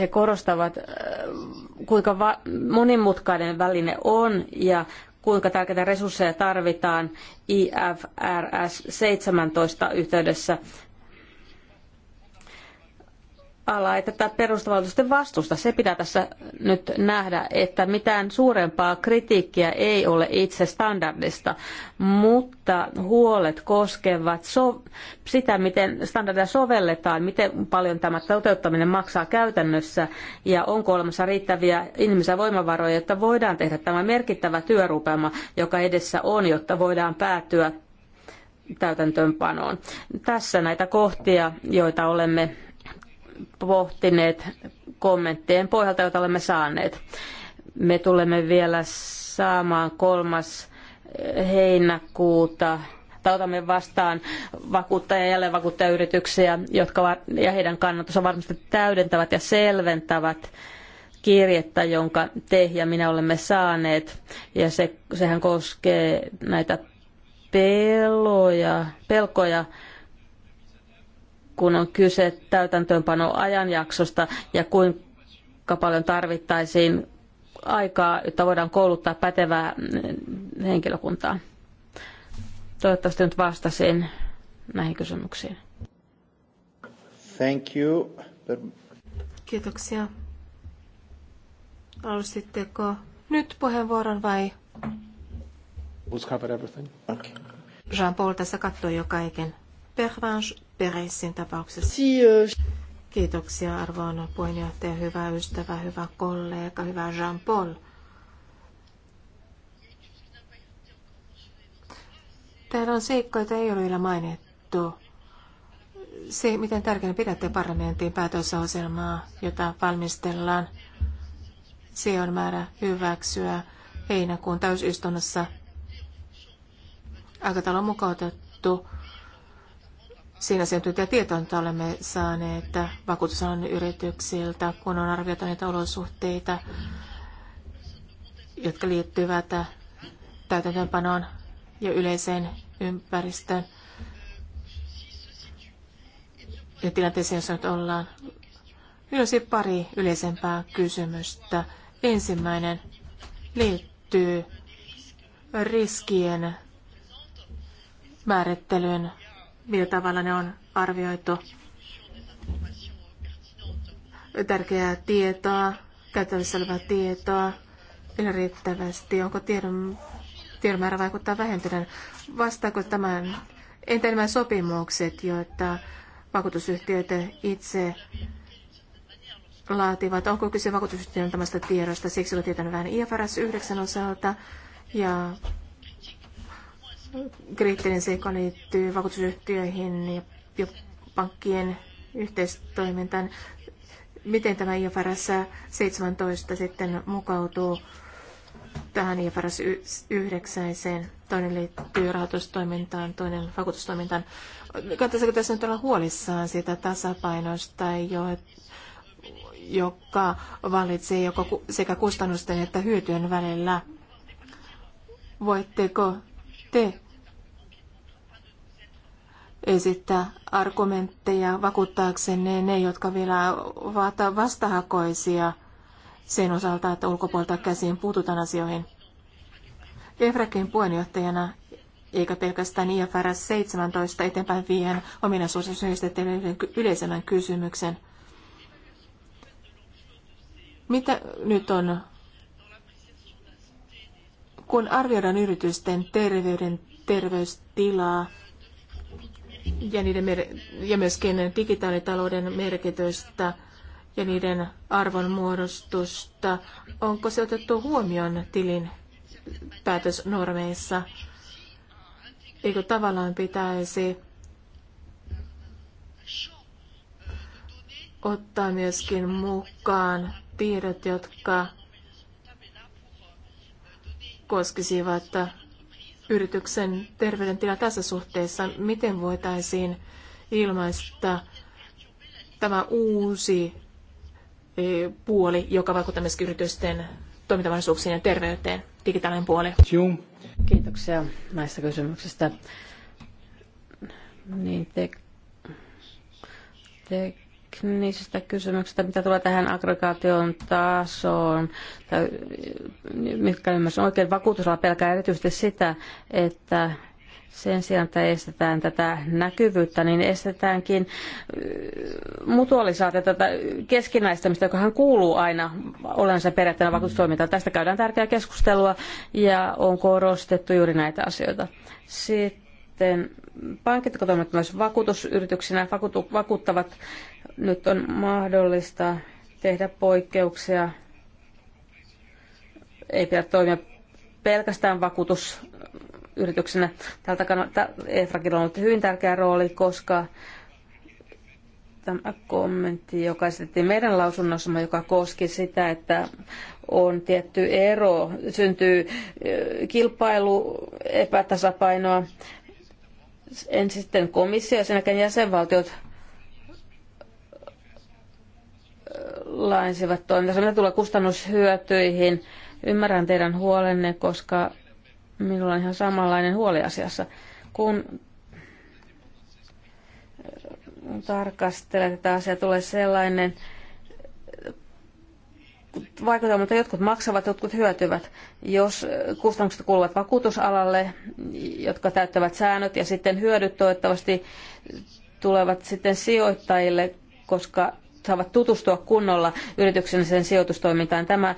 he korostavat, äh, kuinka monimutkainen väline on ja kuinka tärkeitä resursseja tarvitaan IFRS 17 yhteydessä ala ei tätä perustavallisuuden vastusta. Se pitää tässä nyt nähdä, että mitään suurempaa kritiikkiä ei ole itse standardista, mutta huolet koskevat so- sitä, miten standardia sovelletaan, miten paljon tämä toteuttaminen maksaa käytännössä ja onko olemassa riittäviä ihmisiä voimavaroja, että voidaan tehdä tämä merkittävä työrupema, joka edessä on, jotta voidaan päätyä täytäntöönpanoon. Tässä näitä kohtia, joita olemme pohtineet kommenttien pohjalta, joita olemme saaneet. Me tulemme vielä saamaan kolmas heinäkuuta Tautamme vastaan vakuuttaja- ja jälleenvakuuttajayrityksiä, jotka ja heidän kannatus varmasti täydentävät ja selventävät kirjettä, jonka te ja minä olemme saaneet. Ja se, sehän koskee näitä peloja, pelkoja, kun on kyse täytäntöönpanoajanjaksosta ja kuinka paljon tarvittaisiin aikaa, jotta voidaan kouluttaa pätevää henkilökuntaa. Toivottavasti nyt vastasin näihin kysymyksiin. Thank you. Kiitoksia. Haluaisitteko nyt puheenvuoron vai? everything. Okay. Jean-Paul tässä katsoi jo kaiken perheisiin tapauksessa. Kiitoksia arvoon puheenjohtaja, hyvä ystävä, hyvä kollega, hyvä Jean-Paul. Täällä on seikkoja, joita ei ole vielä mainittu. Se, miten tärkeänä pidätte parlamentin päätösohjelmaa, jota valmistellaan, se on määrä hyväksyä heinäkuun täysistunnossa. aikataulun mukautettu siinä syntyviä tietoa, mitä olemme saaneet vakuutusalan yrityksiltä, kun on arvioitu niitä olosuhteita, jotka liittyvät täytäntöönpanoon ja yleiseen ympäristöön ja tilanteeseen, jossa nyt ollaan. olisi pari yleisempää kysymystä. Ensimmäinen liittyy riskien määrittelyn millä tavalla ne on arvioitu. Tärkeää tietoa, käytävissä olevaa tietoa, vielä riittävästi. Onko tiedon, tiedon määrä vaikuttaa vähentyneen? Vastaako tämän, entä nämä sopimukset, joita vakuutusyhtiöitä itse laativat? Onko kyse vakuutusyhtiön tämästä tiedosta? Siksi olen tietänyt vähän IFRS 9 osalta ja kriittinen seikka liittyy vakuutusyhtiöihin ja, pankkien yhteistoimintaan. Miten tämä IFRS 17 sitten mukautuu tähän IFRS 9? Toinen liittyy rahoitustoimintaan, toinen vakuutustoimintaan. Kannattaisiko tässä nyt olla huolissaan siitä tasapainosta, jo, joka valitsee joko sekä kustannusten että hyötyjen välillä? Voitteko te esittää argumentteja vakuuttaaksenne ne, jotka vielä ovat vastahakoisia sen osalta, että ulkopuolta käsiin puututaan asioihin. EFRAKin puheenjohtajana, eikä pelkästään IFR 17 eteenpäin viien ominaisuus teille yleisemmän kysymyksen. Mitä nyt on kun arvioidaan yritysten terveyden terveystilaa ja, niiden mer- ja myöskin digitaalitalouden merkitystä ja niiden arvonmuodostusta, onko se otettu huomioon tilin päätösnormeissa? Eikö tavallaan pitäisi ottaa myöskin mukaan tiedot, jotka koskisivat yrityksen terveydentila tässä suhteessa, miten voitaisiin ilmaista tämä uusi e, puoli, joka vaikuttaa myös yritysten toimintamahdollisuuksiin ja terveyteen, digitaalinen puoli. Kiitoksia näistä kysymyksistä. Niin te, te teknisestä kysymyksistä, mitä tulee tähän aggregaation tasoon, tai mitkä ymmärsin oikein vakuutusala pelkää erityisesti sitä, että sen sijaan, että estetään tätä näkyvyyttä, niin estetäänkin äh, mutualisaatiota, tätä keskinäistämistä, jokahan kuuluu aina olennaisen periaatteena vakuutustoimintaan. Tästä käydään tärkeää keskustelua ja on korostettu juuri näitä asioita. Sitten pankit, jotka toimivat myös vakuutusyrityksinä, vakuuttavat nyt on mahdollista tehdä poikkeuksia. Ei pidä toimia pelkästään vakuutusyrityksenä. Tältä kannalta EFRAKilla on ollut hyvin tärkeä rooli, koska tämä kommentti, joka esitettiin meidän lausunnossamme, joka koski sitä, että on tietty ero, syntyy kilpailu, epätasapainoa. Ensin sitten komissio ja sen jäsenvaltiot laajensivat toimintansa. Mitä tulee kustannushyötyihin, ymmärrän teidän huolenne, koska minulla on ihan samanlainen huoli asiassa. Kun tarkastelee tätä asiaa, tulee sellainen vaikuttaa, mutta jotkut maksavat, jotkut hyötyvät. Jos kustannukset kuuluvat vakuutusalalle, jotka täyttävät säännöt, ja sitten hyödyt toivottavasti tulevat sitten sijoittajille, koska saavat tutustua kunnolla yrityksen sen sijoitustoimintaan. Tämä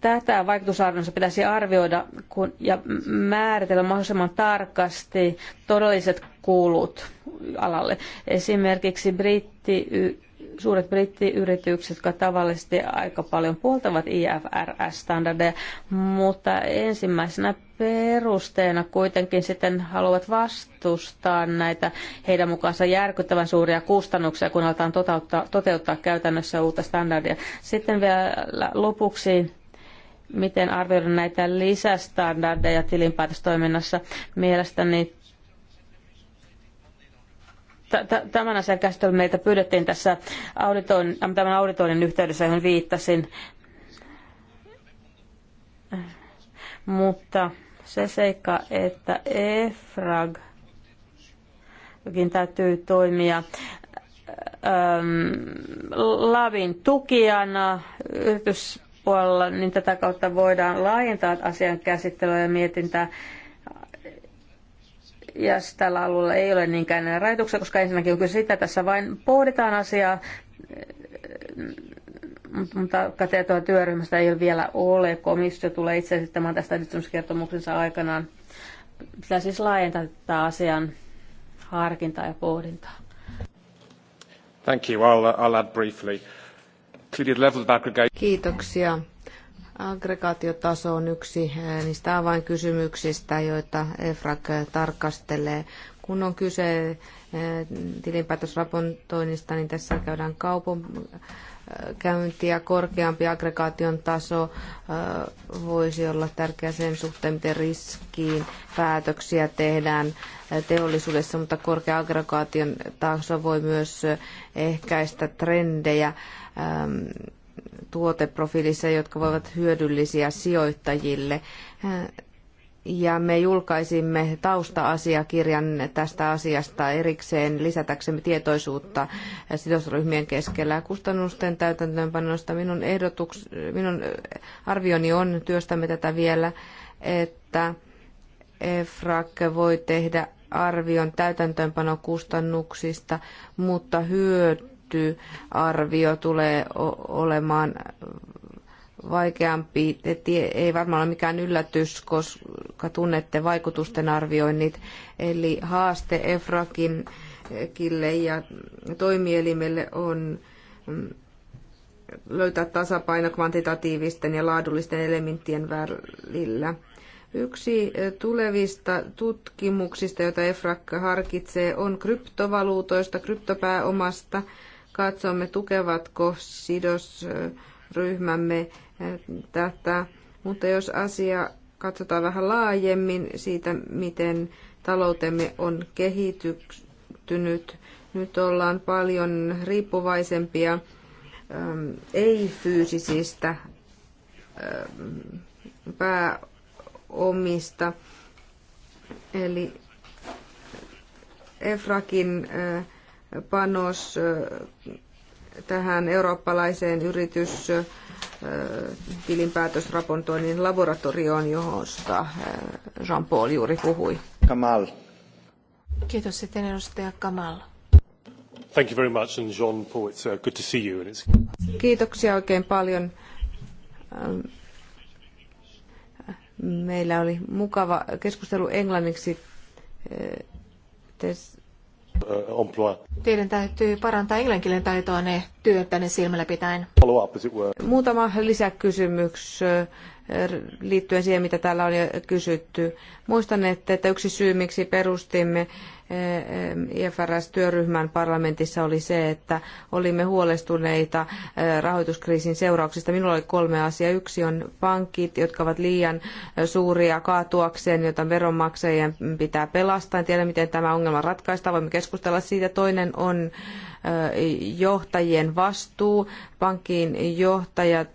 tätä vaikutusarvioissa pitäisi arvioida kun, ja määritellä mahdollisimman tarkasti todelliset kulut alalle. Esimerkiksi britti suuret brittiyritykset, jotka tavallisesti aika paljon puoltavat IFRS-standardeja, mutta ensimmäisenä perusteena kuitenkin sitten haluavat vastustaa näitä heidän mukaansa järkyttävän suuria kustannuksia, kun aletaan toteuttaa, toteuttaa käytännössä uutta standardia. Sitten vielä lopuksi miten arvioida näitä lisästandardeja tilinpäätöstoiminnassa. Mielestäni tämän asian käsittelyn meitä pyydettiin tässä auditoin, tämän auditoinnin yhteydessä, johon viittasin. Mutta se seikka, että EFRAG jokin täytyy toimia äm, lavin tukijana yrityspuolella, niin tätä kautta voidaan laajentaa asian käsittelyä ja mietintää ja tällä alueella ei ole niinkään enää rajoituksia, koska ensinnäkin on kyse sitä, tässä vain pohditaan asiaa, mutta kateetua työryhmästä ei ole vielä ole. Komissio tulee itse esittämään tästä edistyskertomuksensa aikanaan. Pitää siis laajentaa tätä asian harkintaa ja pohdintaa. Thank you. I'll, uh, I'll add briefly. Kiitoksia. Aggregaatiotaso on yksi eh, niistä avainkysymyksistä, joita EFRAG eh, tarkastelee. Kun on kyse eh, tilinpäätösraportoinnista, niin tässä käydään käyntiä Korkeampi aggregaation taso voisi olla tärkeä sen suhteen, miten riskiin päätöksiä tehdään teollisuudessa, mutta korkea aggregaation taso voi myös ehkäistä trendejä ehm, tuoteprofiilissa, jotka voivat hyödyllisiä sijoittajille. Ja me julkaisimme tausta-asiakirjan tästä asiasta erikseen lisätäksemme tietoisuutta sidosryhmien keskellä. Kustannusten täytäntöönpanosta minun, ehdotuks, minun äh, arvioni on, työstämme tätä vielä, että EFRAK voi tehdä arvion täytäntöönpanokustannuksista, mutta hyöty Arvio tulee olemaan vaikeampi. Ei varmaan ole mikään yllätys, koska tunnette vaikutusten arvioinnit. Eli haaste EFRAKin kille ja toimielimelle on mm, löytää tasapaino kvantitatiivisten ja laadullisten elementtien välillä. Yksi e, tulevista tutkimuksista, joita EFRAC harkitsee, on kryptovaluutoista, kryptopääomasta – katsomme, tukevatko sidosryhmämme eh, tätä. Mutta jos asia katsotaan vähän laajemmin siitä, miten taloutemme on kehittynyt, nyt ollaan paljon riippuvaisempia ehm, ei-fyysisistä ehm, pääomista. Eli EFRAKin äh, panos tähän eurooppalaiseen yritys tilinpäätösraportoinnin laboratorioon, josta Jean-Paul juuri puhui. Kamal. Kiitos sitten edustaja Kamal. Thank you very much and Jean Paul, it's uh, good to see you. And it's... Kiitoksia oikein paljon. Meillä oli mukava keskustelu englanniksi. Teidän täytyy parantaa englanninkielen taitoa ne työtänne silmällä pitäen. Muutama lisäkysymys liittyen siihen, mitä täällä on jo kysytty. Muistan, että yksi syy, miksi perustimme efrs e, työryhmän parlamentissa oli se, että olimme huolestuneita e, rahoituskriisin seurauksista. Minulla oli kolme asiaa. Yksi on pankit, jotka ovat liian e, suuria kaatuakseen, joita veronmaksajien pitää pelastaa. En tiedä, miten tämä ongelma ratkaistaan. Voimme keskustella siitä. Toinen on johtajien vastuu. Pankin johtajat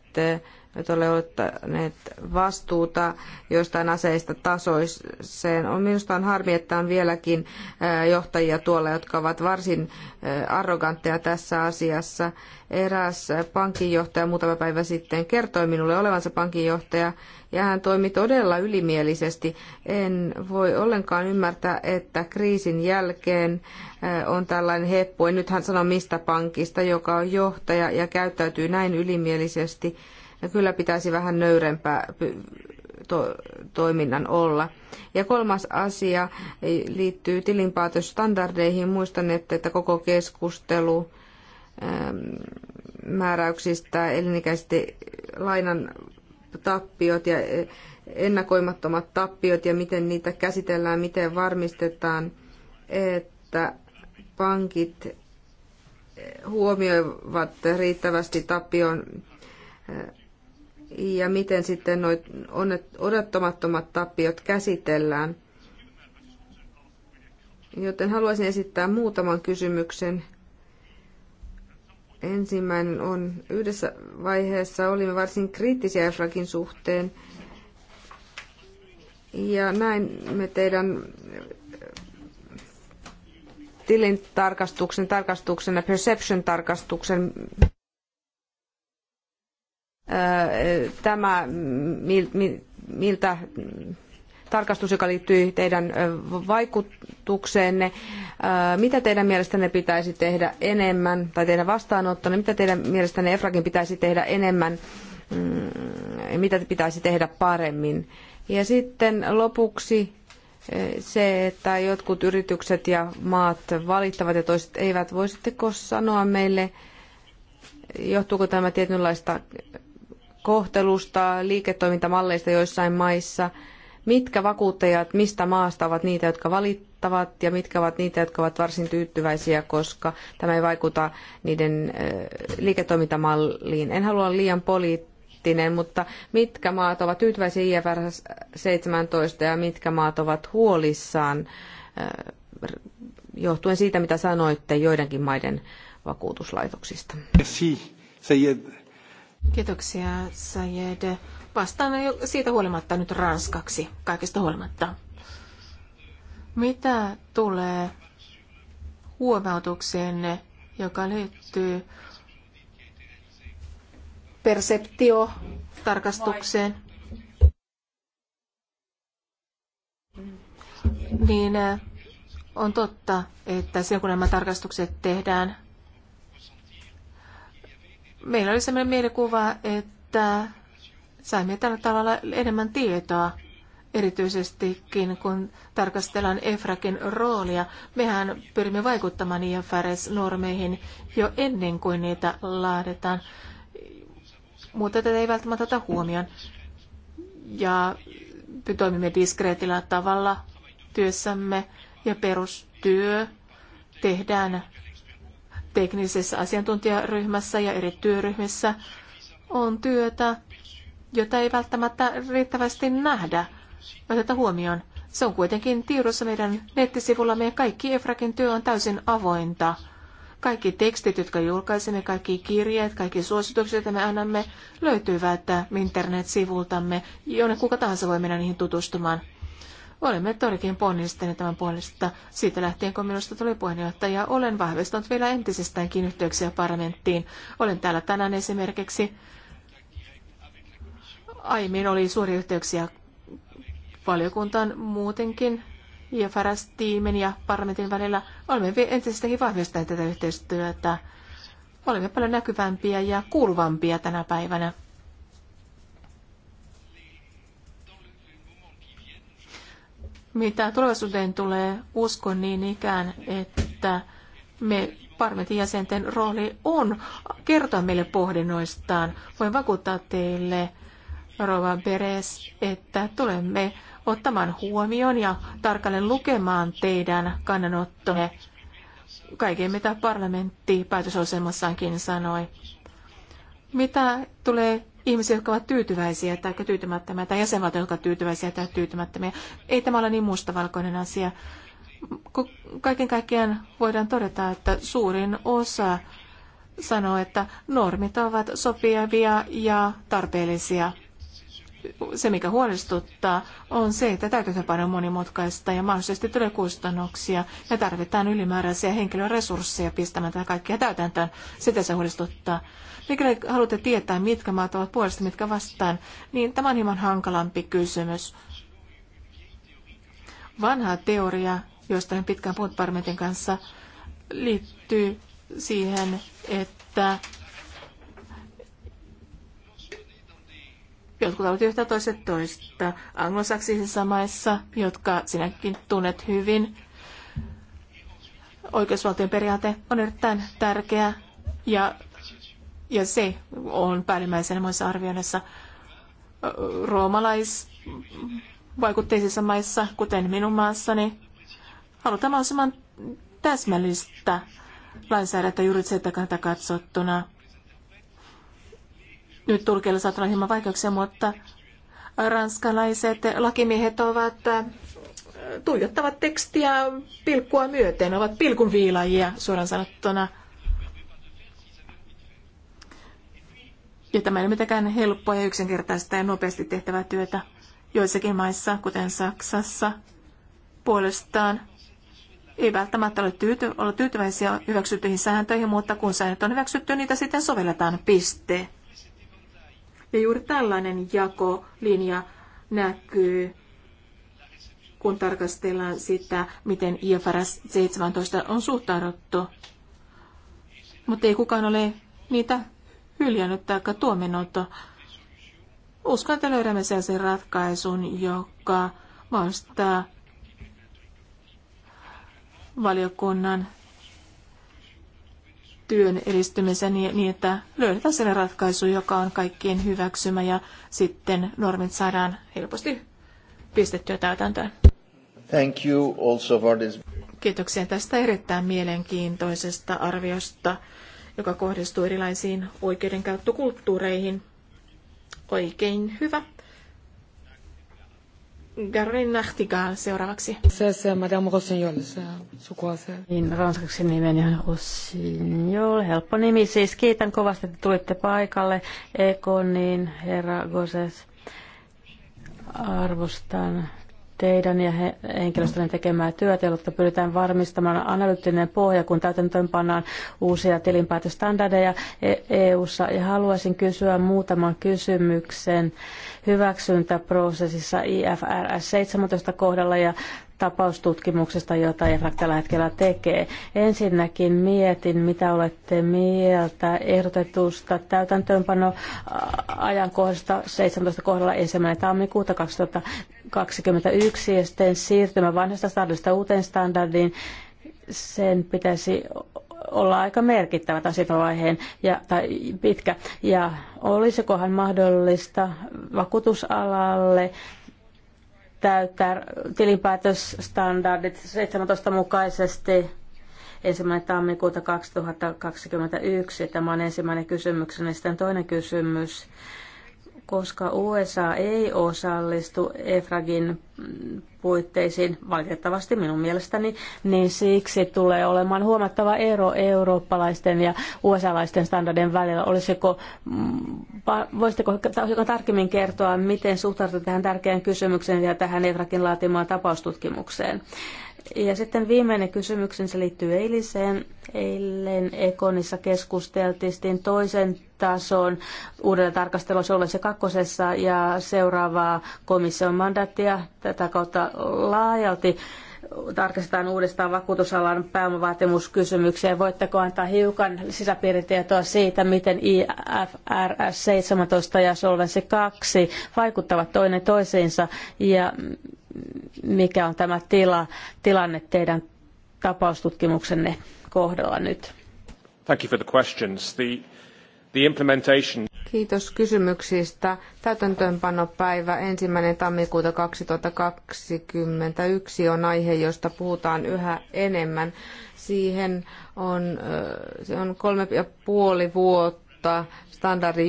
nyt ole ottaneet vastuuta joistain aseista tasoiseen. On minusta on harmi, että on vieläkin johtajia tuolla, jotka ovat varsin arrogantteja tässä asiassa. Eräs pankinjohtaja muutama päivä sitten kertoi minulle olevansa pankinjohtaja ja hän toimi todella ylimielisesti. En voi ollenkaan ymmärtää, että kriisin jälkeen on tällainen heppu, en nyt hän sano mistä pankista, joka on johtaja ja käyttäytyy näin ylimielisesti ja kyllä pitäisi vähän nöyrempää to- toiminnan olla. Ja kolmas asia liittyy tilinpäätösstandardeihin. Muistan, että, että koko keskustelu ähm, määräyksistä, elinikäisesti lainan tappiot ja eh, ennakoimattomat tappiot ja miten niitä käsitellään, miten varmistetaan, että pankit eh, huomioivat riittävästi tappion eh, ja miten sitten noit odottamattomat tappiot käsitellään. Joten haluaisin esittää muutaman kysymyksen. Ensimmäinen on, yhdessä vaiheessa olimme varsin kriittisiä Efrakin suhteen. Ja näin me teidän äh, tilintarkastuksen ja perception tarkastuksen tämä, miltä tarkastus, joka liittyy teidän vaikutukseenne. Mitä teidän mielestänne pitäisi tehdä enemmän, tai teidän vastaanottonne, mitä teidän mielestänne Efrakin pitäisi tehdä enemmän, mm, mitä pitäisi tehdä paremmin? Ja sitten lopuksi se, että jotkut yritykset ja maat valittavat ja toiset eivät. Voisitteko sanoa meille, johtuuko tämä tietynlaista kohtelusta, liiketoimintamalleista joissain maissa, mitkä vakuuttajat mistä maasta ovat niitä, jotka valittavat ja mitkä ovat niitä, jotka ovat varsin tyytyväisiä, koska tämä ei vaikuta niiden eh, liiketoimintamalliin. En halua olla liian poliittinen, mutta mitkä maat ovat tyytyväisiä IFRS 17 ja mitkä maat ovat huolissaan eh, johtuen siitä, mitä sanoitte joidenkin maiden vakuutuslaitoksista. Si se Kiitoksia, Sayed. Vastaan jo siitä huolimatta nyt ranskaksi, kaikesta huolimatta. Mitä tulee huomautukseen, joka liittyy perseptiotarkastukseen, niin äh, on totta, että silloin kun nämä tarkastukset tehdään meillä oli sellainen mielikuva, että saimme tällä tavalla enemmän tietoa erityisestikin, kun tarkastellaan EFRAKin roolia. Mehän pyrimme vaikuttamaan IFRS-normeihin jo ennen kuin niitä laaditaan, mutta tätä ei välttämättä ota huomioon. Ja toimimme diskreetillä tavalla työssämme ja perustyö tehdään teknisessä asiantuntijaryhmässä ja eri työryhmissä on työtä, jota ei välttämättä riittävästi nähdä. Oteta huomioon. Se on kuitenkin tiedossa meidän nettisivulla. Meidän kaikki EFRAKin työ on täysin avointa. Kaikki tekstit, jotka julkaisemme, kaikki kirjeet, kaikki suositukset, joita me annamme, löytyvät internet-sivultamme, jonne kuka tahansa voi mennä niihin tutustumaan. Olemme todellakin ponnistaneet tämän puolesta. Siitä lähtien, kun minusta tuli puheenjohtaja, olen vahvistanut vielä entisestäänkin yhteyksiä parlamenttiin. Olen täällä tänään esimerkiksi. Aiemmin oli suuria yhteyksiä valiokuntaan muutenkin ja Faras-tiimin ja parlamentin välillä. Olemme entisestäänkin vahvistaneet tätä yhteistyötä. Olemme paljon näkyvämpiä ja kuuluvampia tänä päivänä. Mitä tulevaisuuteen tulee, uskon niin ikään, että me parlamentin jäsenten rooli on kertoa meille pohdinnoistaan. Voin vakuuttaa teille, Rova Beres, että tulemme ottamaan huomioon ja tarkalleen lukemaan teidän kannanottonne kaiken, mitä parlamentti päätösosemassaankin sanoi. Mitä tulee ihmisiä, jotka ovat tyytyväisiä tai tyytymättömiä, tai jäsenvaltioita, jotka ovat tyytyväisiä tai tyytymättömiä. Ei tämä ole niin mustavalkoinen asia. Kaiken kaikkiaan voidaan todeta, että suurin osa sanoo, että normit ovat sopivia ja tarpeellisia se, mikä huolestuttaa, on se, että täytäntöpano on monimutkaista ja mahdollisesti tulee kustannuksia ja tarvitaan ylimääräisiä henkilöresursseja pistämään tätä kaikkea täytäntöön. Sitä se huolestuttaa. Mikäli haluatte tietää, mitkä maat ovat puolesta, mitkä vastaan, niin tämä on hieman hankalampi kysymys. Vanha teoria, josta on pitkään puhut parlamentin kanssa, liittyy siihen, että jotkut ovat yhtä toiset toista. Anglosaksisissa maissa, jotka sinäkin tunnet hyvin, oikeusvaltion periaate on erittäin tärkeä ja, ja se on päällimmäisenä muissa arvioinnissa roomalaisvaikutteisissa maissa, kuten minun maassani, halutaan mahdollisimman täsmällistä lainsäädäntöä juridisesta kannalta katsottuna – nyt Turkilla saattaa olla hieman vaikeuksia, mutta ranskalaiset lakimiehet ovat äh, tuijottavat tekstiä pilkkua myöten, ovat pilkunviilajia suoraan sanottuna. Ja tämä ei ole mitenkään helppoa ja yksinkertaista ja nopeasti tehtävää työtä. Joissakin maissa, kuten Saksassa, puolestaan ei välttämättä ole tyyty, olla tyytyväisiä hyväksyttyihin sääntöihin, mutta kun säännöt on hyväksytty, niitä sitten sovelletaan piste. Ja juuri tällainen jakolinja näkyy, kun tarkastellaan sitä, miten IFRS 17 on suhtauduttu. Mutta ei kukaan ole niitä hyljännyt tai tuominnut. Uskon, että löydämme sellaisen ratkaisun, joka vastaa valiokunnan työn edistymisen niin, niin, että löydetään sellainen ratkaisu, joka on kaikkien hyväksymä ja sitten normit saadaan helposti pistettyä täytäntöön. Thank you also for this. Kiitoksia tästä erittäin mielenkiintoisesta arviosta, joka kohdistuu erilaisiin oikeudenkäyttökulttuureihin. Oikein hyvä. Garin Nachtigal seuraavaksi. Se, se, Madame Rossignol, se, sukua se. Niin, ranskaksi nimeni on Rossignol, helppo nimi siis. Kiitän kovasti, että tulitte paikalle. Ekonin, herra Goses, arvostan teidän ja henkilöstön tekemää työtä, jotta pyritään varmistamaan analyyttinen pohja, kun täytäntöön pannaan uusia tilinpäätöstandardeja EU-ssa. E ja haluaisin kysyä muutaman kysymyksen hyväksyntäprosessissa IFRS 17 kohdalla ja tapaustutkimuksesta, jota EFRAC tällä hetkellä tekee. Ensinnäkin mietin, mitä olette mieltä ehdotetusta täytäntöönpanoajankohdasta 17. kohdalla 1. tammikuuta 2000 21 ja sitten siirtymä vanhasta standardista uuteen standardiin, sen pitäisi olla aika merkittävä tai vaiheen ja, tai pitkä. Ja olisikohan mahdollista vakuutusalalle täyttää tilinpäätösstandardit 17 mukaisesti ensimmäinen tammikuuta 2021. Tämä on ensimmäinen kysymys, Sitten toinen kysymys koska USA ei osallistu EFRAGin puitteisiin, valitettavasti minun mielestäni, niin siksi tulee olemaan huomattava ero eurooppalaisten ja USA-laisten standardien välillä. Olisiko, mm, voisitteko tarkemmin kertoa, miten suhtaudutte tähän tärkeään kysymykseen ja tähän EFRAGin laatimaan tapaustutkimukseen? Ja sitten viimeinen kysymyksensä liittyy eiliseen. Eilen Ekonissa keskusteltiin toisen tason uudella tarkastelua Solvency kakkosessa ja seuraavaa komission mandaattia tätä kautta laajalti tarkastetaan uudestaan vakuutusalan pääomavaatimuskysymyksiä. Voitteko antaa hiukan sisäpiiritietoa siitä, miten IFRS 17 ja Solvenssi 2 vaikuttavat toinen toisiinsa ja mikä on tämä tila, tilanne teidän tapaustutkimuksenne kohdalla nyt? Thank you for the questions. The... Kiitos kysymyksistä. Täytäntöönpanopäivä ensimmäinen tammikuuta 2021 on aihe, josta puhutaan yhä enemmän. Siihen on, se on kolme ja puoli vuotta standardin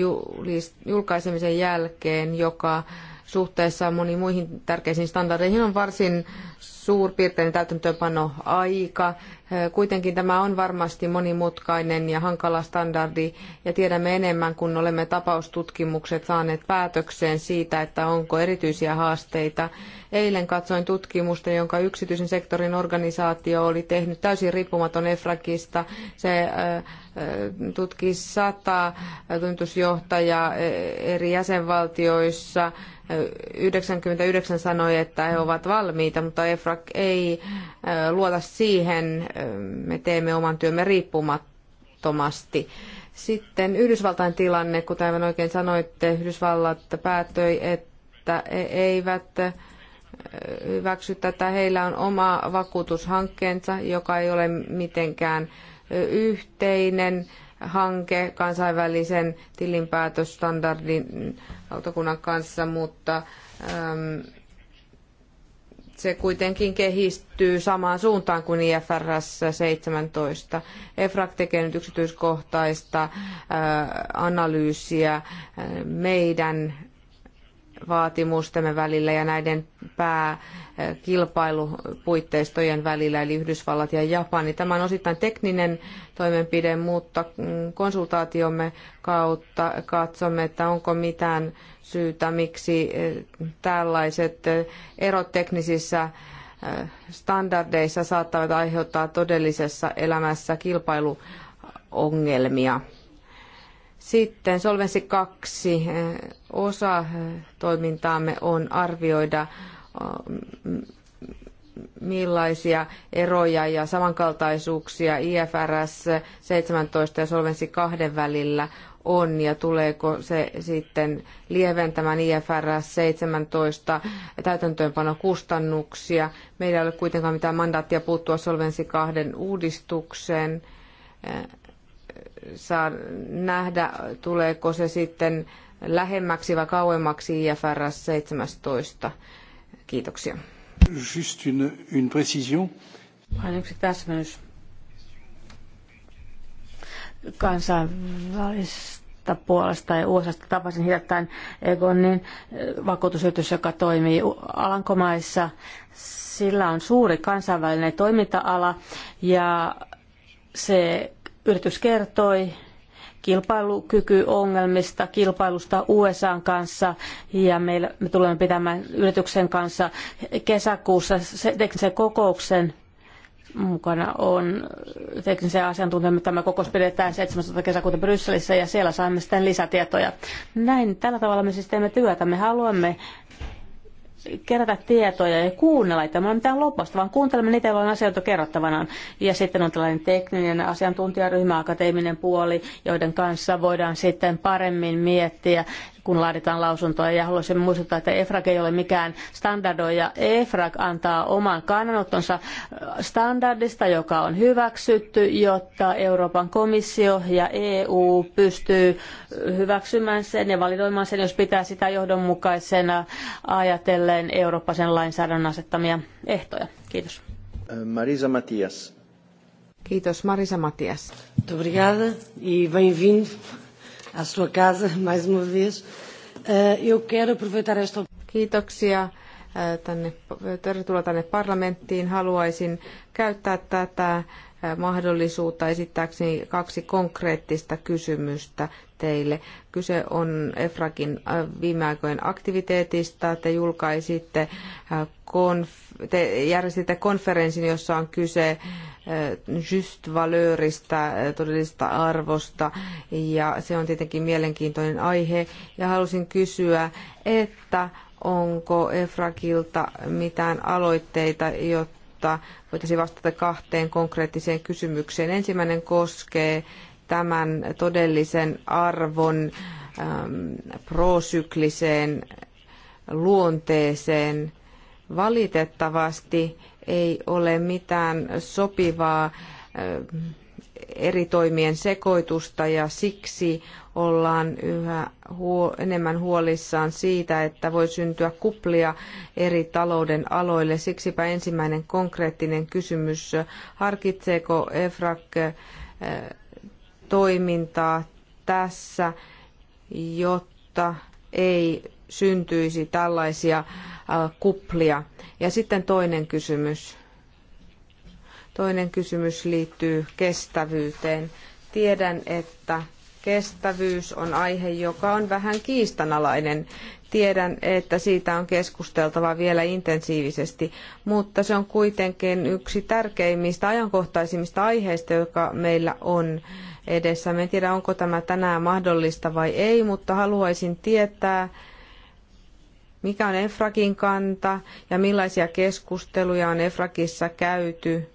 julkaisemisen jälkeen, joka suhteessa moniin muihin tärkeisiin standardeihin on varsin suurpiirteinen täytäntöönpanoaika. Kuitenkin tämä on varmasti monimutkainen ja hankala standardi ja tiedämme enemmän, kun olemme tapaustutkimukset saaneet päätökseen siitä, että onko erityisiä haasteita. Eilen katsoin tutkimusta, jonka yksityisen sektorin organisaatio oli tehnyt täysin riippumaton EFRAKista. Se äh, äh, tutki sata toimitusjohtajaa äh, eri jäsenvaltioissa. 99 sanoi, että he ovat valmiita, mutta EFRA Eurotrack ei luota siihen, me teemme oman työmme riippumattomasti. Sitten Yhdysvaltain tilanne, kuten aivan oikein sanoitte, Yhdysvallat päätöi, että eivät hyväksy tätä. Heillä on oma vakuutushankkeensa, joka ei ole mitenkään yhteinen hanke kansainvälisen tilinpäätösstandardin lautakunnan kanssa, mutta se kuitenkin kehistyy samaan suuntaan kuin IFRS 17. EFRAC tekee nyt yksityiskohtaista analyysiä meidän vaatimustemme välillä ja näiden pääkilpailupuitteistojen välillä, eli Yhdysvallat ja Japani. Tämä on osittain tekninen toimenpide, mutta konsultaatiomme kautta katsomme, että onko mitään syytä, miksi eh, tällaiset eh, erot teknisissä eh, standardeissa saattavat aiheuttaa todellisessa elämässä kilpailuongelmia. Sitten Solvenssi 2. Osa toimintaamme on arvioida millaisia eroja ja samankaltaisuuksia IFRS 17 ja Solvensi 2 välillä on ja tuleeko se sitten lieventämään IFRS 17 täytäntöönpanokustannuksia. Meillä ei ole kuitenkaan mitään mandaattia puuttua Solvensi 2 uudistukseen. Saa nähdä, tuleeko se sitten lähemmäksi vai kauemmaksi IFRS 17. Kiitoksia. Just une, une précision. Kansainvälistä puolesta ja USAsta tapasin hiljattain Egonin eh, vakuutusyritys, joka toimii Alankomaissa. Sillä on suuri kansainvälinen toiminta-ala ja se yritys kertoi, kilpailukykyongelmista, kilpailusta USAn kanssa ja me tulemme pitämään yrityksen kanssa kesäkuussa teknisen kokouksen mukana on teknisen mutta tämä kokous pidetään 17. kesäkuuta Brysselissä ja siellä saamme sitten lisätietoja. Näin tällä tavalla me siis teemme työtä. Me haluamme kerätä tietoja ja kuunnella, että on mitään lopasta, vaan kuuntelemme niitä, joilla on asioita kerrottavanaan. Ja sitten on tällainen tekninen asiantuntijaryhmä, akateeminen puoli, joiden kanssa voidaan sitten paremmin miettiä kun laaditaan lausuntoa. Ja haluaisin muistuttaa, että EFRAG ei ole mikään standardoija. EFRAG antaa oman kannanottonsa standardista, joka on hyväksytty, jotta Euroopan komissio ja EU pystyy hyväksymään sen ja validoimaan sen, jos pitää sitä johdonmukaisena ajatellen eurooppaisen lainsäädännön asettamia ehtoja. Kiitos. Marisa Matias. Kiitos Marisa Matias. obrigada e bem-vindo à sua casa mais uma vez. Eh, Kiitoksia. Eh, tänne, tervetuloa tänne parlamenttiin. Haluaisin käyttää tätä eh, mahdollisuutta esittääkseni kaksi konkreettista kysymystä teille. Kyse on EFRAKin viime aikojen aktiviteetista. Te julkaisitte konf te järjestitte konferenssin, jossa on kyse eh, just valööristä, eh, todellisesta arvosta, ja se on tietenkin mielenkiintoinen aihe. Ja halusin kysyä, että onko EFRAKilta mitään aloitteita, jotta voitaisiin vastata kahteen konkreettiseen kysymykseen. Ensimmäinen koskee tämän todellisen arvon äm, prosykliseen luonteeseen Valitettavasti ei ole mitään sopivaa eri toimien sekoitusta ja siksi ollaan yhä enemmän huolissaan siitä, että voi syntyä kuplia eri talouden aloille. Siksipä ensimmäinen konkreettinen kysymys, harkitseeko EFRAK toimintaa tässä, jotta ei syntyisi tällaisia kuplia. Ja sitten toinen kysymys. Toinen kysymys liittyy kestävyyteen. Tiedän, että kestävyys on aihe, joka on vähän kiistanalainen. Tiedän, että siitä on keskusteltava vielä intensiivisesti, mutta se on kuitenkin yksi tärkeimmistä ajankohtaisimmista aiheista, joka meillä on edessä. En tiedä, onko tämä tänään mahdollista vai ei, mutta haluaisin tietää, mikä on EFRAKin kanta ja millaisia keskusteluja on EFRAKissa käyty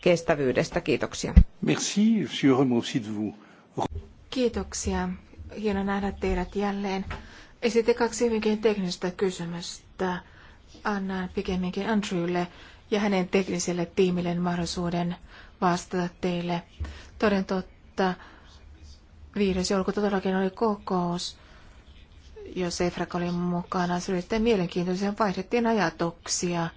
kestävyydestä. Kiitoksia. Merci, Kiitoksia. Hieno nähdä teidät jälleen. Esitti kaksi hyvinkin teknistä kysymystä. Annan pikemminkin Andrewlle ja hänen tekniselle tiimilleen mahdollisuuden vastata teille. Toden totta, 5. joulukuuta todellakin oli kokous jos Efrak oli mukana. Se oli sitten mielenkiintoisia. Vaihdettiin ajatuksia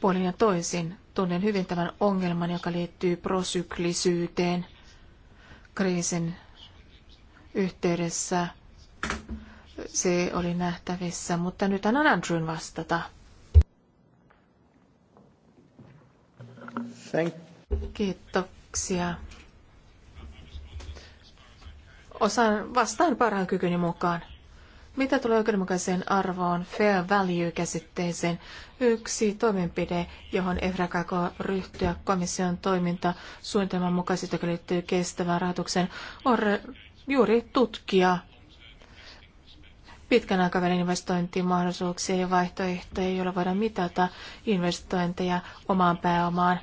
puolin ja toisin. Tunnen hyvin tämän ongelman, joka liittyy prosyklisyyteen kriisin yhteydessä. Se oli nähtävissä, mutta nyt annan Andrewn vastata. Thank. Kiitoksia. Osaan vastaan parhaan kykyni mukaan. Mitä tulee oikeudenmukaiseen arvoon, fair value-käsitteeseen, yksi toimenpide, johon EFRAK aikoo ryhtyä komission toiminta suunnitelman mukaisesti, joka liittyy kestävään rahoitukseen, on juuri tutkia pitkän aikavälin investointimahdollisuuksia ja vaihtoehtoja, joilla voidaan mitata investointeja omaan pääomaan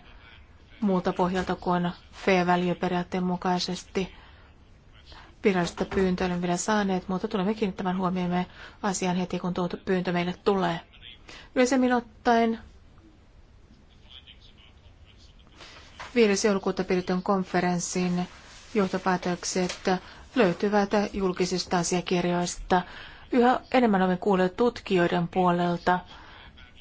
muuta pohjalta kuin fair value-periaatteen mukaisesti – virallista pyyntöä olemme vielä saaneet, mutta tulemme kiinnittämään huomioimme asian heti, kun tuo pyyntö meille tulee. Yleisemmin ottaen 5. joulukuuta pidetyn konferenssin johtopäätökset löytyvät julkisista asiakirjoista. Yhä enemmän olemme kuulleet tutkijoiden puolelta,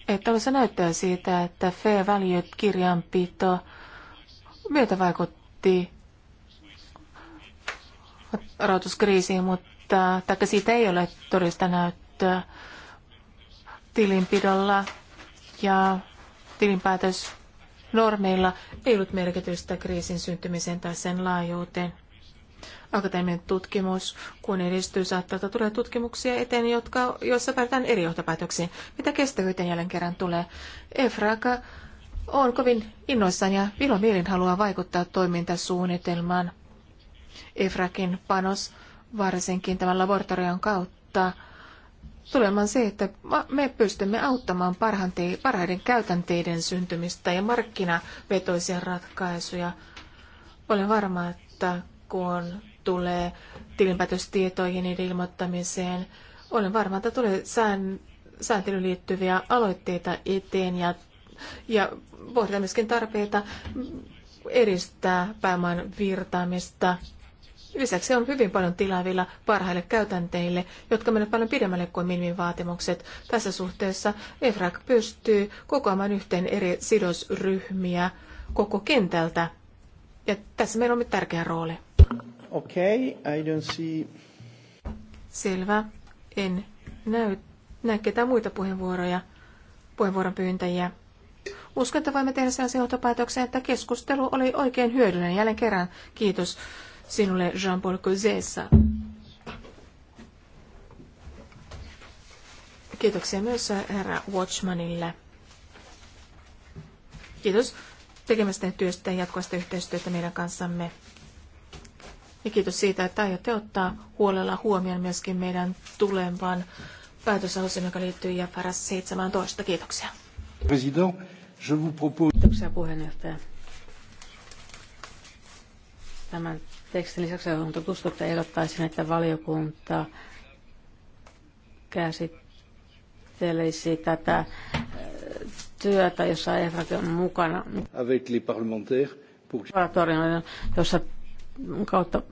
että olisi näyttöä siitä, että f value kirjanpito myötä vaikutti rahoituskriisiin, mutta taikka siitä ei ole todellista näyttöä tilinpidolla ja tilinpäätös normeilla ei ollut merkitystä kriisin syntymiseen tai sen laajuuteen. Akateeminen tutkimus, kun edistyy, saattaa tulla tutkimuksia eteen, jotka, joissa päätetään eri johtopäätöksiin. Mitä kestävyyteen jälleen kerran tulee? EFRAKA on kovin innoissaan ja ilomielin haluaa vaikuttaa toimintasuunnitelmaan. EFRAKin panos, varsinkin tämän laboratorion kautta, tulemaan se, että me pystymme auttamaan parhaiden käytänteiden syntymistä ja markkinavetoisia ratkaisuja. Olen varma, että kun tulee tilinpäätöstietoihin niiden ilmoittamiseen, olen varma, että tulee sään, sääntelyyn liittyviä aloitteita eteen ja, ja pohditaan myöskin tarpeita edistää pääoman virtaamista Lisäksi on hyvin paljon tilaa vielä parhaille käytänteille, jotka menevät paljon pidemmälle kuin minimivaatimukset. Tässä suhteessa EFRAG pystyy kokoamaan yhteen eri sidosryhmiä koko kentältä. Ja tässä meillä on tärkeä rooli. Okei, okay, I don't see... Selvä. En näy, näe ketään muita puheenvuoroja, puheenvuoron pyyntäjiä. Uskon, että voimme tehdä sellaisen johtopäätöksen, että keskustelu oli oikein hyödyllinen. Jälleen kerran kiitos sinulle Jean-Paul Cosessa. Kiitoksia myös äh, herra Watchmanille. Kiitos tekemästä työstä ja jatkuvasta yhteistyötä meidän kanssamme. Ja kiitos siitä, että aiotte ottaa huolella huomioon myöskin meidän tulevan päätösausen, joka liittyy JFRS 17. Kiitoksia. President, je vous propose... Kiitoksia puheenjohtaja. Tämän tekstin lisäksi on että ehdottaisin, että valiokunta käsittelisi tätä äh, työtä, jossa EFRAG on mukana. Avec les parlementaires pour... jossa kautta,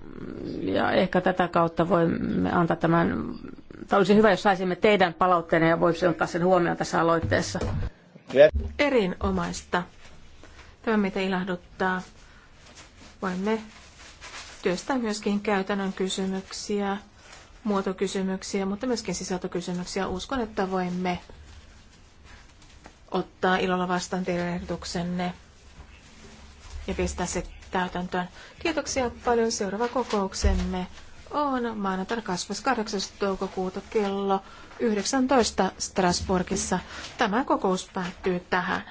ja ehkä tätä kautta voimme antaa tämän, tämä olisi hyvä, jos saisimme teidän palautteenne ja voisi ottaa sen huomioon tässä aloitteessa. Erinomaista. Tämä mitä ilahduttaa. Voimme työstää myöskin käytännön kysymyksiä, muotokysymyksiä, mutta myöskin sisältökysymyksiä. Uskon, että voimme ottaa ilolla vastaan teidän ehdotuksenne ja pistää se täytäntöön. Kiitoksia paljon. Seuraava kokouksemme on maanantaina 28. toukokuuta kello 19 Strasbourgissa. Tämä kokous päättyy tähän.